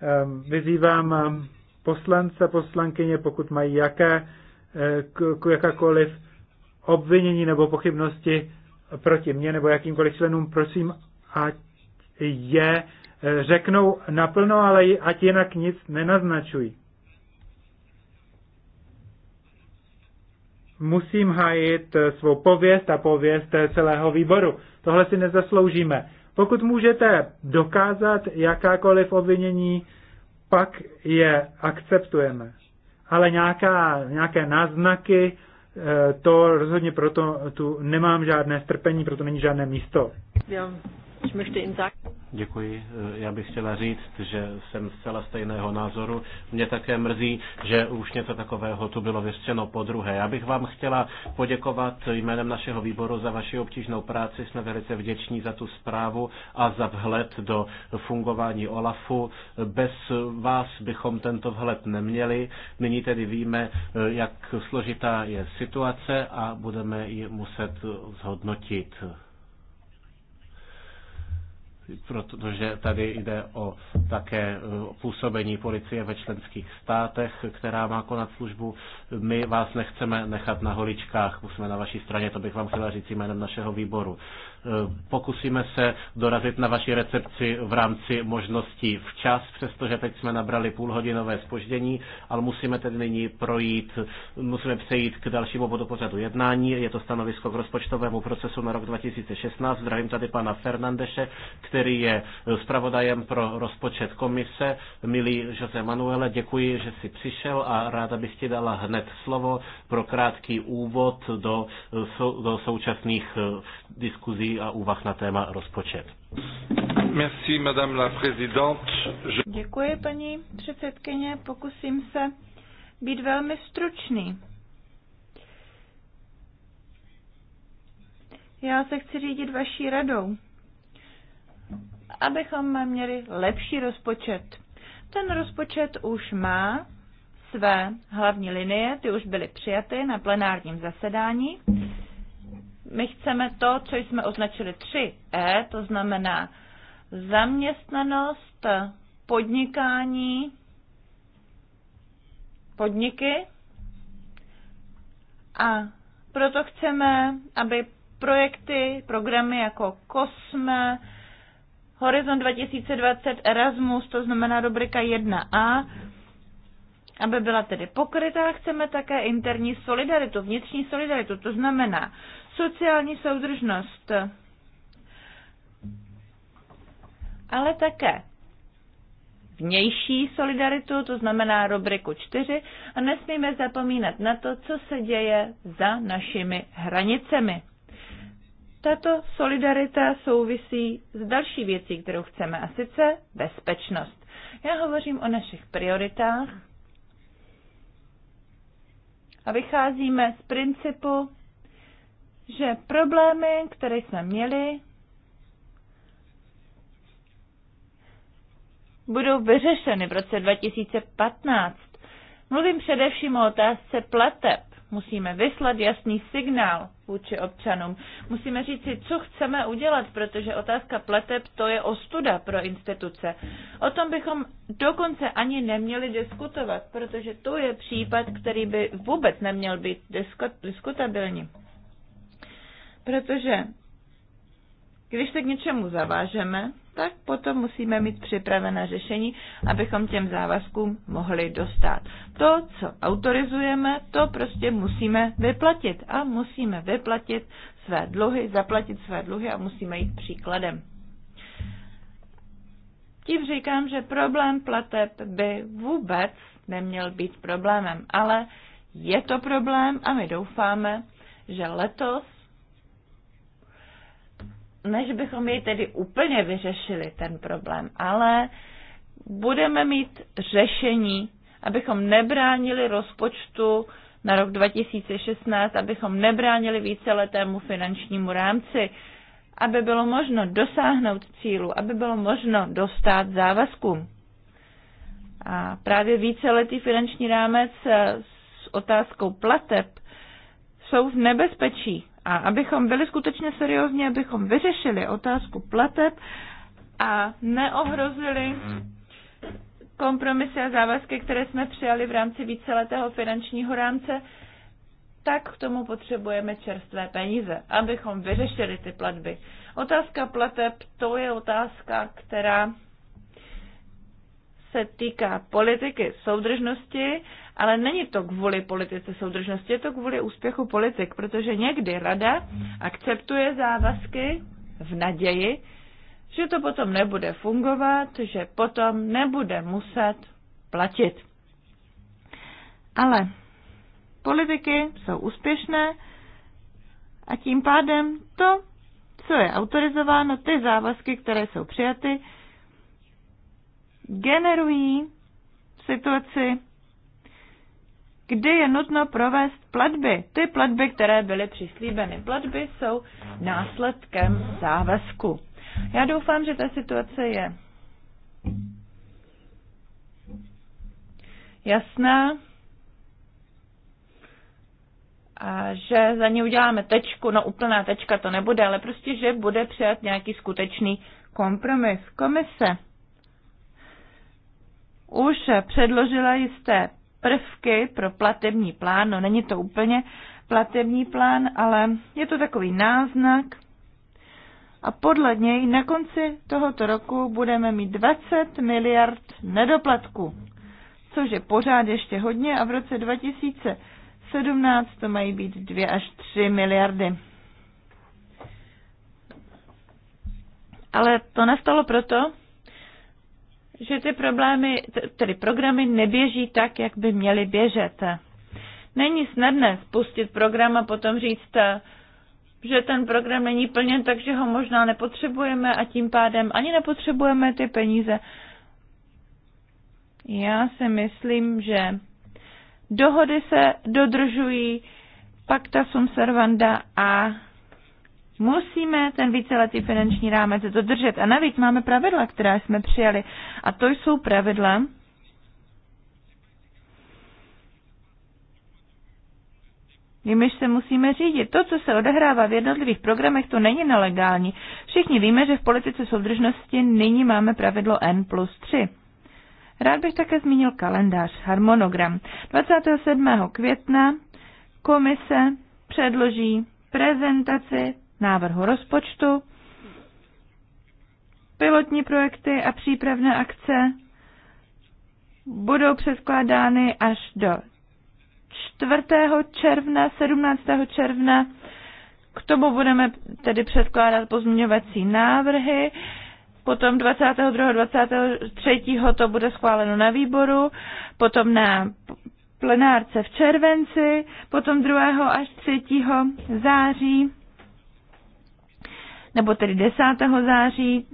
Speaker 3: Ehm, vyzývám ehm, poslance, poslankyně, pokud mají jaké, eh, jakákoliv obvinění nebo pochybnosti proti mně nebo jakýmkoliv členům, prosím, ať je eh, řeknou naplno, ale ať jinak nic nenaznačují. Musím hájit eh, svou pověst a pověst celého výboru. Tohle si nezasloužíme. Pokud můžete dokázat jakákoliv obvinění, pak je akceptujeme. Ale nějaká, nějaké náznaky, eh, to rozhodně proto tu nemám žádné strpení, proto není žádné místo.
Speaker 2: Děkuji. Já bych chtěla říct, že jsem zcela stejného názoru. Mě také mrzí, že už něco takového tu bylo vyřčeno po druhé. Já bych vám chtěla poděkovat jménem našeho výboru za vaši obtížnou práci. Jsme velice vděční za tu zprávu a za vhled do fungování OLAFu. Bez vás bychom tento vhled neměli. Nyní tedy víme, jak složitá je situace a budeme ji muset zhodnotit protože tady jde o také e, působení policie ve členských státech, která má konat službu. My vás nechceme nechat na holičkách, musíme na vaší straně, to bych vám chtěla říct jménem našeho výboru. Eh, pokusíme se dorazit na vaši recepci v rámci možností včas, přestože teď jsme nabrali půlhodinové spoždění, ale musíme tedy nyní projít, musíme přejít k dalšímu bodu pořadu jednání. Je to stanovisko k rozpočtovému procesu na rok 2016. Zdravím tady pana Fernandeše, který je eh, zpravodajem pro rozpočet komise. Milý Jose Manuele, děkuji, že jsi přišel a ráda bych ti dala hned slovo pro krátký úvod do, eh, do současných diskuzí studií a úvah na téma rozpočet. Merci, madame la présidente.
Speaker 1: Je... Děkuji, paní předsedkyně. Pokusím se být velmi stručný. Já se chci řídit vaší radou, abychom měli lepší rozpočet. Ten rozpočet už má své hlavní linie, ty už byly přijaty na plenárním zasedání my chceme to, co jsme označili 3E, to znamená zaměstnanost, podnikání, podniky a proto chceme, aby projekty, programy jako COSME, Horizon 2020, Erasmus, to znamená rubrika 1a, aby byla tedy pokrytá, chceme také interní solidaritu, vnitřní solidaritu, to znamená Sociální soudržnost. Ale také vnější solidaritu, to znamená rubriku 4, a nesmíme zapomínat na to, co se děje za našimi hranicemi. Tato solidarita souvisí s další věcí, kterou chceme, a sice bezpečnost. Já hovořím o našich prioritách a vycházíme z principu že problémy, které jsme měli, budou vyřešeny v roce 2015. Mluvím především o otázce plateb. Musíme vyslat jasný signál vůči občanům. Musíme říct si, co chceme udělat, protože otázka pleteb to je ostuda pro instituce. O tom bychom dokonce ani neměli diskutovat, protože to je případ, který by vůbec neměl být diskutabilní. Protože když se k něčemu zavážeme, tak potom musíme mít připravené řešení, abychom těm závazkům mohli dostat. To, co autorizujeme, to prostě musíme vyplatit. A musíme vyplatit své dluhy, zaplatit své dluhy a musíme jít příkladem. Tím říkám, že problém plateb by vůbec neměl být problémem, ale je to problém a my doufáme, že letos než bychom jej tedy úplně vyřešili, ten problém, ale budeme mít řešení, abychom nebránili rozpočtu na rok 2016, abychom nebránili víceletému finančnímu rámci, aby bylo možno dosáhnout cílu, aby bylo možno dostat závazkům. A právě víceletý finanční rámec eh, s otázkou plateb jsou v nebezpečí. A abychom byli skutečně seriózní, abychom vyřešili otázku plateb a neohrozili kompromisy a závazky, které jsme přijali v rámci víceletého finančního rámce, tak k tomu potřebujeme čerstvé peníze, abychom vyřešili ty platby. Otázka plateb, to je otázka, která se týká politiky soudržnosti ale není to kvůli politice soudržnosti, je to kvůli úspěchu politik, protože někdy rada akceptuje závazky v naději, že to potom nebude fungovat, že potom nebude muset platit. Ale politiky jsou úspěšné a tím pádem to, co je autorizováno, ty závazky, které jsou přijaty, generují situaci, kdy je nutno provést platby. Ty platby, které byly přislíbeny. Platby jsou následkem závazku. Já doufám, že ta situace je jasná a že za ní uděláme tečku, no úplná tečka to nebude, ale prostě, že bude přijat nějaký skutečný kompromis. Komise už předložila jisté prvky pro platební plán. No není to úplně platební plán, ale je to takový náznak. A podle něj na konci tohoto roku budeme mít 20 miliard nedoplatků, což je pořád ještě hodně a v roce 2017 to mají být 2 až 3 miliardy. Ale to nastalo proto, že ty problémy, tedy programy neběží tak, jak by měly běžet. Není snadné spustit program a potom říct, eh, že ten program není plněn, takže ho možná nepotřebujeme a tím pádem ani nepotřebujeme ty peníze. Já si myslím, že dohody se dodržují, pacta sum servanda a Musíme ten víceletý finanční rámec dodržet. A navíc máme pravidla, která jsme přijali. A to jsou pravidla, jimiž se musíme řídit. To, co se odehrává v jednotlivých programech, to není nelegální. Všichni víme, že v politice soudržnosti nyní máme pravidlo N plus 3. Rád bych také zmínil kalendář, harmonogram. 27. května komise předloží prezentaci návrhu rozpočtu, pilotní projekty a přípravné akce budou předkládány až do 4. června, 17. června. K tomu budeme tedy předkládat pozměňovací návrhy. Potom 22. 23. to bude schváleno na výboru, potom na plenárce v červenci, potom 2. až 3. září nebo tedy 10. září,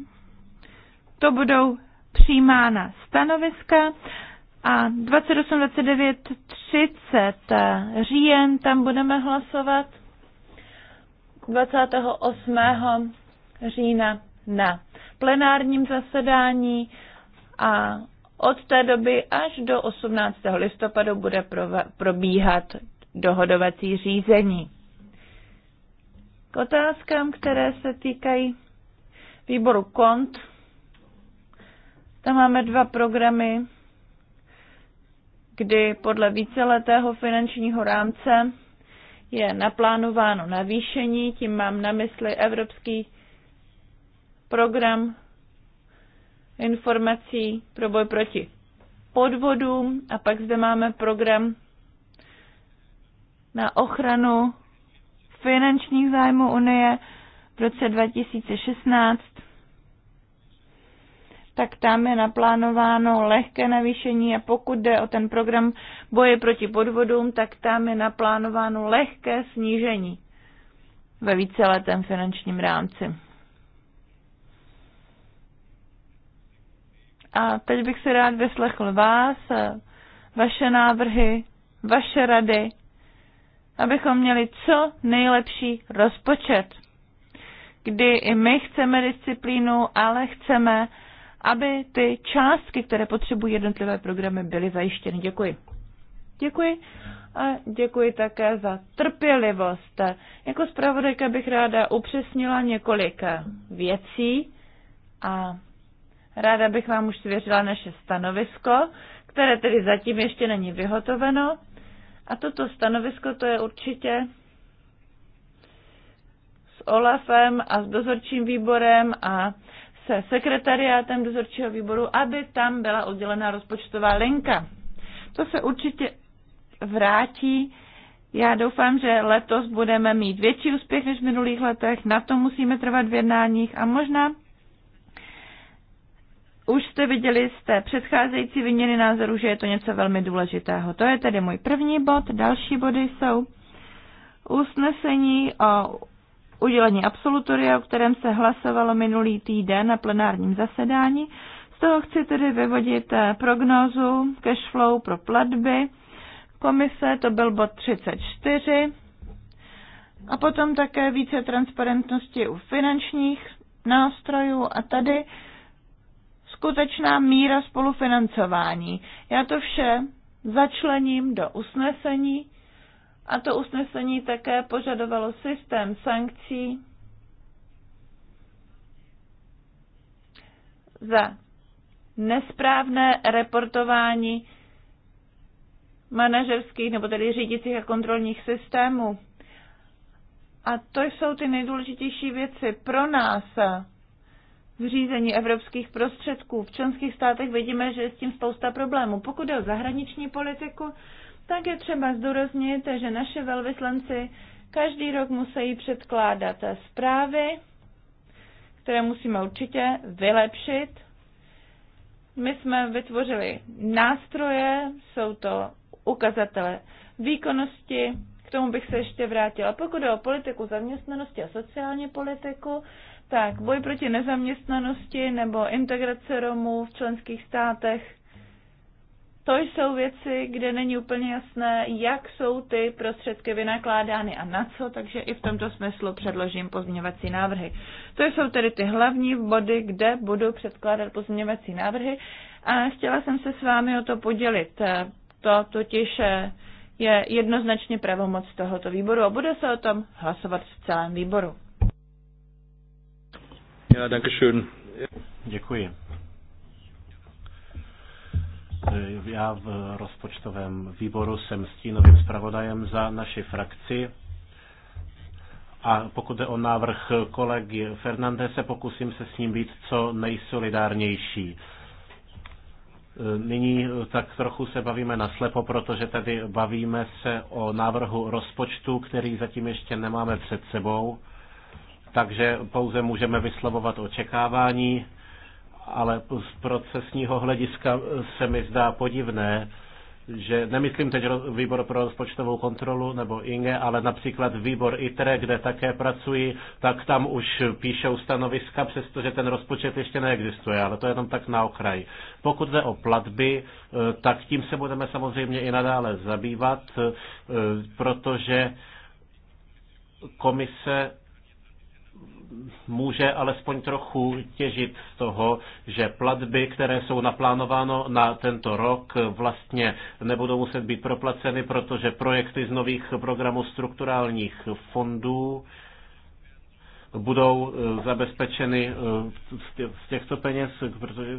Speaker 1: to budou přijímána stanoviska a 28, 29, 30 říjen tam budeme hlasovat. 28. října na plenárním zasedání a od té doby až do 18. listopadu bude probíhat dohodovací řízení. K otázkám, které se týkají výboru KONT, tam máme dva programy, kdy podle víceletého finančního rámce je naplánováno navýšení, tím mám na mysli Evropský program informací pro boj proti podvodům a pak zde máme program na ochranu finančních zájmů Unie v roce 2016, tak tam je naplánováno lehké navýšení a pokud jde o ten program boje proti podvodům, tak tam je naplánováno lehké snížení ve víceletém finančním rámci. A teď bych si rád vyslechl vás, vaše návrhy, vaše rady abychom měli co nejlepší rozpočet, kdy i my chceme disciplínu, ale chceme, aby ty částky, které potřebují jednotlivé programy, byly zajištěny. Děkuji. Děkuji a děkuji také za trpělivost. Jako zpravodajka bych ráda upřesnila několik věcí a ráda bych vám už svěřila naše stanovisko, které tedy zatím ještě není vyhotoveno. A toto stanovisko to je určitě s OLAFem a s dozorčím výborem a se sekretariátem dozorčího výboru, aby tam byla oddělená rozpočtová linka. To se určitě vrátí. Já doufám, že letos budeme mít větší úspěch než v minulých letech. Na to musíme trvat v jednáních a možná už jste viděli z té předcházející výměny názoru, že je to něco velmi důležitého. To je tedy můj první bod. Další body jsou usnesení o udělení absolutoria, o kterém se hlasovalo minulý týden na plenárním zasedání. Z toho chci tedy vyvodit eh, prognózu cash flow pro platby komise, to byl bod 34. A potom také více transparentnosti u finančních nástrojů a tady skutečná míra spolufinancování. Já to vše začlením do usnesení a to usnesení také požadovalo systém sankcí za nesprávné reportování manažerských nebo tedy řídicích a kontrolních systémů. A to jsou ty nejdůležitější věci pro nás, řízení evropských prostředků. V členských státech vidíme, že je s tím spousta problémů. Pokud je o zahraniční politiku, tak je třeba zdůraznit, že naše velvyslanci každý rok musí předkládat zprávy, které musíme určitě vylepšit. My jsme vytvořili nástroje, jsou to ukazatele výkonnosti, k tomu bych se ještě vrátila. Pokud jde o politiku zaměstnanosti a sociální politiku, tak boj proti nezaměstnanosti nebo integrace Romů v členských státech, to jsou věci, kde není úplně jasné, jak jsou ty prostředky vynakládány a na co, takže i v tomto smyslu předložím pozměňovací návrhy. To jsou tedy ty hlavní body, kde budu předkládat pozměňovací návrhy a chtěla jsem se s vámi o to podělit. To totiž eh, je jednoznačně pravomoc tohoto výboru a bude se o tom hlasovat v celém výboru. Ja, danke schön.
Speaker 2: Děkuji. Já v rozpočtovém výboru jsem stínovým zpravodajem za naši frakci. A pokud je o návrh kolegy Fernandese, pokusím se s ním být co nejsolidárnější. Nyní eh, tak trochu se bavíme naslepo, protože tady bavíme se o návrhu rozpočtu, který zatím ještě nemáme před sebou, takže pouze můžeme vyslovovat očekávání, ale z procesního hlediska se mi zdá podivné, že nemyslím teď výbor pro rozpočtovou kontrolu nebo INGE, ale například výbor ITRE, kde také pracuji, tak tam už píšou stanoviska, přestože ten rozpočet ještě neexistuje, ale to je jenom tak na okraj. Pokud jde o platby, eh, tak tím se budeme samozřejmě i nadále zabývat, eh, protože komise může alespoň trochu těžit z toho, že platby, které jsou naplánováno na tento rok, vlastně nebudou muset být proplaceny, protože projekty z nových programů strukturálních fondů budou eh, zabezpečeny eh, z těchto peněz, protože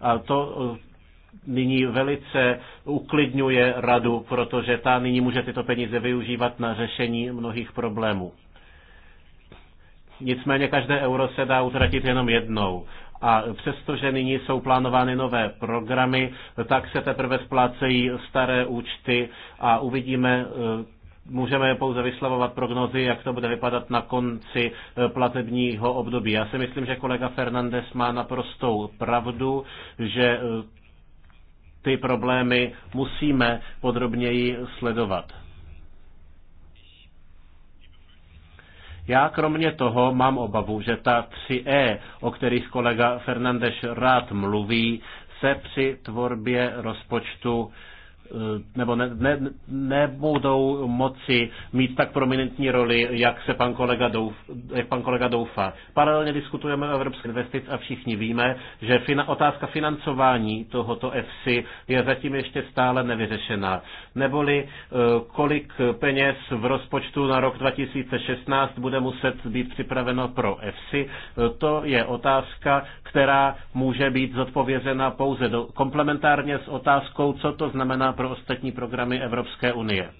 Speaker 2: a to eh, nyní velice uklidňuje radu, protože ta nyní může tyto peníze využívat na řešení mnohých problémů. Nicméně každé euro se dá utratit jenom jednou. A přestože nyní jsou plánovány nové programy, tak se teprve splácejí staré účty a uvidíme, eh, můžeme pouze vyslavovat prognozy, jak to bude vypadat na konci eh, platebního období. Já si myslím, že kolega Fernandez má naprostou pravdu, že eh, ty problémy musíme podrobněji sledovat. Já kromě toho mám obavu, že ta 3E, o kterých kolega Fernandeš rád mluví, se při tvorbě rozpočtu Eh, nebo ne, ne, nebudou moci mít tak prominentní roli, jak se pan kolega, douf, jak pan kolega doufá. Paralelně diskutujeme o evropské investic a všichni víme, že fina, otázka financování tohoto EFSI je zatím ještě stále nevyřešená. Neboli eh, kolik peněz v rozpočtu na rok 2016 bude muset být připraveno pro EFSI, eh, to je otázka, která může být zodpovězena pouze do, komplementárně s otázkou, co to znamená pro ostatní programy Evropské unie.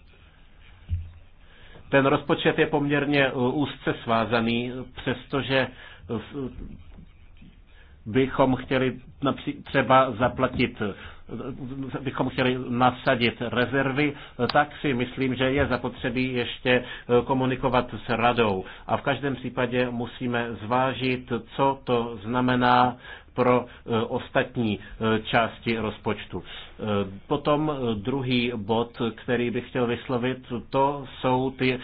Speaker 2: Ten rozpočet je poměrně uh, úzce svázaný, přestože uh, bychom chtěli třeba zaplatit, uh, bychom chtěli nasadit rezervy, tak si myslím, že je zapotřebí ještě komunikovat s radou. A v každém případě musíme zvážit, co to znamená pro eh, ostatní eh, části rozpočtu. Eh, potom druhý bod, který bych chtěl vyslovit, to jsou ty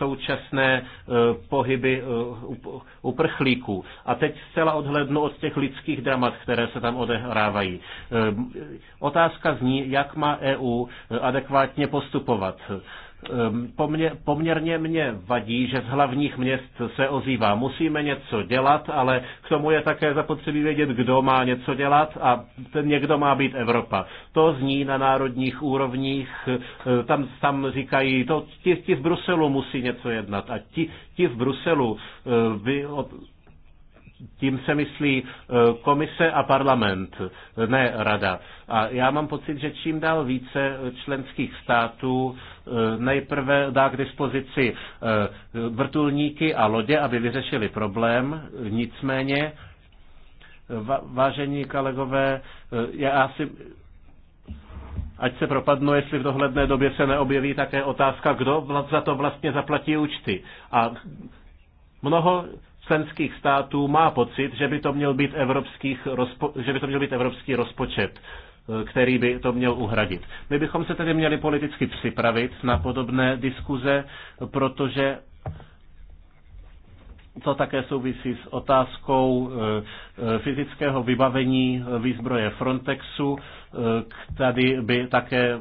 Speaker 2: současné pohyby uprchlíků. A teď zcela odhlednu od těch lidských dramat, které se tam odehrávají. Otázka zní, jak má EU adekvátně postupovat. Ehm, poměrně mě vadí, že z hlavních měst se ozývá, musíme něco dělat, ale k tomu je také zapotřebí vědět, kdo má něco dělat a ten někdo má být Evropa. To zní na národních úrovních, ehm, tam, tam říkají, to, ti, ti v Bruselu musí něco jednat a ti, ti v Bruselu ehm, vy tím se myslí e, komise a parlament, ne rada. A já mám pocit, že čím dál více členských států e, nejprve dá k dispozici e, vrtulníky a lodě, aby vyřešili problém, nicméně vážení kolegové, já asi, ať se propadnu, jestli v dohledné době se neobjeví také otázka, kdo za to vlastně zaplatí účty. A mnoho členských států má pocit, že by to měl být, rozpo, že by to měl být evropský rozpočet eh, který by to měl uhradit. My bychom se tedy měli politicky připravit na podobné diskuze, protože to také souvisí s otázkou eh, eh, fyzického vybavení eh, výzbroje Frontexu. Tady by také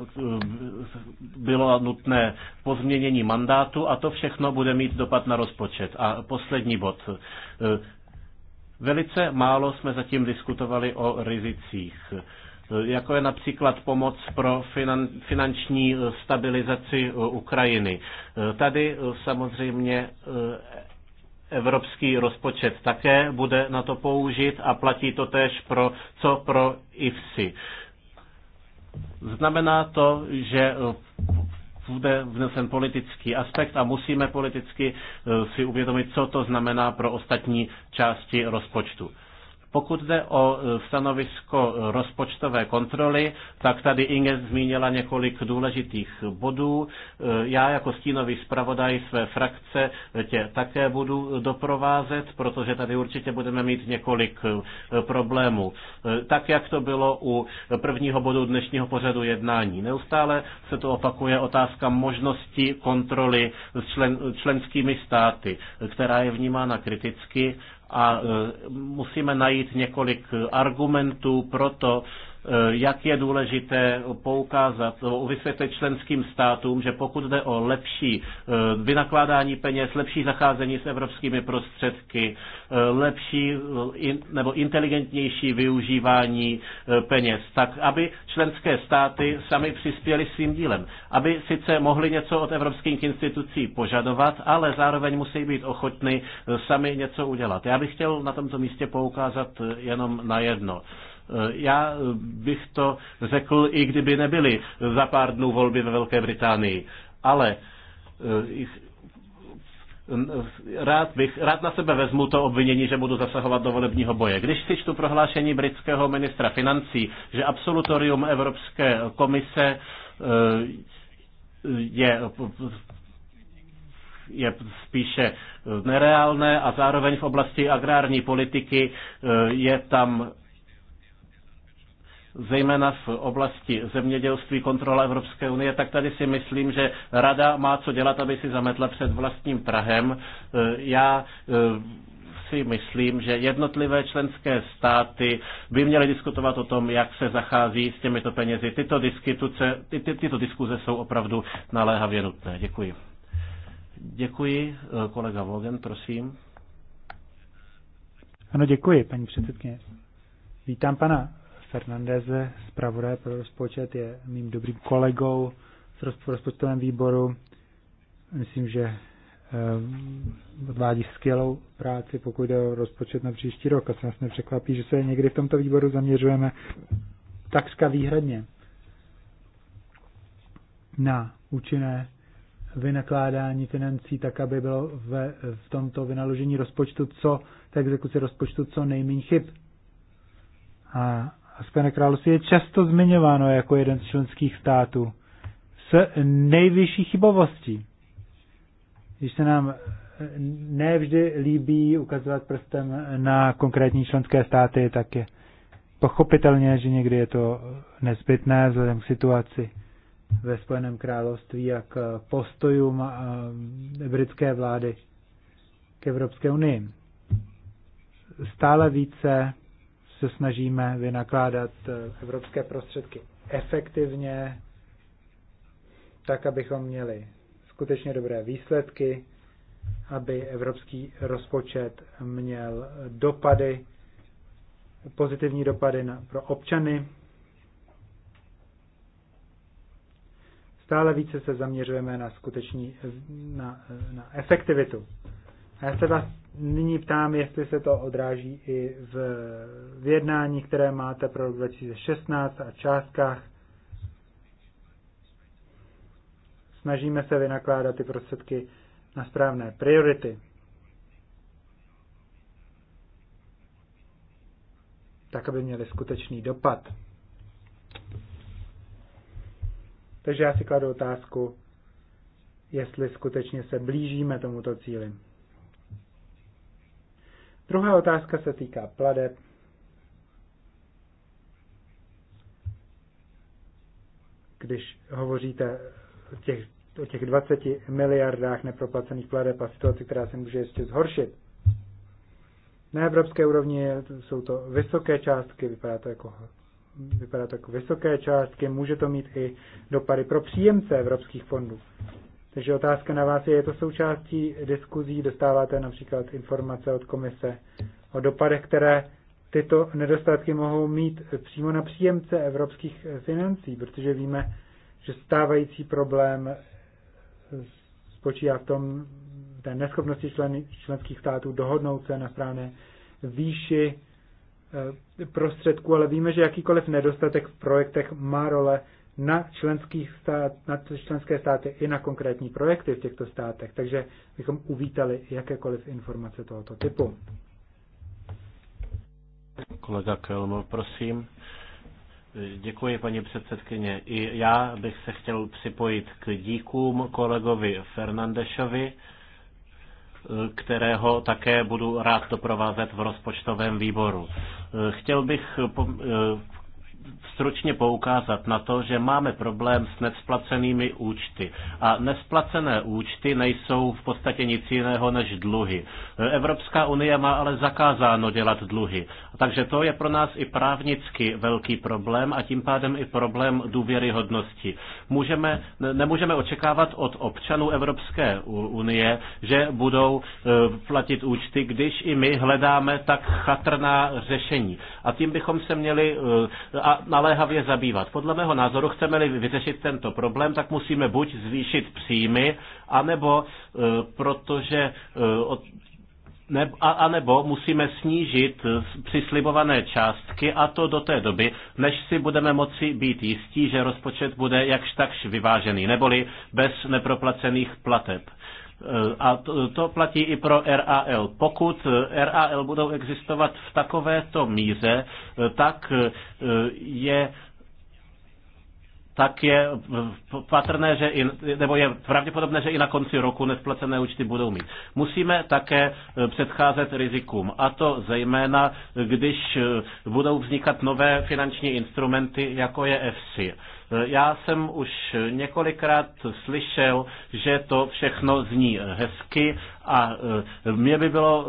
Speaker 2: bylo nutné pozměnění mandátu a to všechno bude mít dopad na rozpočet. A poslední bod. Velice málo jsme zatím diskutovali o rizicích jako je například pomoc pro finanční stabilizaci Ukrajiny. Tady samozřejmě evropský rozpočet také bude na to použit a platí to tež pro, co pro IFSI. Znamená to, že bude vnesen politický aspekt a musíme politicky eh, si uvědomit, co to znamená pro ostatní části rozpočtu. Pokud jde o e, stanovisko rozpočtové kontroly, tak tady Inge zmínila několik důležitých bodů. E, já jako stínový zpravodaj své frakce tě také budu doprovázet, protože tady určitě budeme mít několik e, problémů. Tak, jak to bylo u prvního bodu dnešního pořadu jednání. Neustále se to opakuje otázka možnosti kontroly s člen, členskými státy, která je vnímána kriticky a e, musíme najít několik argumentů pro to, Eh, jak je důležité poukázat, eh, vysvětlit členským státům, že pokud jde o lepší eh, vynakládání peněz, lepší zacházení s evropskými prostředky, lepší nebo inteligentnější využívání peněz, tak aby členské státy sami přispěly svým dílem. Aby sice mohli něco od evropských institucí požadovat, ale zároveň musí být ochotny sami něco udělat. Já bych chtěl na tomto místě poukázat jenom na jedno. Já bych to řekl, i kdyby nebyly za pár dnů volby ve Velké Británii. Ale eh, rád, bych, rád na sebe vezmu to obvinění, že budu zasahovat do volebního boje. Když si čtu prohlášení britského ministra financí, že absolutorium Evropské komise eh, je je spíše nereálné a zároveň v oblasti agrární politiky eh, je tam zejména v oblasti zemědělství kontrola Evropské unie, tak tady si myslím, že rada má co dělat, aby si zametla před vlastním Prahem. E, já e, si myslím, že jednotlivé členské státy by měly diskutovat o tom, jak se zachází s těmito penězi. Tyto, diskutuce, ty, ty, tyto diskuze jsou opravdu naléhavě nutné. Děkuji. Děkuji. E, kolega Vogen, prosím.
Speaker 3: Ano, děkuji, paní předsedkyně. Vítám pana Fernandeze, zpravodaj pro rozpočet, je mým dobrým kolegou z rozpočtovém výboru. Myslím, že eh, odvádí skvělou práci, pokud jde o rozpočet na příští rok. a se nás nepřekvapí, že se někdy v tomto výboru zaměřujeme takřka výhradně na účinné vynakládání financí tak, aby bylo ve, v tomto vynaložení rozpočtu co, tak exekuci rozpočtu co nejméně chyb. A Spojené království je často zmiňováno jako jeden z členských států s nejvyšší chybovostí. Když se nám eh, nevždy líbí ukazovat prstem na konkrétní členské státy, tak je pochopitelně, že někdy je to nezbytné vzhledem k situaci ve Spojeném království a k postojům eh, britské vlády k Evropské unii. Stále více se snažíme vynakládat eh, evropské prostředky efektivně, tak, abychom měli skutečně dobré výsledky, aby evropský rozpočet měl dopady, pozitivní dopady na, pro občany. Stále více se zaměřujeme na skuteční, na, na efektivitu. A já se vás nyní ptám, jestli se to odráží i v vyjednání, které máte pro rok 2016 a částkách. Snažíme se vynakládat ty prostředky na správné priority. tak, aby měly skutečný dopad. Takže já si kladu otázku, jestli skutečně se blížíme tomuto cíli. Druhá otázka se týká pladeb. Když hovoříte o těch, o těch 20 miliardách neproplacených pladeb a situaci, která se může ještě zhoršit, na evropské úrovni jsou to vysoké částky, vypadá to jako vypadá to jako vysoké částky, může to mít i dopady pro příjemce evropských fondů. Takže otázka na vás je, je to součástí diskuzí, dostáváte například informace od komise o dopadech, které tyto nedostatky mohou mít přímo na příjemce evropských financí, protože víme, že stávající problém spočívá v tom, té neschopnosti člen, členských států dohodnout se na správné výši eh, prostředků, ale víme, že jakýkoliv nedostatek v projektech má role na, členských stát, na členské státy i na konkrétní projekty v těchto státech, takže bychom uvítali jakékoliv informace tohoto typu.
Speaker 2: Kolega Kelmo, prosím. Děkuji, paní předsedkyně. I já bych se chtěl připojit k díkům kolegovi Fernandešovi, kterého také budu rád doprovázet v rozpočtovém výboru. Chtěl bych stručně poukázat na to, že máme problém s nesplacenými účty. A nesplacené účty nejsou v podstatě nic jiného než dluhy. Evropská unie má ale zakázáno dělat dluhy. Takže to je pro nás i právnicky velký problém a tím pádem i problém důvěryhodnosti. Můžeme, nemůžeme očekávat od občanů Evropské unie, že budou e, platit účty, když i my hledáme tak chatrná řešení. A tím bychom se měli e, a na, naléhavě zabývat. Podle mého názoru, chceme-li vyřešit tento problém, tak musíme buď zvýšit příjmy, anebo e, protože e, od, a, nebo musíme snížit e, přislibované částky a to do té doby, než si budeme moci být jistí, že rozpočet bude jakž takž vyvážený, neboli bez neproplacených plateb. A to, to platí i pro RAL. Pokud RAL budou existovat v takovéto míře, tak e, je tak je patrné, že i, nebo je pravděpodobné, že i na konci roku nesplacené účty budou mít. Musíme také e, předcházet rizikům, a to zejména, když e, budou vznikat nové finanční instrumenty, jako je EFSI. Já jsem už několikrát slyšel, že to všechno zní hezky a e, mě by, bylo,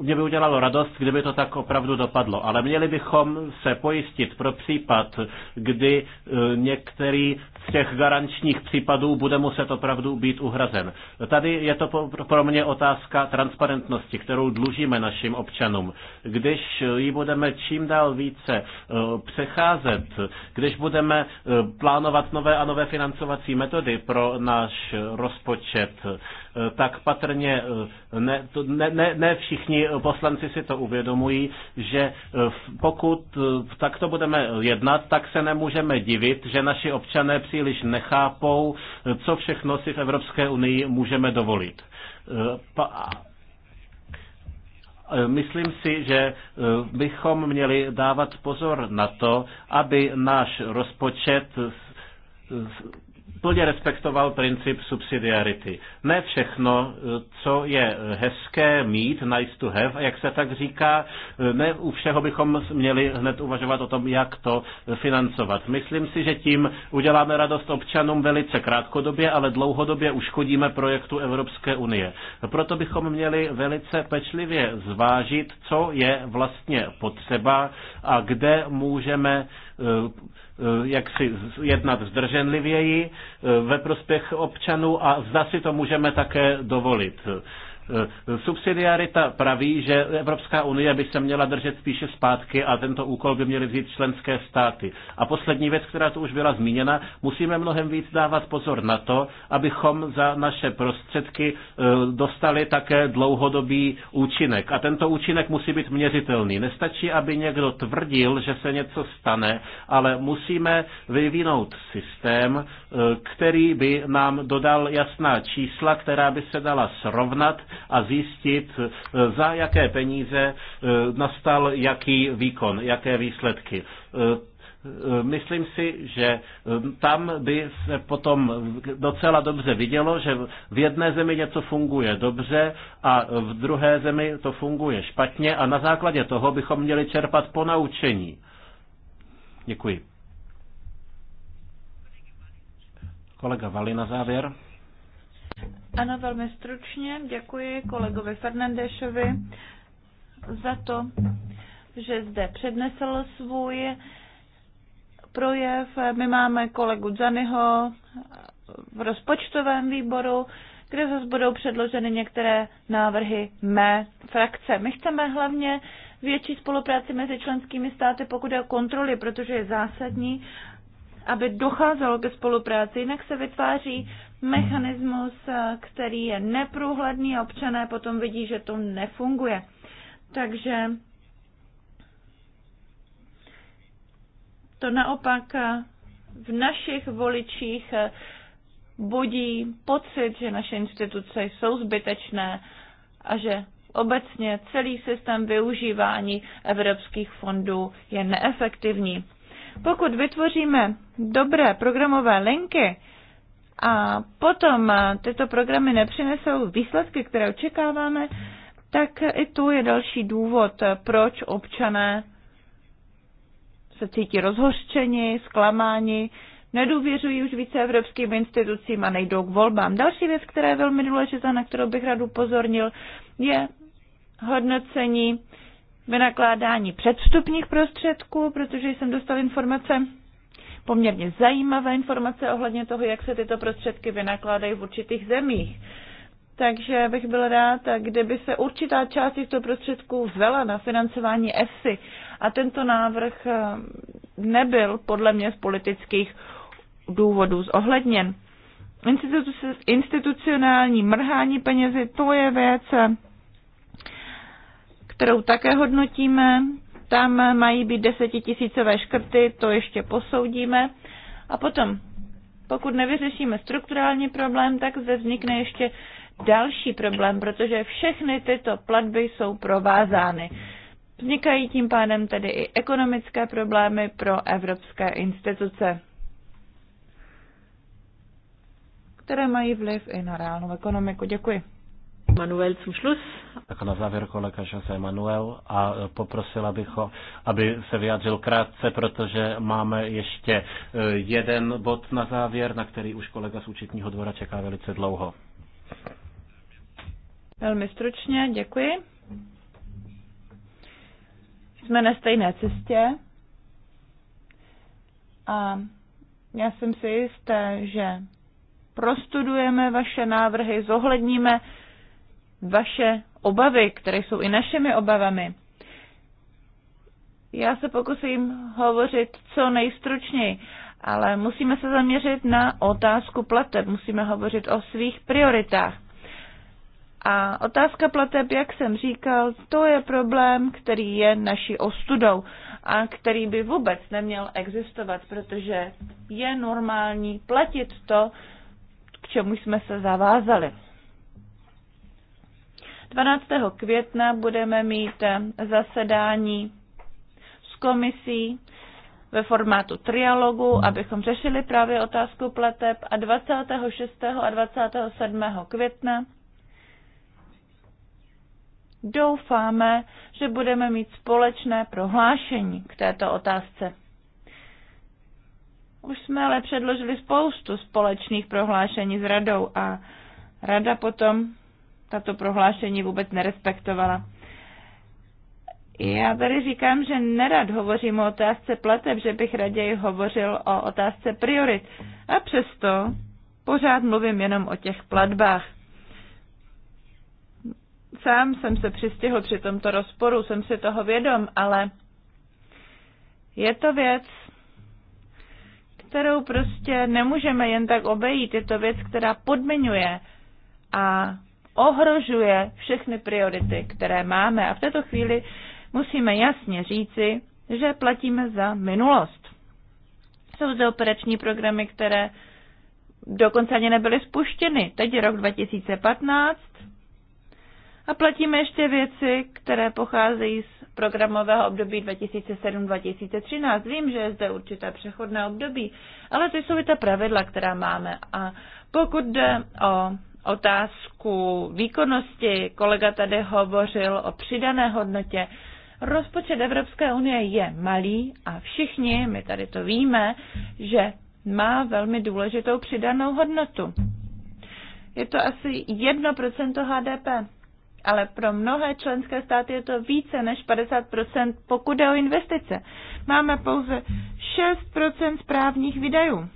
Speaker 2: e, mě by udělalo radost, kdyby to tak opravdu dopadlo. Ale měli bychom se pojistit pro případ, kdy e, některý těch garančních případů bude muset opravdu být uhrazen. Tady je to pro mě otázka transparentnosti, kterou dlužíme našim občanům. Když ji budeme čím dál více e, přecházet, když budeme e, plánovat nové a nové financovací metody pro náš rozpočet, tak patrně eh, ne, ne, ne, ne všichni poslanci si to uvědomují, že eh, pokud eh, takto budeme jednat, tak se nemůžeme divit, že naši občané příliš nechápou, co všechno si v Evropské unii můžeme dovolit. Pa, myslím si, že bychom měli dávat pozor na to, aby náš rozpočet plně respektoval princip subsidiarity. Ne všechno, co je hezké mít, nice to have, a jak se tak říká, ne u všeho bychom měli hned uvažovat o tom, jak to financovat. Myslím si, že tím uděláme radost občanům velice krátkodobě, ale dlouhodobě uškodíme projektu Evropské unie. Proto bychom měli velice pečlivě zvážit, co je vlastně potřeba a kde můžeme eh, Eh, jak si jednat zdrženlivěji eh, ve prospěch občanů a zda si to můžeme také dovolit. Eh, subsidiarita praví, že Evropská unie by se měla držet spíše zpátky a tento úkol by měly vzít členské státy. A poslední věc, která tu už byla zmíněna, musíme mnohem víc dávat pozor na to, abychom za naše prostředky eh, dostali také dlouhodobý účinek. A tento účinek musí být měřitelný. Nestačí, aby někdo tvrdil, že se něco stane, ale musíme vyvinout systém, který by nám dodal jasná čísla, která by se dala srovnat a zjistit, eh, za jaké peníze eh, nastal jaký výkon, jaké výsledky eh, myslím si, že tam by se potom docela dobře vidělo, že v jedné zemi něco funguje dobře a v druhé zemi to funguje špatně a na základě toho bychom měli čerpat po Děkuji. Kolega Vali na závěr.
Speaker 1: Ano, velmi stručně. Děkuji kolegovi Fernandešovi za to, že zde přednesl svůj projev. My máme kolegu Zanyho v rozpočtovém výboru, kde zase budou předloženy některé návrhy mé frakce. My chceme hlavně větší spolupráci mezi členskými státy, pokud je o kontroly, protože je zásadní, aby docházelo ke spolupráci, jinak se vytváří mechanismus, eh, který je neprůhledný a občané potom vidí, že to nefunguje. Takže to naopak eh, v našich voličích eh, budí pocit, že naše instituce jsou zbytečné a že obecně celý systém využívání evropských fondů je neefektivní. Pokud vytvoříme dobré programové linky a potom eh, tyto programy nepřinesou výsledky, které očekáváme, tak i tu je další důvod, eh, proč občané se cítí rozhořčeni, zklamáni, nedůvěřují už více evropským institucím a nejdou k volbám. Další věc, která je velmi důležitá, na kterou bych rád upozornil, je hodnocení vynakládání předstupních prostředků, protože jsem dostal informace, poměrně zajímavé informace ohledně toho, jak se tyto prostředky vynakládají v určitých zemích. Takže bych byl rád, kdyby se určitá část těchto prostředků vzala na financování ESI. A tento návrh eh, nebyl podle mě z politických důvodů zohledněn. Institucionální mrhání penězi, to je věc, kterou také hodnotíme. Tam mají být desetitisícové škrty, to ještě posoudíme. A potom, pokud nevyřešíme strukturální problém, tak zde vznikne ještě další problém, protože všechny tyto platby jsou provázány. Vznikají tím pádem tedy i ekonomické problémy pro evropské instituce, které mají vliv i na reálnou ekonomiku. Děkuji. Manuel zum Schluss.
Speaker 2: Tak na závěr kolega Jose Manuel a poprosila bych ho, aby se vyjádřil krátce, protože máme ještě e, jeden bod na závěr, na který už kolega z účetního dvora čeká velice dlouho.
Speaker 1: Velmi stručně, děkuji. Jsme na stejné cestě a já jsem si jistá, že prostudujeme vaše návrhy, zohledníme vaše obavy, které jsou i našimi obavami. Já se pokusím hovořit co nejstručněji, ale musíme se zaměřit na otázku plateb, musíme hovořit o svých prioritách. A otázka plateb, jak jsem říkal, to je problém, který je naší ostudou a který by vůbec neměl existovat, protože je normální platit to, k čemu jsme se zavázali. 12. května budeme mít eh, zasedání s komisí ve formátu trialogu, abychom řešili právě otázku pleteb a 26. a 27. května doufáme, že budeme mít společné prohlášení k této otázce. Už jsme ale předložili spoustu společných prohlášení s radou a rada potom tato prohlášení vůbec nerespektovala. Já tady říkám, že nerad hovořím o otázce plateb, že bych raději hovořil o otázce priorit. A přesto pořád mluvím jenom o těch platbách. Sám jsem se přistihl při tomto rozporu, jsem si toho vědom, ale je to věc, kterou prostě nemůžeme jen tak obejít. Je to věc, která podmiňuje a ohrožuje všechny priority, které máme. A v této chvíli musíme jasně říci, že platíme za minulost. Jsou zde operační programy, které dokonce ani nebyly spuštěny. Teď je rok 2015 a platíme ještě věci, které pocházejí z programového období 2007-2013. Vím, že je zde určité přechodné období, ale to jsou i ta pravidla, která máme. A pokud jde o otázku výkonnosti. Kolega tady hovořil o přidané hodnotě. Rozpočet Evropské unie je malý a všichni, my tady to víme, že má velmi důležitou přidanou hodnotu. Je to asi 1% HDP, ale pro mnohé členské státy je to více než 50%, pokud jde o investice. Máme pouze 6% správních výdajů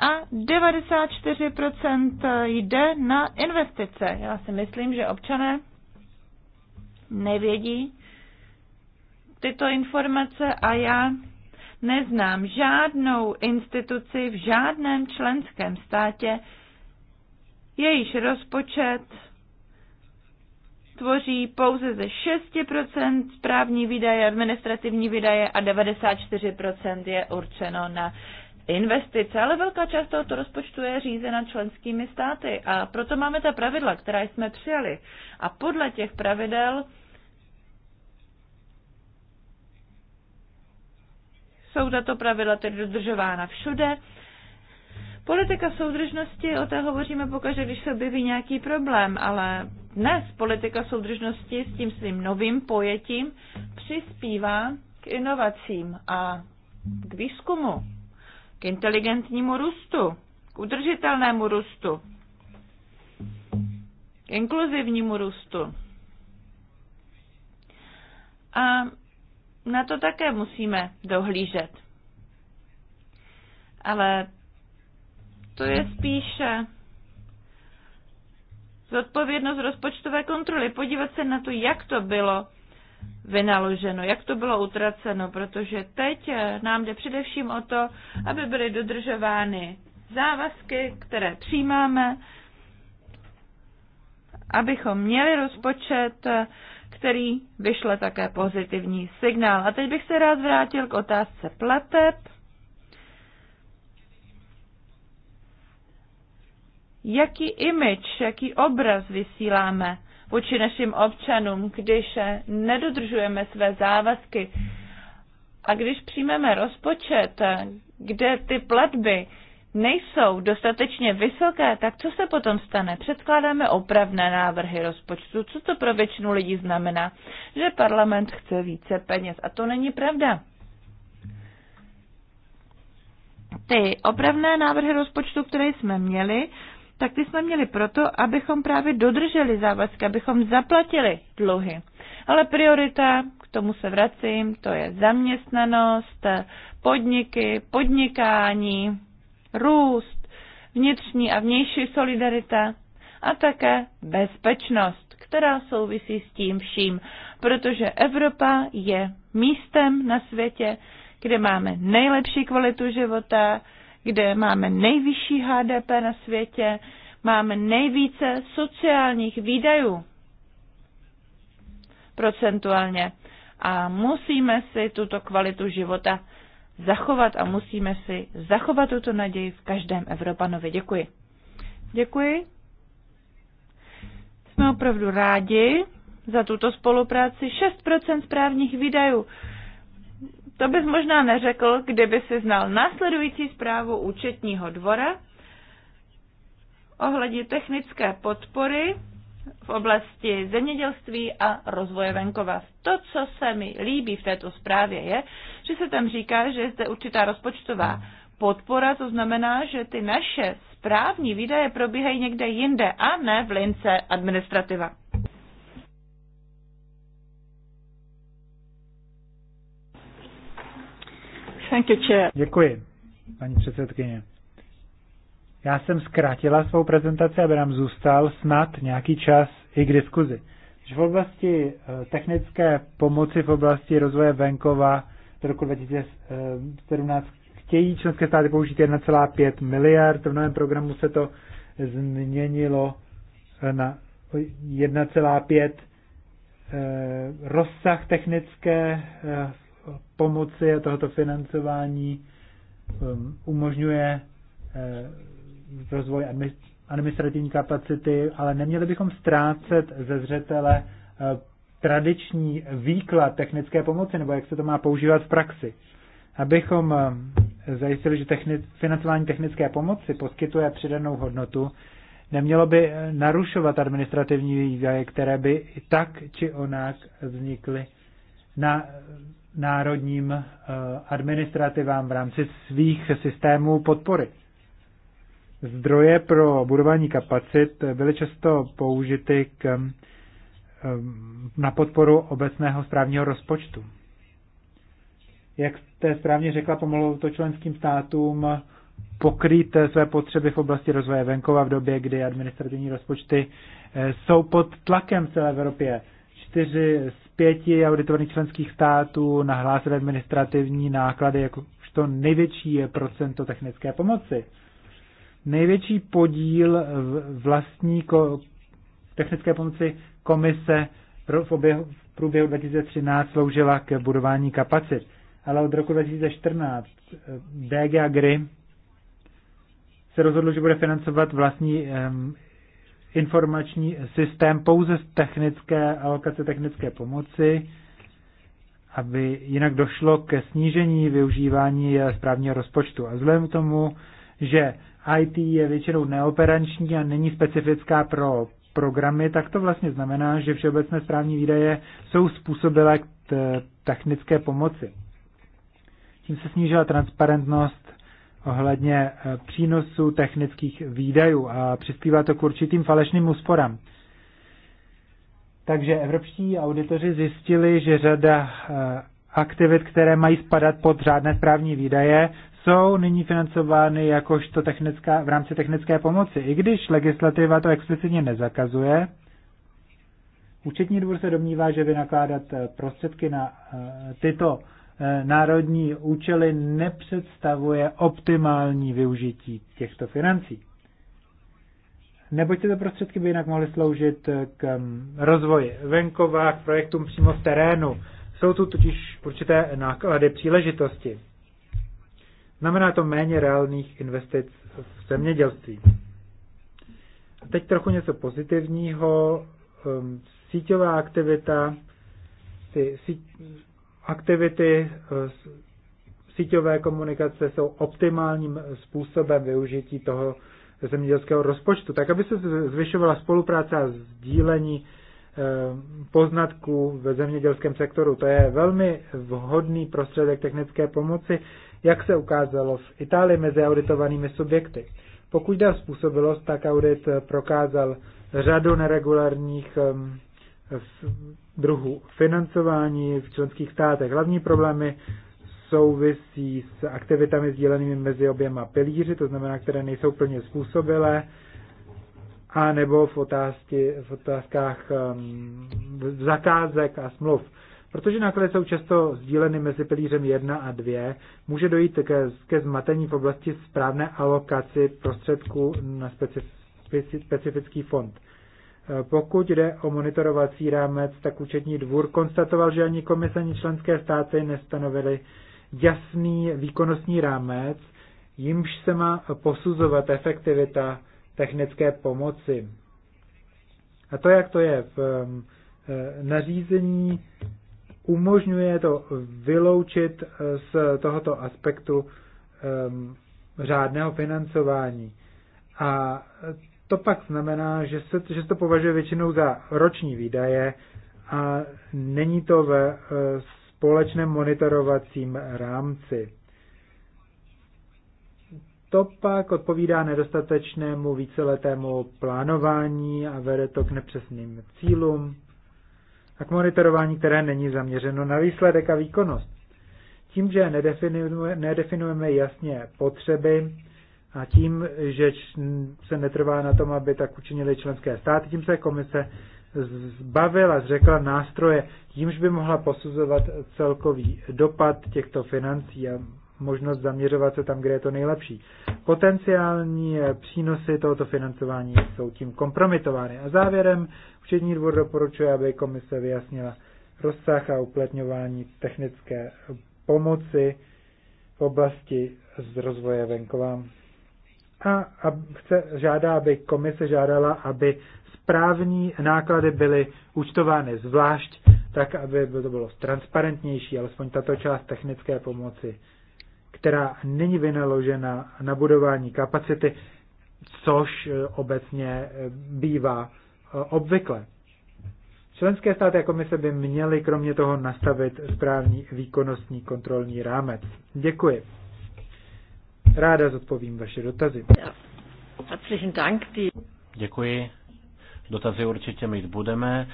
Speaker 1: a 94% jde na investice. Já si myslím, že občané nevědí tyto informace a já neznám žádnou instituci v žádném členském státě, jejíž rozpočet tvoří pouze ze 6% správní výdaje, administrativní výdaje a 94% je určeno na investice, ale velká část tohoto rozpočtu je řízena členskými státy a proto máme ta pravidla, která jsme přijali. A podle těch pravidel jsou tato pravidla tedy dodržována všude. Politika soudržnosti, o té hovoříme pokaždé, když se objeví nějaký problém, ale dnes politika soudržnosti s tím svým novým pojetím přispívá k inovacím a k výzkumu k inteligentnímu růstu, k udržitelnému růstu, k inkluzivnímu růstu. A na to také musíme dohlížet. Ale to je spíše zodpovědnost rozpočtové kontroly. Podívat se na to, jak to bylo vynaloženo, jak to bylo utraceno, protože teď nám jde především o to, aby byly dodržovány závazky, které přijímáme, abychom měli rozpočet, který vyšle také pozitivní signál. A teď bych se rád vrátil k otázce plateb. Jaký image, jaký obraz vysíláme vůči našim občanům, když nedodržujeme své závazky a když přijmeme rozpočet, kde ty platby nejsou dostatečně vysoké, tak co se potom stane? Předkládáme opravné návrhy rozpočtu. Co to pro většinu lidí znamená? Že parlament chce více peněz. A to není pravda. Ty opravné návrhy rozpočtu, které jsme měli, tak ty jsme měli proto, abychom právě dodrželi závazky, abychom zaplatili dluhy. Ale priorita, k tomu se vracím, to je zaměstnanost, podniky, podnikání, růst, vnitřní a vnější solidarita a také bezpečnost, která souvisí s tím vším, protože Evropa je místem na světě, kde máme nejlepší kvalitu života, kde máme nejvyšší HDP na světě, máme nejvíce sociálních výdajů procentuálně a musíme si tuto kvalitu života zachovat a musíme si zachovat tuto naději v každém Evropanovi. Děkuji. Děkuji. Jsme opravdu rádi za tuto spolupráci. 6% správních výdajů to bys možná neřekl, kdyby si znal následující zprávu účetního dvora ohledně technické podpory v oblasti zemědělství a rozvoje venkova. To, co se mi líbí v této zprávě, je, že se tam říká, že je zde určitá rozpočtová podpora, to znamená, že ty naše správní výdaje probíhají někde jinde a ne v lince administrativa.
Speaker 3: Thank you, chair. Děkuji, paní předsedkyně. Já jsem zkrátila svou prezentaci, aby nám zůstal snad nějaký čas i k diskuzi. V oblasti eh, technické pomoci v oblasti rozvoje venkova do roku 2017 eh, chtějí členské státy použít 1,5 miliard. V novém programu se to změnilo eh, na 1,5 rozsah technické pomoci a tohoto financování um, umožňuje eh, rozvoj administrativní kapacity, ale neměli bychom ztrácet ze zřetele eh, tradiční výklad technické pomoci, nebo jak se to má používat v praxi. Abychom eh, zajistili, že technic, financování technické pomoci poskytuje přidanou hodnotu, nemělo by narušovat administrativní výdaje, které by i tak či onak vznikly na národním eh, administrativám v rámci svých systémů podpory. Zdroje pro budování kapacit byly často použity k, eh, na podporu obecného správního rozpočtu. Jak jste správně řekla, pomohlo to členským státům pokrýt své potřeby v oblasti rozvoje venkova v době, kdy administrativní rozpočty eh, jsou pod tlakem v celé Evropě čtyři z pěti auditovaných členských států nahlásili administrativní náklady jakožto největší procento technické pomoci. Největší podíl vlastní technické pomoci komise v, oběhu, v průběhu 2013 sloužila k budování kapacit. Ale od roku 2014 eh, DG Agri se rozhodlo, že bude financovat vlastní um, informační systém pouze z technické alokace technické pomoci, aby jinak došlo ke snížení využívání eh, správního rozpočtu. A vzhledem k tomu, že IT je většinou neoperanční a není specifická pro programy, tak to vlastně znamená, že všeobecné správní výdaje jsou způsobilé k eh, technické pomoci. Tím se snížila transparentnost ohledně eh, přínosu technických výdajů a přispívá to k určitým falešným úsporám. Takže evropští auditoři zjistili, že řada eh, aktivit, které mají spadat pod řádné správní výdaje, jsou nyní financovány jakožto technická, v rámci technické pomoci. I když legislativa to explicitně nezakazuje, Účetní dvůr se domnívá, že vynakládat eh, prostředky na tyto Eh, národní účely nepředstavuje optimální využití těchto financí. nebo tyto prostředky by jinak mohly sloužit eh, k mm, rozvoji venkova, k projektům přímo v terénu. Jsou tu totiž určité náklady příležitosti. Znamená to méně reálných investic v zemědělství. A teď trochu něco pozitivního. Ehm, síťová aktivita, ty, síť, aktivity eh, síťové komunikace jsou optimálním způsobem využití toho zemědělského rozpočtu, tak aby se zvyšovala spolupráce a sdílení eh, poznatků ve zemědělském sektoru. To je velmi vhodný prostředek technické pomoci, jak se ukázalo v Itálii mezi auditovanými subjekty. Pokud jde o způsobilost, tak audit prokázal řadu neregulárních druhu financování v členských státech. Hlavní problémy souvisí s aktivitami sdílenými mezi oběma pilíři, to znamená, které nejsou plně způsobilé, a nebo v, otázky, v otázkách um, zakázek a smluv. Protože náklady jsou často sdíleny mezi pilířem 1 a 2, může dojít ke, ke zmatení v oblasti správné alokaci prostředků na specifický fond. Pokud jde o monitorovací rámec, tak účetní dvůr konstatoval, že ani komise, ani členské státy nestanovily jasný výkonnostní rámec, jimž se má posuzovat efektivita technické pomoci. A to, jak to je v e, nařízení, umožňuje to vyloučit e, z tohoto aspektu řádného financování. A to pak znamená, že se, že se to považuje většinou za roční výdaje a není to ve e, společném monitorovacím rámci. To pak odpovídá nedostatečnému víceletému plánování a vede to k nepřesným cílům a k monitorování, které není zaměřeno na výsledek a výkonnost. Tím, že nedefinujeme, nedefinujeme jasně potřeby, a tím, že se netrvá na tom, aby tak učinili členské státy, tím se komise zbavila, zřekla nástroje, tímž by mohla posuzovat celkový dopad těchto financí a možnost zaměřovat se tam, kde je to nejlepší. Potenciální přínosy tohoto financování jsou tím kompromitovány. A závěrem Učení dvor doporučuje, aby komise vyjasnila rozsah a uplatňování technické pomoci v oblasti z rozvoje venkova a, chce, žádá, aby komise žádala, aby správní náklady byly účtovány zvlášť, tak aby to bylo transparentnější, alespoň tato část technické pomoci, která není vynaložena na budování kapacity, což e, obecně e, bývá e, obvykle. Členské státy a komise by měly kromě toho nastavit správní výkonnostní kontrolní rámec. Děkuji. Ráda zodpovím vaše dotazy.
Speaker 2: Děkuji. Dotazy určitě mít budeme.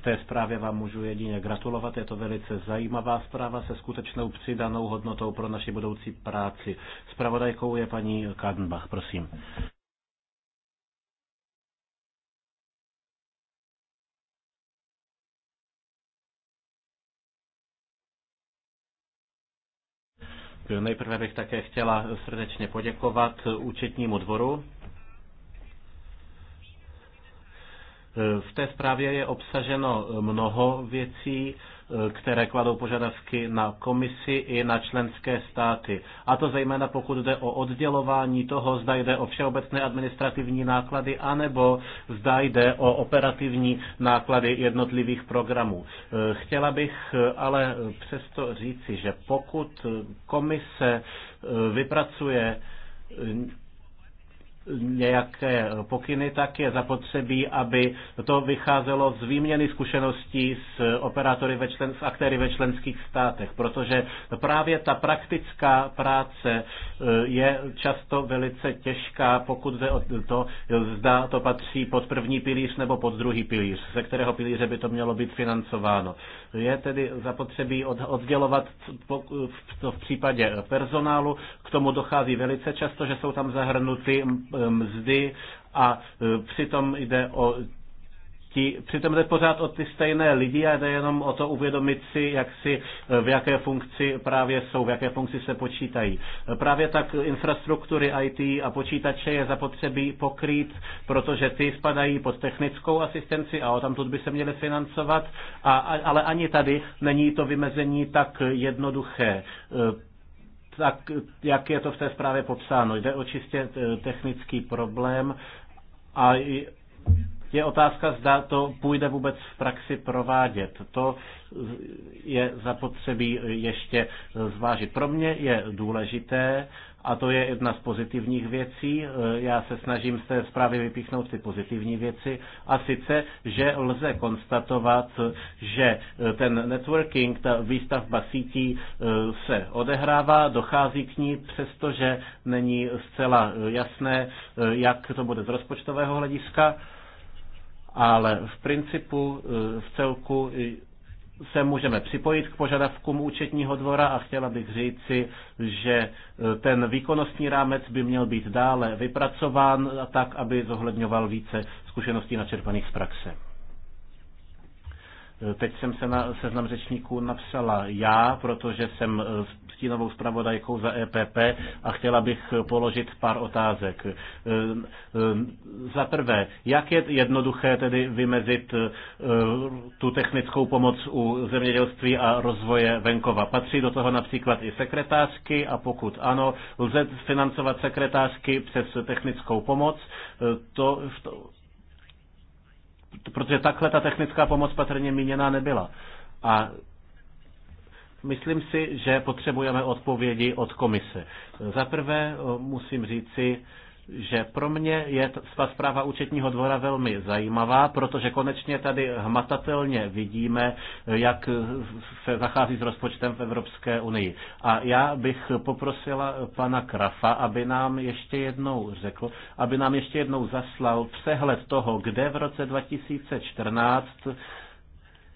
Speaker 2: K té zprávě vám můžu jedině gratulovat. Je to velice zajímavá zpráva se skutečnou přidanou hodnotou pro naši budoucí práci. Spravodajkou je paní Kadenbach, prosím. Nejprve bych také chtěla srdečně poděkovat účetnímu dvoru. V té zprávě je obsaženo mnoho věcí, které kladou požadavky na komisi i na členské státy. A to zejména pokud jde o oddělování toho, zda jde o všeobecné administrativní náklady, anebo zda jde o operativní náklady jednotlivých programů. Eh, chtěla bych eh, ale přesto říci, že pokud komise eh, vypracuje nějaké pokyny, tak je zapotřebí, aby to vycházelo z výměny zkušeností s operátory ve člen, s aktéry ve členských státech, protože právě ta praktická práce e, je často velice těžká, pokud jde o to, zda to patří pod první pilíř nebo pod druhý pilíř, ze kterého pilíře by to mělo být financováno. Je tedy zapotřebí oddělovat to v případě personálu, k tomu dochází velice často, že jsou tam zahrnuty E, mzdy a e, přitom jde o ti, přitom jde pořád o ty stejné lidi a jde jenom o to uvědomit si, jak si, e, v jaké funkci právě jsou, v jaké funkci se počítají. Právě tak infrastruktury IT a počítače je zapotřebí pokrýt, protože ty spadají pod technickou asistenci a o tamtud by se měly financovat, a, ale ani tady není to vymezení tak jednoduché tak jak je to v té zprávě popsáno. Jde o čistě eh, technický problém a je otázka, zda to půjde vůbec v praxi provádět. To je zapotřebí ještě eh, zvážit. Pro mě je důležité, a to je jedna z pozitivních věcí. E, Já se snažím z té zprávy vypíchnout ty pozitivní věci. A sice, že lze konstatovat, že e, ten networking, ta výstavba sítí e, se odehrává, dochází k ní, přestože není zcela jasné, jak to bude z rozpočtového hlediska ale v principu v celku se můžeme připojit k požadavkům účetního dvora a chtěla bych říci, že e, ten výkonnostní rámec by měl být dále vypracován tak, aby zohledňoval více zkušeností načerpaných z praxe. Teď jsem se na seznam řečníků napsala já, protože jsem eh, stínovou zpravodajkou za EPP a chtěla bych položit pár otázek. Eh, eh, za prvé, jak je jednoduché tedy vymezit tu technickou pomoc u zemědělství a rozvoje venkova? Patří do toho například i sekretářky a pokud ano, lze financovat sekretářky přes technickou pomoc? To, to protože takhle ta technická pomoc patrně míněná nebyla. A myslím si, že potřebujeme odpovědi od komise. Za prvé musím říci, že pro mě je ta zpráva účetního dvora velmi zajímavá, protože konečně tady hmatatelně vidíme, jak se zachází s rozpočtem v Evropské unii. A já bych poprosila pana Krafa, aby nám ještě jednou řekl, aby nám ještě jednou zaslal přehled toho, kde v roce 2014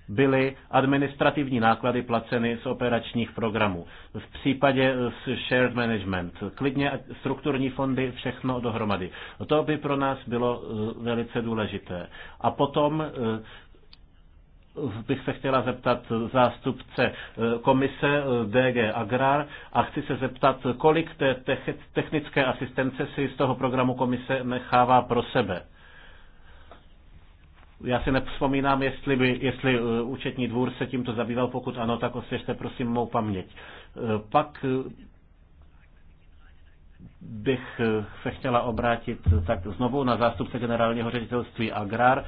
Speaker 2: byly administrativní náklady placeny z operačních programů. V případě s shared management, klidně strukturní fondy, všechno dohromady. To by pro nás bylo eh, velice důležité. A potom eh, bych se chtěla zeptat zástupce eh, komise DG Agrar a chci se zeptat, kolik té technické asistence si z toho programu komise nechává pro sebe já si nevzpomínám, jestli, by, jestli eh, účetní dvůr se tímto zabýval, pokud ano, tak osvěžte prosím mou paměť. Eh, pak eh, bych se chtěla obrátit tak znovu na zástupce generálního ředitelství Agrar,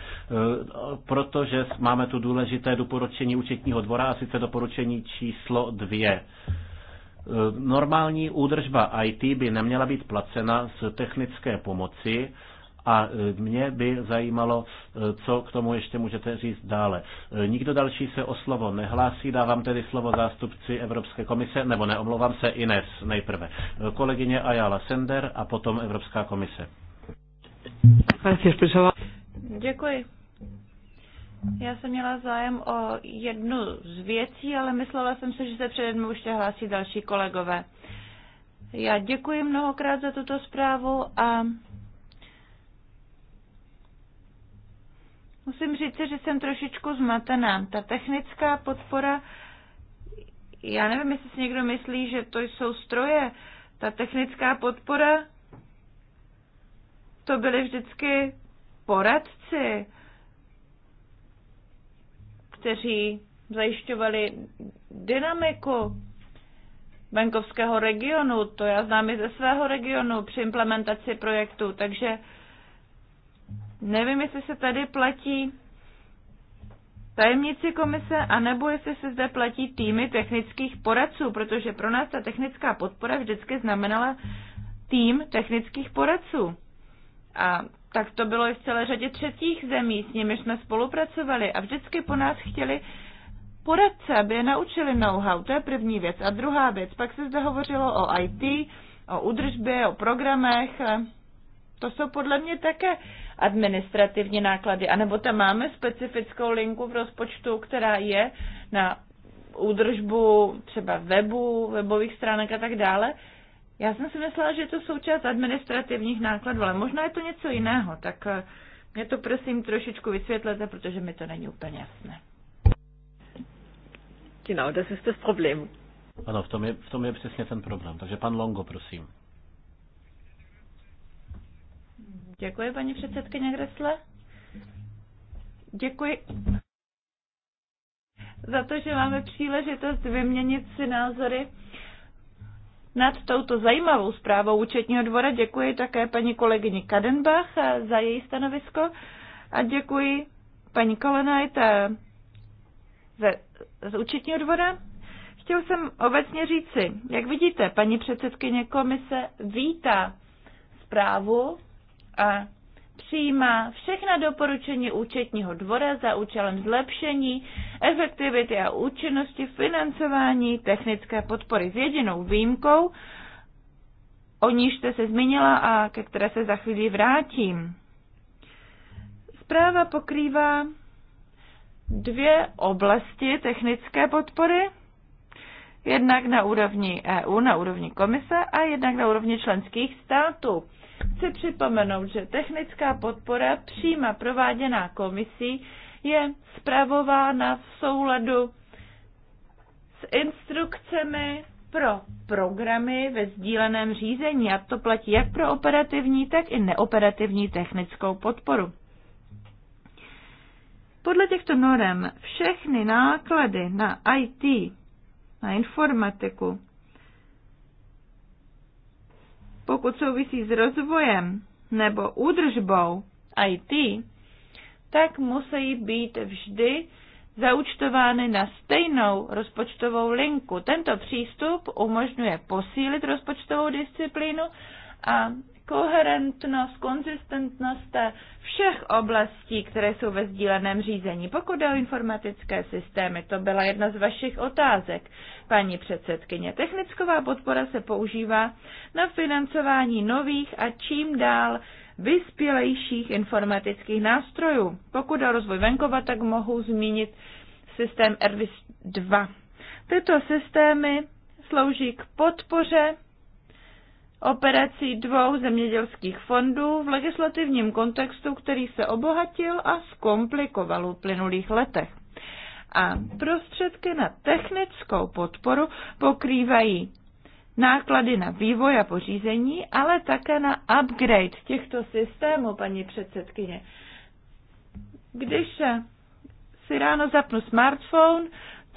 Speaker 2: protože máme tu důležité doporučení účetního dvora, a sice doporučení číslo dvě. Normální údržba IT by neměla být placena z technické pomoci, a e, mě by zajímalo, e, co k tomu ještě můžete říct dále. E, nikdo další se o slovo nehlásí, dávám tedy slovo zástupci Evropské komise, nebo neomlouvám se, Ines nejprve. Kolegyně Ayala Sender a potom Evropská komise.
Speaker 1: Děkuji. Já jsem měla zájem o jednu z věcí, ale myslela jsem se, že se přede mnou ještě hlásí další kolegové. Já děkuji mnohokrát za tuto zprávu a Musím říct, že jsem trošičku zmatená. Ta technická podpora, já nevím, jestli si někdo myslí, že to jsou stroje. Ta technická podpora, to byly vždycky poradci, kteří zajišťovali dynamiku venkovského regionu, to já znám i ze svého regionu při implementaci projektu, takže Nevím, jestli se tady platí tajemnici komise, anebo jestli se zde platí týmy technických poradců, protože pro nás ta technická podpora vždycky znamenala tým technických poradců. A tak to bylo i v celé řadě třetích zemí, s nimi jsme spolupracovali a vždycky po nás chtěli poradce, aby je naučili know-how, to je první věc. A druhá věc, pak se zde hovořilo o IT, o údržbě, o programech, to jsou podle mě také administrativní náklady. A nebo tam máme specifickou linku v rozpočtu, která je na údržbu třeba webu, webových stránek a tak dále. Já jsem si myslela, že je to součást administrativních nákladů, ale možná je to něco jiného, tak eh, mě to prosím trošičku vysvětlete, protože mi to není úplně jasné. Genau, das ist das Problem.
Speaker 2: Ano, v tom je, v tom je přesně ten problém. Takže pan Longo, prosím.
Speaker 1: Děkuji, paní předsedkyně Gresle. Děkuji za to, že máme příležitost vyměnit si názory nad touto zajímavou zprávou účetního dvora. Děkuji také paní kolegyni Kadenbach za její stanovisko a děkuji paní Kolenajt eh, ze, z účetního dvora. Chtěl jsem obecně říci, jak vidíte, paní předsedkyně komise vítá zprávu a přijímá všechna doporučení účetního dvora za účelem zlepšení efektivity a účinnosti financování technické podpory s jedinou výjimkou, o níž jste se zmínila a ke které se za chvíli vrátím. Zpráva pokrývá dvě oblasti technické podpory, jednak na úrovni EU, na úrovni komise a jednak na úrovni členských států. Chci připomenout, že technická podpora příma prováděná komisí je spravována v souladu s instrukcemi pro programy ve sdíleném řízení a to platí jak pro operativní, tak i neoperativní technickou podporu. Podle těchto norem všechny náklady na IT, na informatiku, pokud souvisí s rozvojem nebo údržbou IT, tak musí být vždy zaučtovány na stejnou rozpočtovou linku. Tento přístup umožňuje posílit rozpočtovou disciplínu a koherentnost, konzistentnost všech oblastí, které jsou ve sdíleném řízení. Pokud jde o informatické systémy, to byla jedna z vašich otázek, paní předsedkyně. Technická podpora se používá na financování nových a čím dál vyspělejších informatických nástrojů. Pokud o rozvoj venkova, tak mohu zmínit systém Ervis 2. Tyto systémy slouží k podpoře operací dvou zemědělských fondů v legislativním kontextu, který se obohatil a zkomplikoval v plynulých letech. A prostředky na technickou podporu pokrývají náklady na vývoj a pořízení, ale také na upgrade těchto systémů, paní předsedkyně. Když si ráno zapnu smartphone,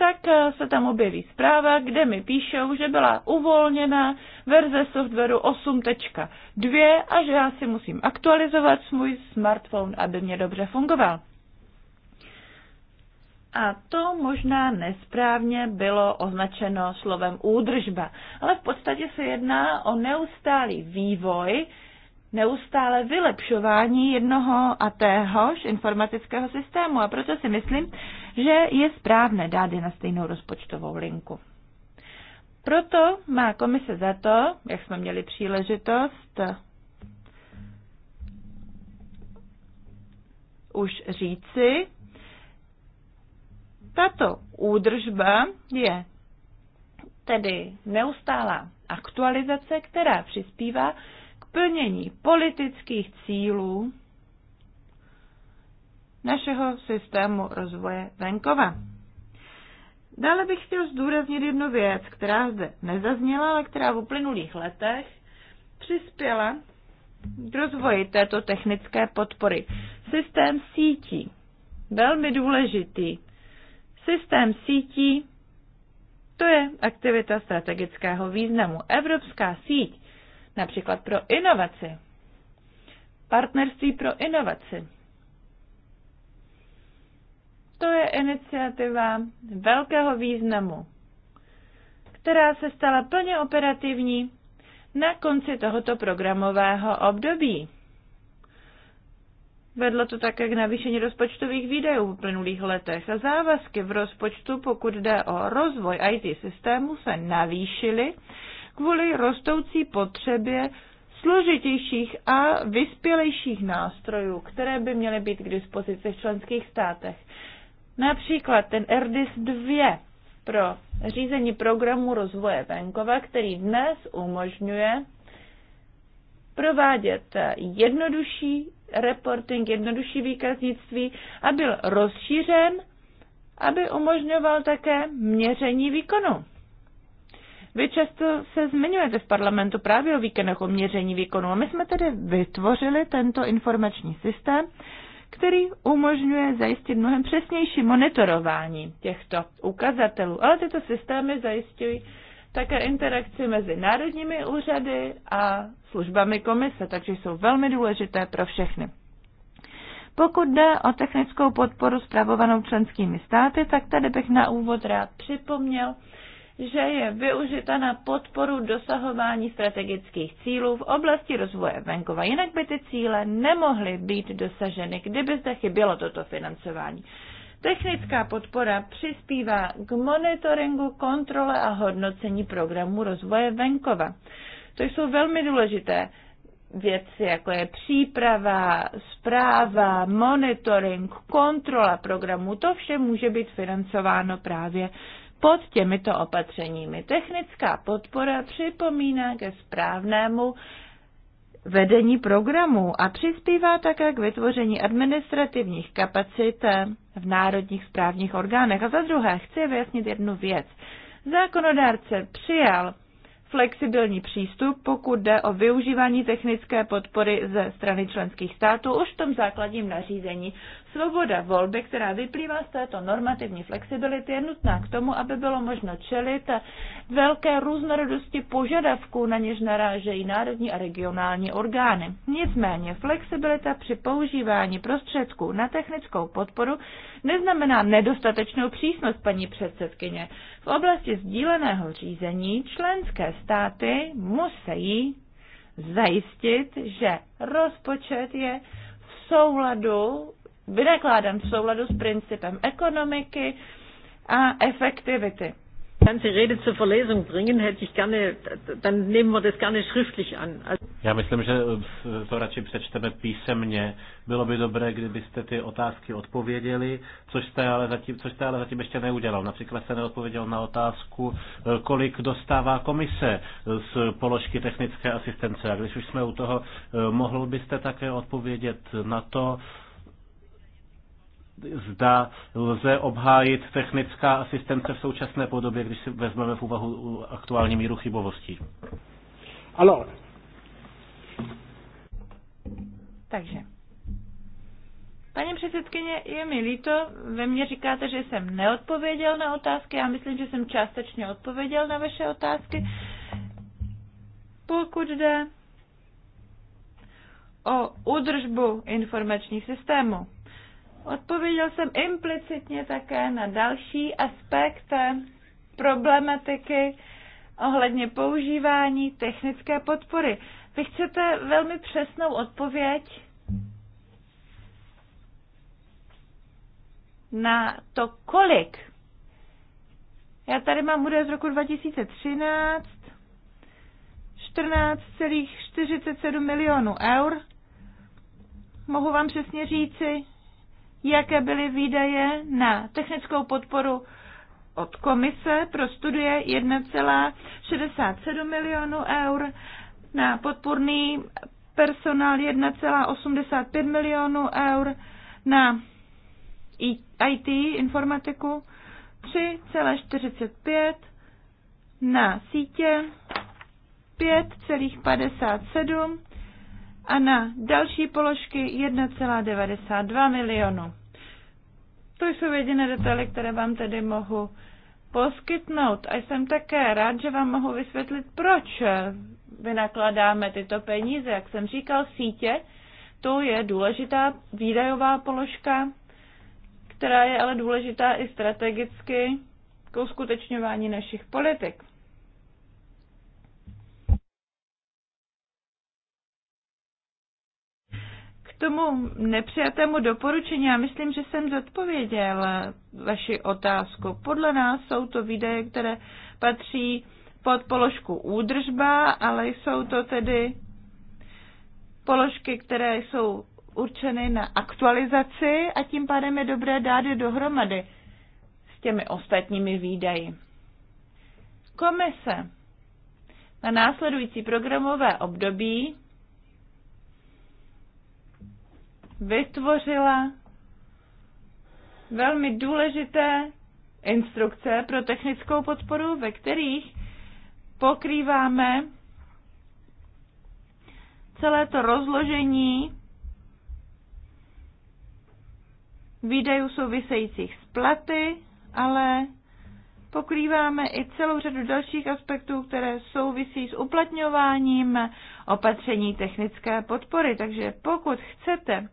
Speaker 1: tak eh, se tam objeví zpráva, kde mi píšou, že byla uvolněna verze softwaru 8.2 a že já si musím aktualizovat svůj smartphone, aby mě dobře fungoval. A to možná nesprávně bylo označeno slovem údržba, ale v podstatě se jedná o neustálý vývoj neustále vylepšování jednoho a téhož informatického systému a proto si myslím, že je správné dát je na stejnou rozpočtovou linku. Proto má komise za to, jak jsme měli příležitost už říci, tato údržba je tedy neustálá aktualizace, která přispívá plnění politických cílů našeho systému rozvoje venkova. Dále bych chtěl zdůraznit jednu věc, která zde nezazněla, ale která v uplynulých letech přispěla k rozvoji této technické podpory. Systém sítí. Velmi důležitý. Systém sítí to je aktivita strategického významu. Evropská síť například pro inovaci. Partnerství pro inovaci. To je iniciativa velkého významu, která se stala plně operativní na konci tohoto programového období. Vedlo to také k navýšení rozpočtových výdajů v uplynulých letech a závazky v rozpočtu, pokud jde o rozvoj IT systému, se navýšily kvůli rostoucí potřebě složitějších a vyspělejších nástrojů, které by měly být k dispozici v členských státech. Například ten RDIS 2 pro řízení programu rozvoje venkova, který dnes umožňuje provádět jednodušší reporting, jednodušší výkaznictví a byl rozšířen, aby umožňoval také měření výkonu. Vy často se zmiňujete v parlamentu právě o víkendech o měření výkonu a my jsme tedy vytvořili tento informační systém, který umožňuje zajistit mnohem přesnější monitorování těchto ukazatelů. Ale tyto systémy zajistují také interakci mezi národními úřady a službami komise, takže jsou velmi důležité pro všechny. Pokud jde o technickou podporu zpravovanou členskými státy, tak tady bych na úvod rád připomněl, že je využita na podporu dosahování strategických cílů v oblasti rozvoje venkova. Jinak by ty cíle nemohly být dosaženy, kdyby zde chybělo toto financování. Technická podpora přispívá k monitoringu, kontrole a hodnocení programu rozvoje venkova. To jsou velmi důležité věci, jako je příprava, zpráva, monitoring, kontrola programu, to vše může být financováno právě pod těmito opatřeními. Technická podpora připomíná ke správnému vedení programů a přispívá také k vytvoření administrativních kapacit v národních správních orgánech. A za druhé, chci vyjasnit jednu věc. Zákonodárce přijal flexibilní přístup, pokud jde o využívání technické podpory ze strany členských států už v tom základním nařízení Svoboda volby, která vyplývá z této normativní flexibility, je nutná k tomu, aby bylo možno čelit velké různorodosti požadavků, na něž narážejí národní a regionální orgány. Nicméně flexibilita při používání prostředků na technickou podporu neznamená nedostatečnou přísnost, paní předsedkyně. V oblasti sdíleného řízení členské státy musí zajistit, že rozpočet je v souladu vynakládán v souladu s principem ekonomiky a efektivity. an.
Speaker 2: Já myslím, že eh, to radši přečteme písemně. Bylo by dobré, kdybyste ty otázky odpověděli, což jste ale zatím, což jste ale zatím ještě neudělal. Například jste neodpověděl na otázku, eh, kolik dostává komise eh, z položky technické asistence. A když už jsme u toho, mohl byste také odpovědět na to, zda lze obhájit technická asistence v současné podobě, když si vezmeme v úvahu aktuální míru chybovostí. Ano.
Speaker 1: Takže. Paní předsedkyně, je mi líto, ve mně říkáte, že jsem neodpověděl na otázky. Já myslím, že jsem částečně odpověděl na vaše otázky. Pokud jde o údržbu informačních systémů, Odpověděl jsem implicitně také na další aspekt problematiky ohledně používání technické podpory. Vy chcete velmi přesnou odpověď na to, kolik. Já tady mám údaje z roku 2013, 14,47 milionů eur. Mohu vám přesně říci, jaké byly výdaje na technickou podporu od komise pro studie 1,67 milionů eur, na podporný personál 1,85 milionů eur, na IT, informatiku 3,45, na sítě 5,57, a na další položky 1,92 milionu. To jsou jediné detaily, které vám tedy mohu poskytnout. A jsem také rád, že vám mohu vysvětlit, proč vynakládáme tyto peníze. Jak jsem říkal, sítě, to je důležitá výdajová položka, která je ale důležitá i strategicky k uskutečňování našich politik. tomu nepřijatému doporučení, já myslím, že jsem zodpověděl vaši otázku. Podle nás jsou to výdaje, které patří pod položku údržba, ale jsou to tedy položky, které jsou určeny na aktualizaci a tím pádem je dobré dát je dohromady s těmi ostatními výdaji. Komise na následující programové období vytvořila velmi důležité instrukce pro technickou podporu, ve kterých pokrýváme celé to rozložení výdajů souvisejících s platy, ale pokrýváme i celou řadu dalších aspektů, které souvisí s uplatňováním opatření technické podpory. Takže pokud chcete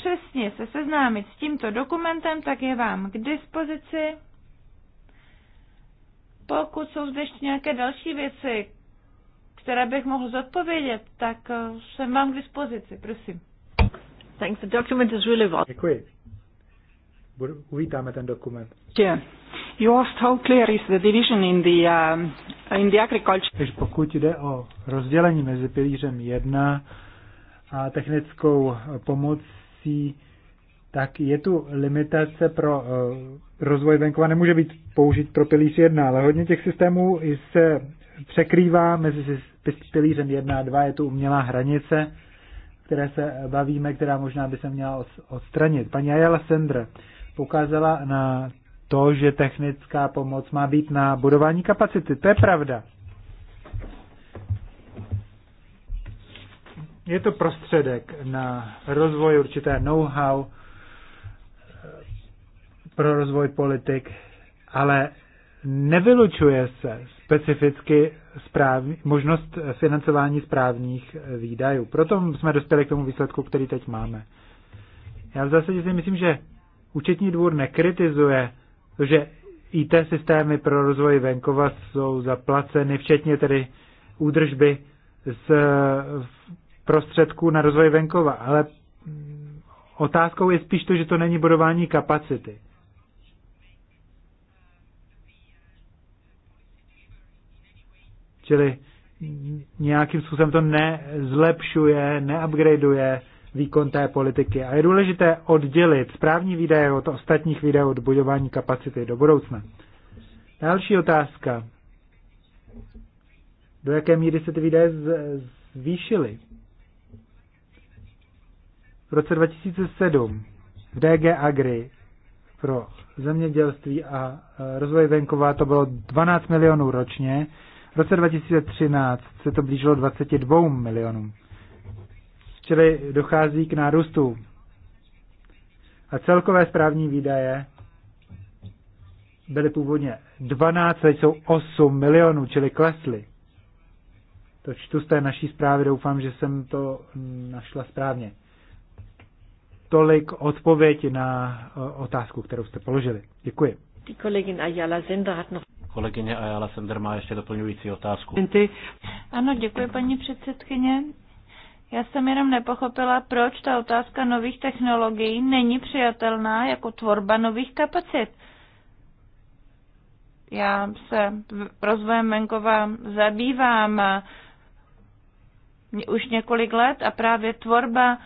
Speaker 1: přesně se seznámit s tímto dokumentem, tak je vám k dispozici. Pokud jsou zde ještě nějaké další věci, které bych mohl zodpovědět, tak eh, jsem vám k dispozici, prosím. Thanks, the document is really valuable. Děkuji.
Speaker 3: Budu, uvítáme ten dokument. Yeah. You asked how clear is the division in the, uh, in the agriculture. Takže pokud jde o rozdělení mezi pilířem 1 a technickou eh, pomoc, financí, tak je tu limitace pro eh, rozvoj venkova, nemůže být použit pro pilíř 1, ale hodně těch systémů se překrývá mezi pilířem 1 a 2, je tu umělá hranice, které se bavíme, která možná by se měla odstranit. Paní Ayala Sender poukázala na to, že technická pomoc má být na budování kapacity. To je pravda. Je to prostředek na rozvoj určité know-how pro rozvoj politik, ale nevylučuje se specificky správ, možnost financování správních výdajů. Proto jsme dospěli k tomu výsledku, který teď máme. Já v zásadě si myslím, že účetní dvůr nekritizuje, že IT systémy pro rozvoj venkova jsou zaplaceny, včetně tedy údržby z prostředků na rozvoj venkova, ale otázkou je spíš to, že to není budování kapacity. Čili nějakým způsobem to nezlepšuje, neupgradeuje výkon té politiky. A je důležité oddělit správní výdaje od ostatních výdajů od budování kapacity do budoucna. Další otázka. Do jaké míry se ty výdaje zvýšily? V roce 2007 v DG Agri pro zemědělství a e, rozvoj venkova to bylo 12 milionů ročně. V roce 2013 se to blížilo 22 milionům. Čili dochází k nárůstu. A celkové správní výdaje byly původně 12, teď jsou 8 milionů, čili klesly. To čtu z té naší zprávy, doufám, že jsem to našla správně. Tolik odpověď na otázku, kterou
Speaker 2: jste položili. Děkuji. Kolegyně Ayala Sender má ještě doplňující otázku.
Speaker 1: Ano, děkuji paní předsedkyně. Já jsem jenom nepochopila, proč ta otázka nových technologií není přijatelná jako tvorba nových kapacit. Já se rozvojem venkova zabývám eh, už několik let a právě tvorba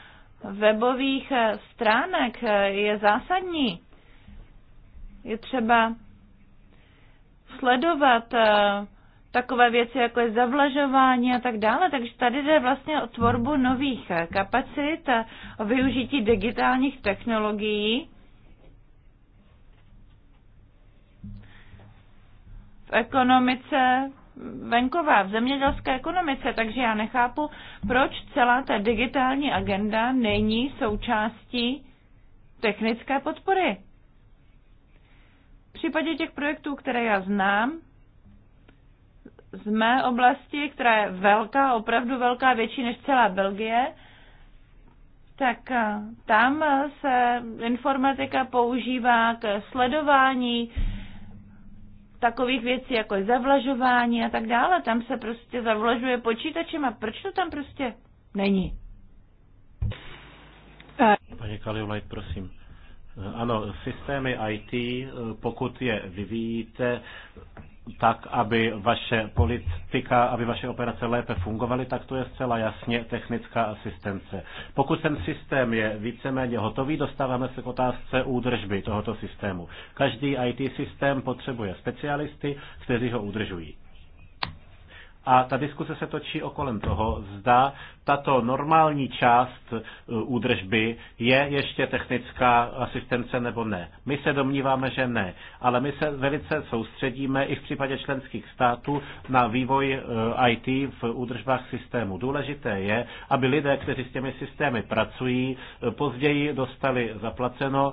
Speaker 1: webových eh, stránek eh, je zásadní. Je třeba sledovat eh, takové věci, jako je zavlažování a tak dále. Takže tady jde vlastně o tvorbu nových kapacit a o využití digitálních technologií. V ekonomice venkova, v zemědělské ekonomice, takže já nechápu, proč celá ta digitální agenda není součástí technické podpory. V případě těch projektů, které já znám, z mé oblasti, která je velká, opravdu velká, větší než celá Belgie, tak eh, tam se informatika používá k sledování takových věcí, jako je zavlažování a tak dále. Tam se prostě zavlažuje počítačem a proč to tam prostě není?
Speaker 2: Paní Kaliulajt, prosím. Ano, systémy IT, eh, pokud je vyvíjíte, tak, aby vaše politika, aby vaše operace lépe fungovaly, tak to je zcela jasně technická asistence. Pokud ten systém je víceméně hotový, dostáváme se k otázce údržby tohoto systému. Každý IT systém potřebuje specialisty, kteří ho udržují. A ta diskuse se točí okolem toho, zda tato normální část e, údržby je ještě technická asistence nebo ne. My se domníváme, že ne, ale my se velice soustředíme i v případě členských států na vývoj e, IT v údržbách systému. Důležité je, aby lidé, kteří s těmi systémy pracují, e, později dostali zaplaceno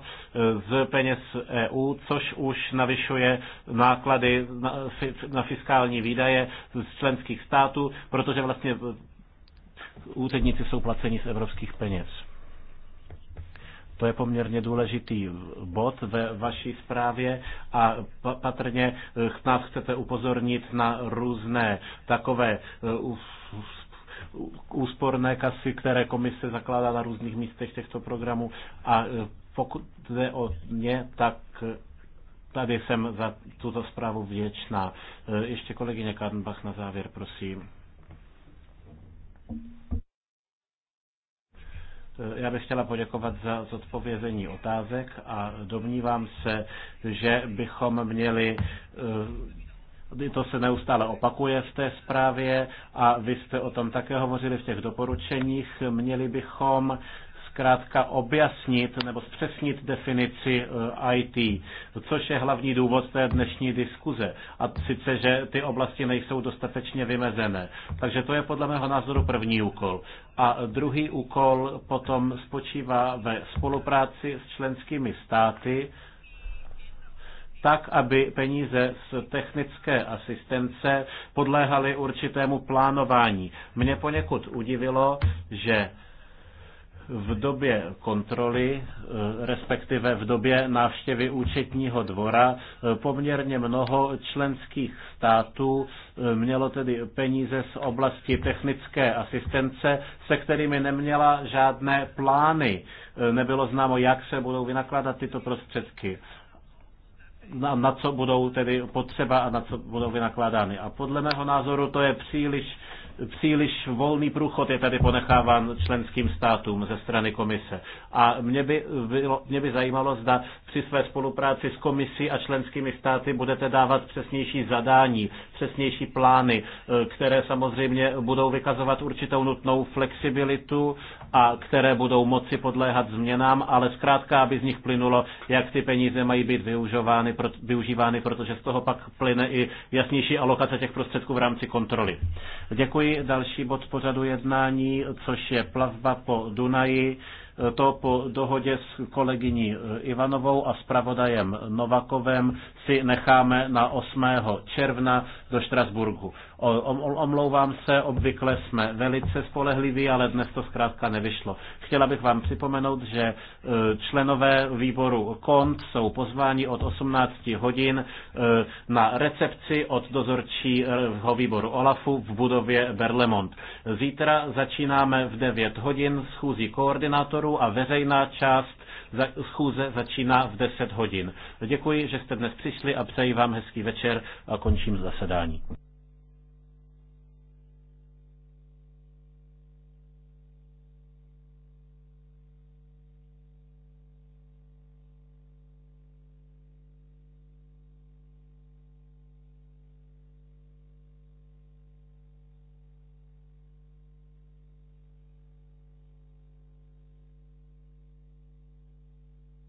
Speaker 2: z peněz EU, což už navyšuje náklady na fiskální výdaje z členských států, protože vlastně úředníci jsou placeni z evropských peněz. To je poměrně důležitý bod ve vaší zprávě a patrně eh, nás chcete upozornit na různé takové eh, úsporné kasy, které komise zakládá na různých místech těchto programů a eh, pokud jde o mě, tak tady jsem za tuto zprávu věčná. Ještě kolegyně Karnbach na závěr, prosím. Já bych chtěla poděkovat za zodpovězení otázek a domnívám se, že bychom měli e, to se neustále opakuje v té zprávě a vy jste o tom také hovořili v těch doporučeních. Měli bychom zkrátka objasnit nebo zpřesnit definici eh, IT, což je hlavní důvod té dnešní diskuze. A sice, že ty oblasti nejsou dostatečně vymezené. Takže to je podle mého názoru první úkol. A druhý úkol potom spočívá ve spolupráci s členskými státy, tak, aby peníze z technické asistence podléhaly určitému plánování. Mě poněkud udivilo, že v době kontroly, eh, respektive v době návštěvy účetního dvora, eh, poměrně mnoho členských států eh, mělo tedy peníze z oblasti technické asistence, se kterými neměla žádné plány. Nebylo známo, jak se budou vynakládat tyto prostředky na, na co budou tedy potřeba a na co budou vynakládány. A podle mého názoru to je příliš příliš volný průchod je tady ponecháván členským státům ze strany komise. A mě by, bylo, mě by zajímalo, zda při své spolupráci s komisí a členskými státy budete dávat přesnější zadání, přesnější plány, eh, které samozřejmě budou vykazovat určitou nutnou flexibilitu a které budou moci podléhat změnám, ale zkrátka, aby z nich plynulo, jak ty peníze mají být pro, využívány protože z toho pak plyne i jasnější alokace těch prostředků v rámci kontroly. Děkuji Další bod pořadu jednání, což je plavba po Dunaji. To po dohodě s kolegyní Ivanovou a zpravodajem Novakovem si necháme na 8. června do Štrasburgu. Omlouvám se, obvykle jsme velice spolehliví, ale dnes to zkrátka nevyšlo. Chtěla bych vám připomenout, že e, členové výboru KONT jsou pozváni od 18 hodin e, na recepci od dozorčího výboru OLAFu v budově Berlemont. Zítra začínáme v 9 hodin schůzí koordinátorů a veřejná část schůze začíná v 10 hodin. Děkuji, že jste dnes přišli a přeji vám hezký večer a končím zasedání.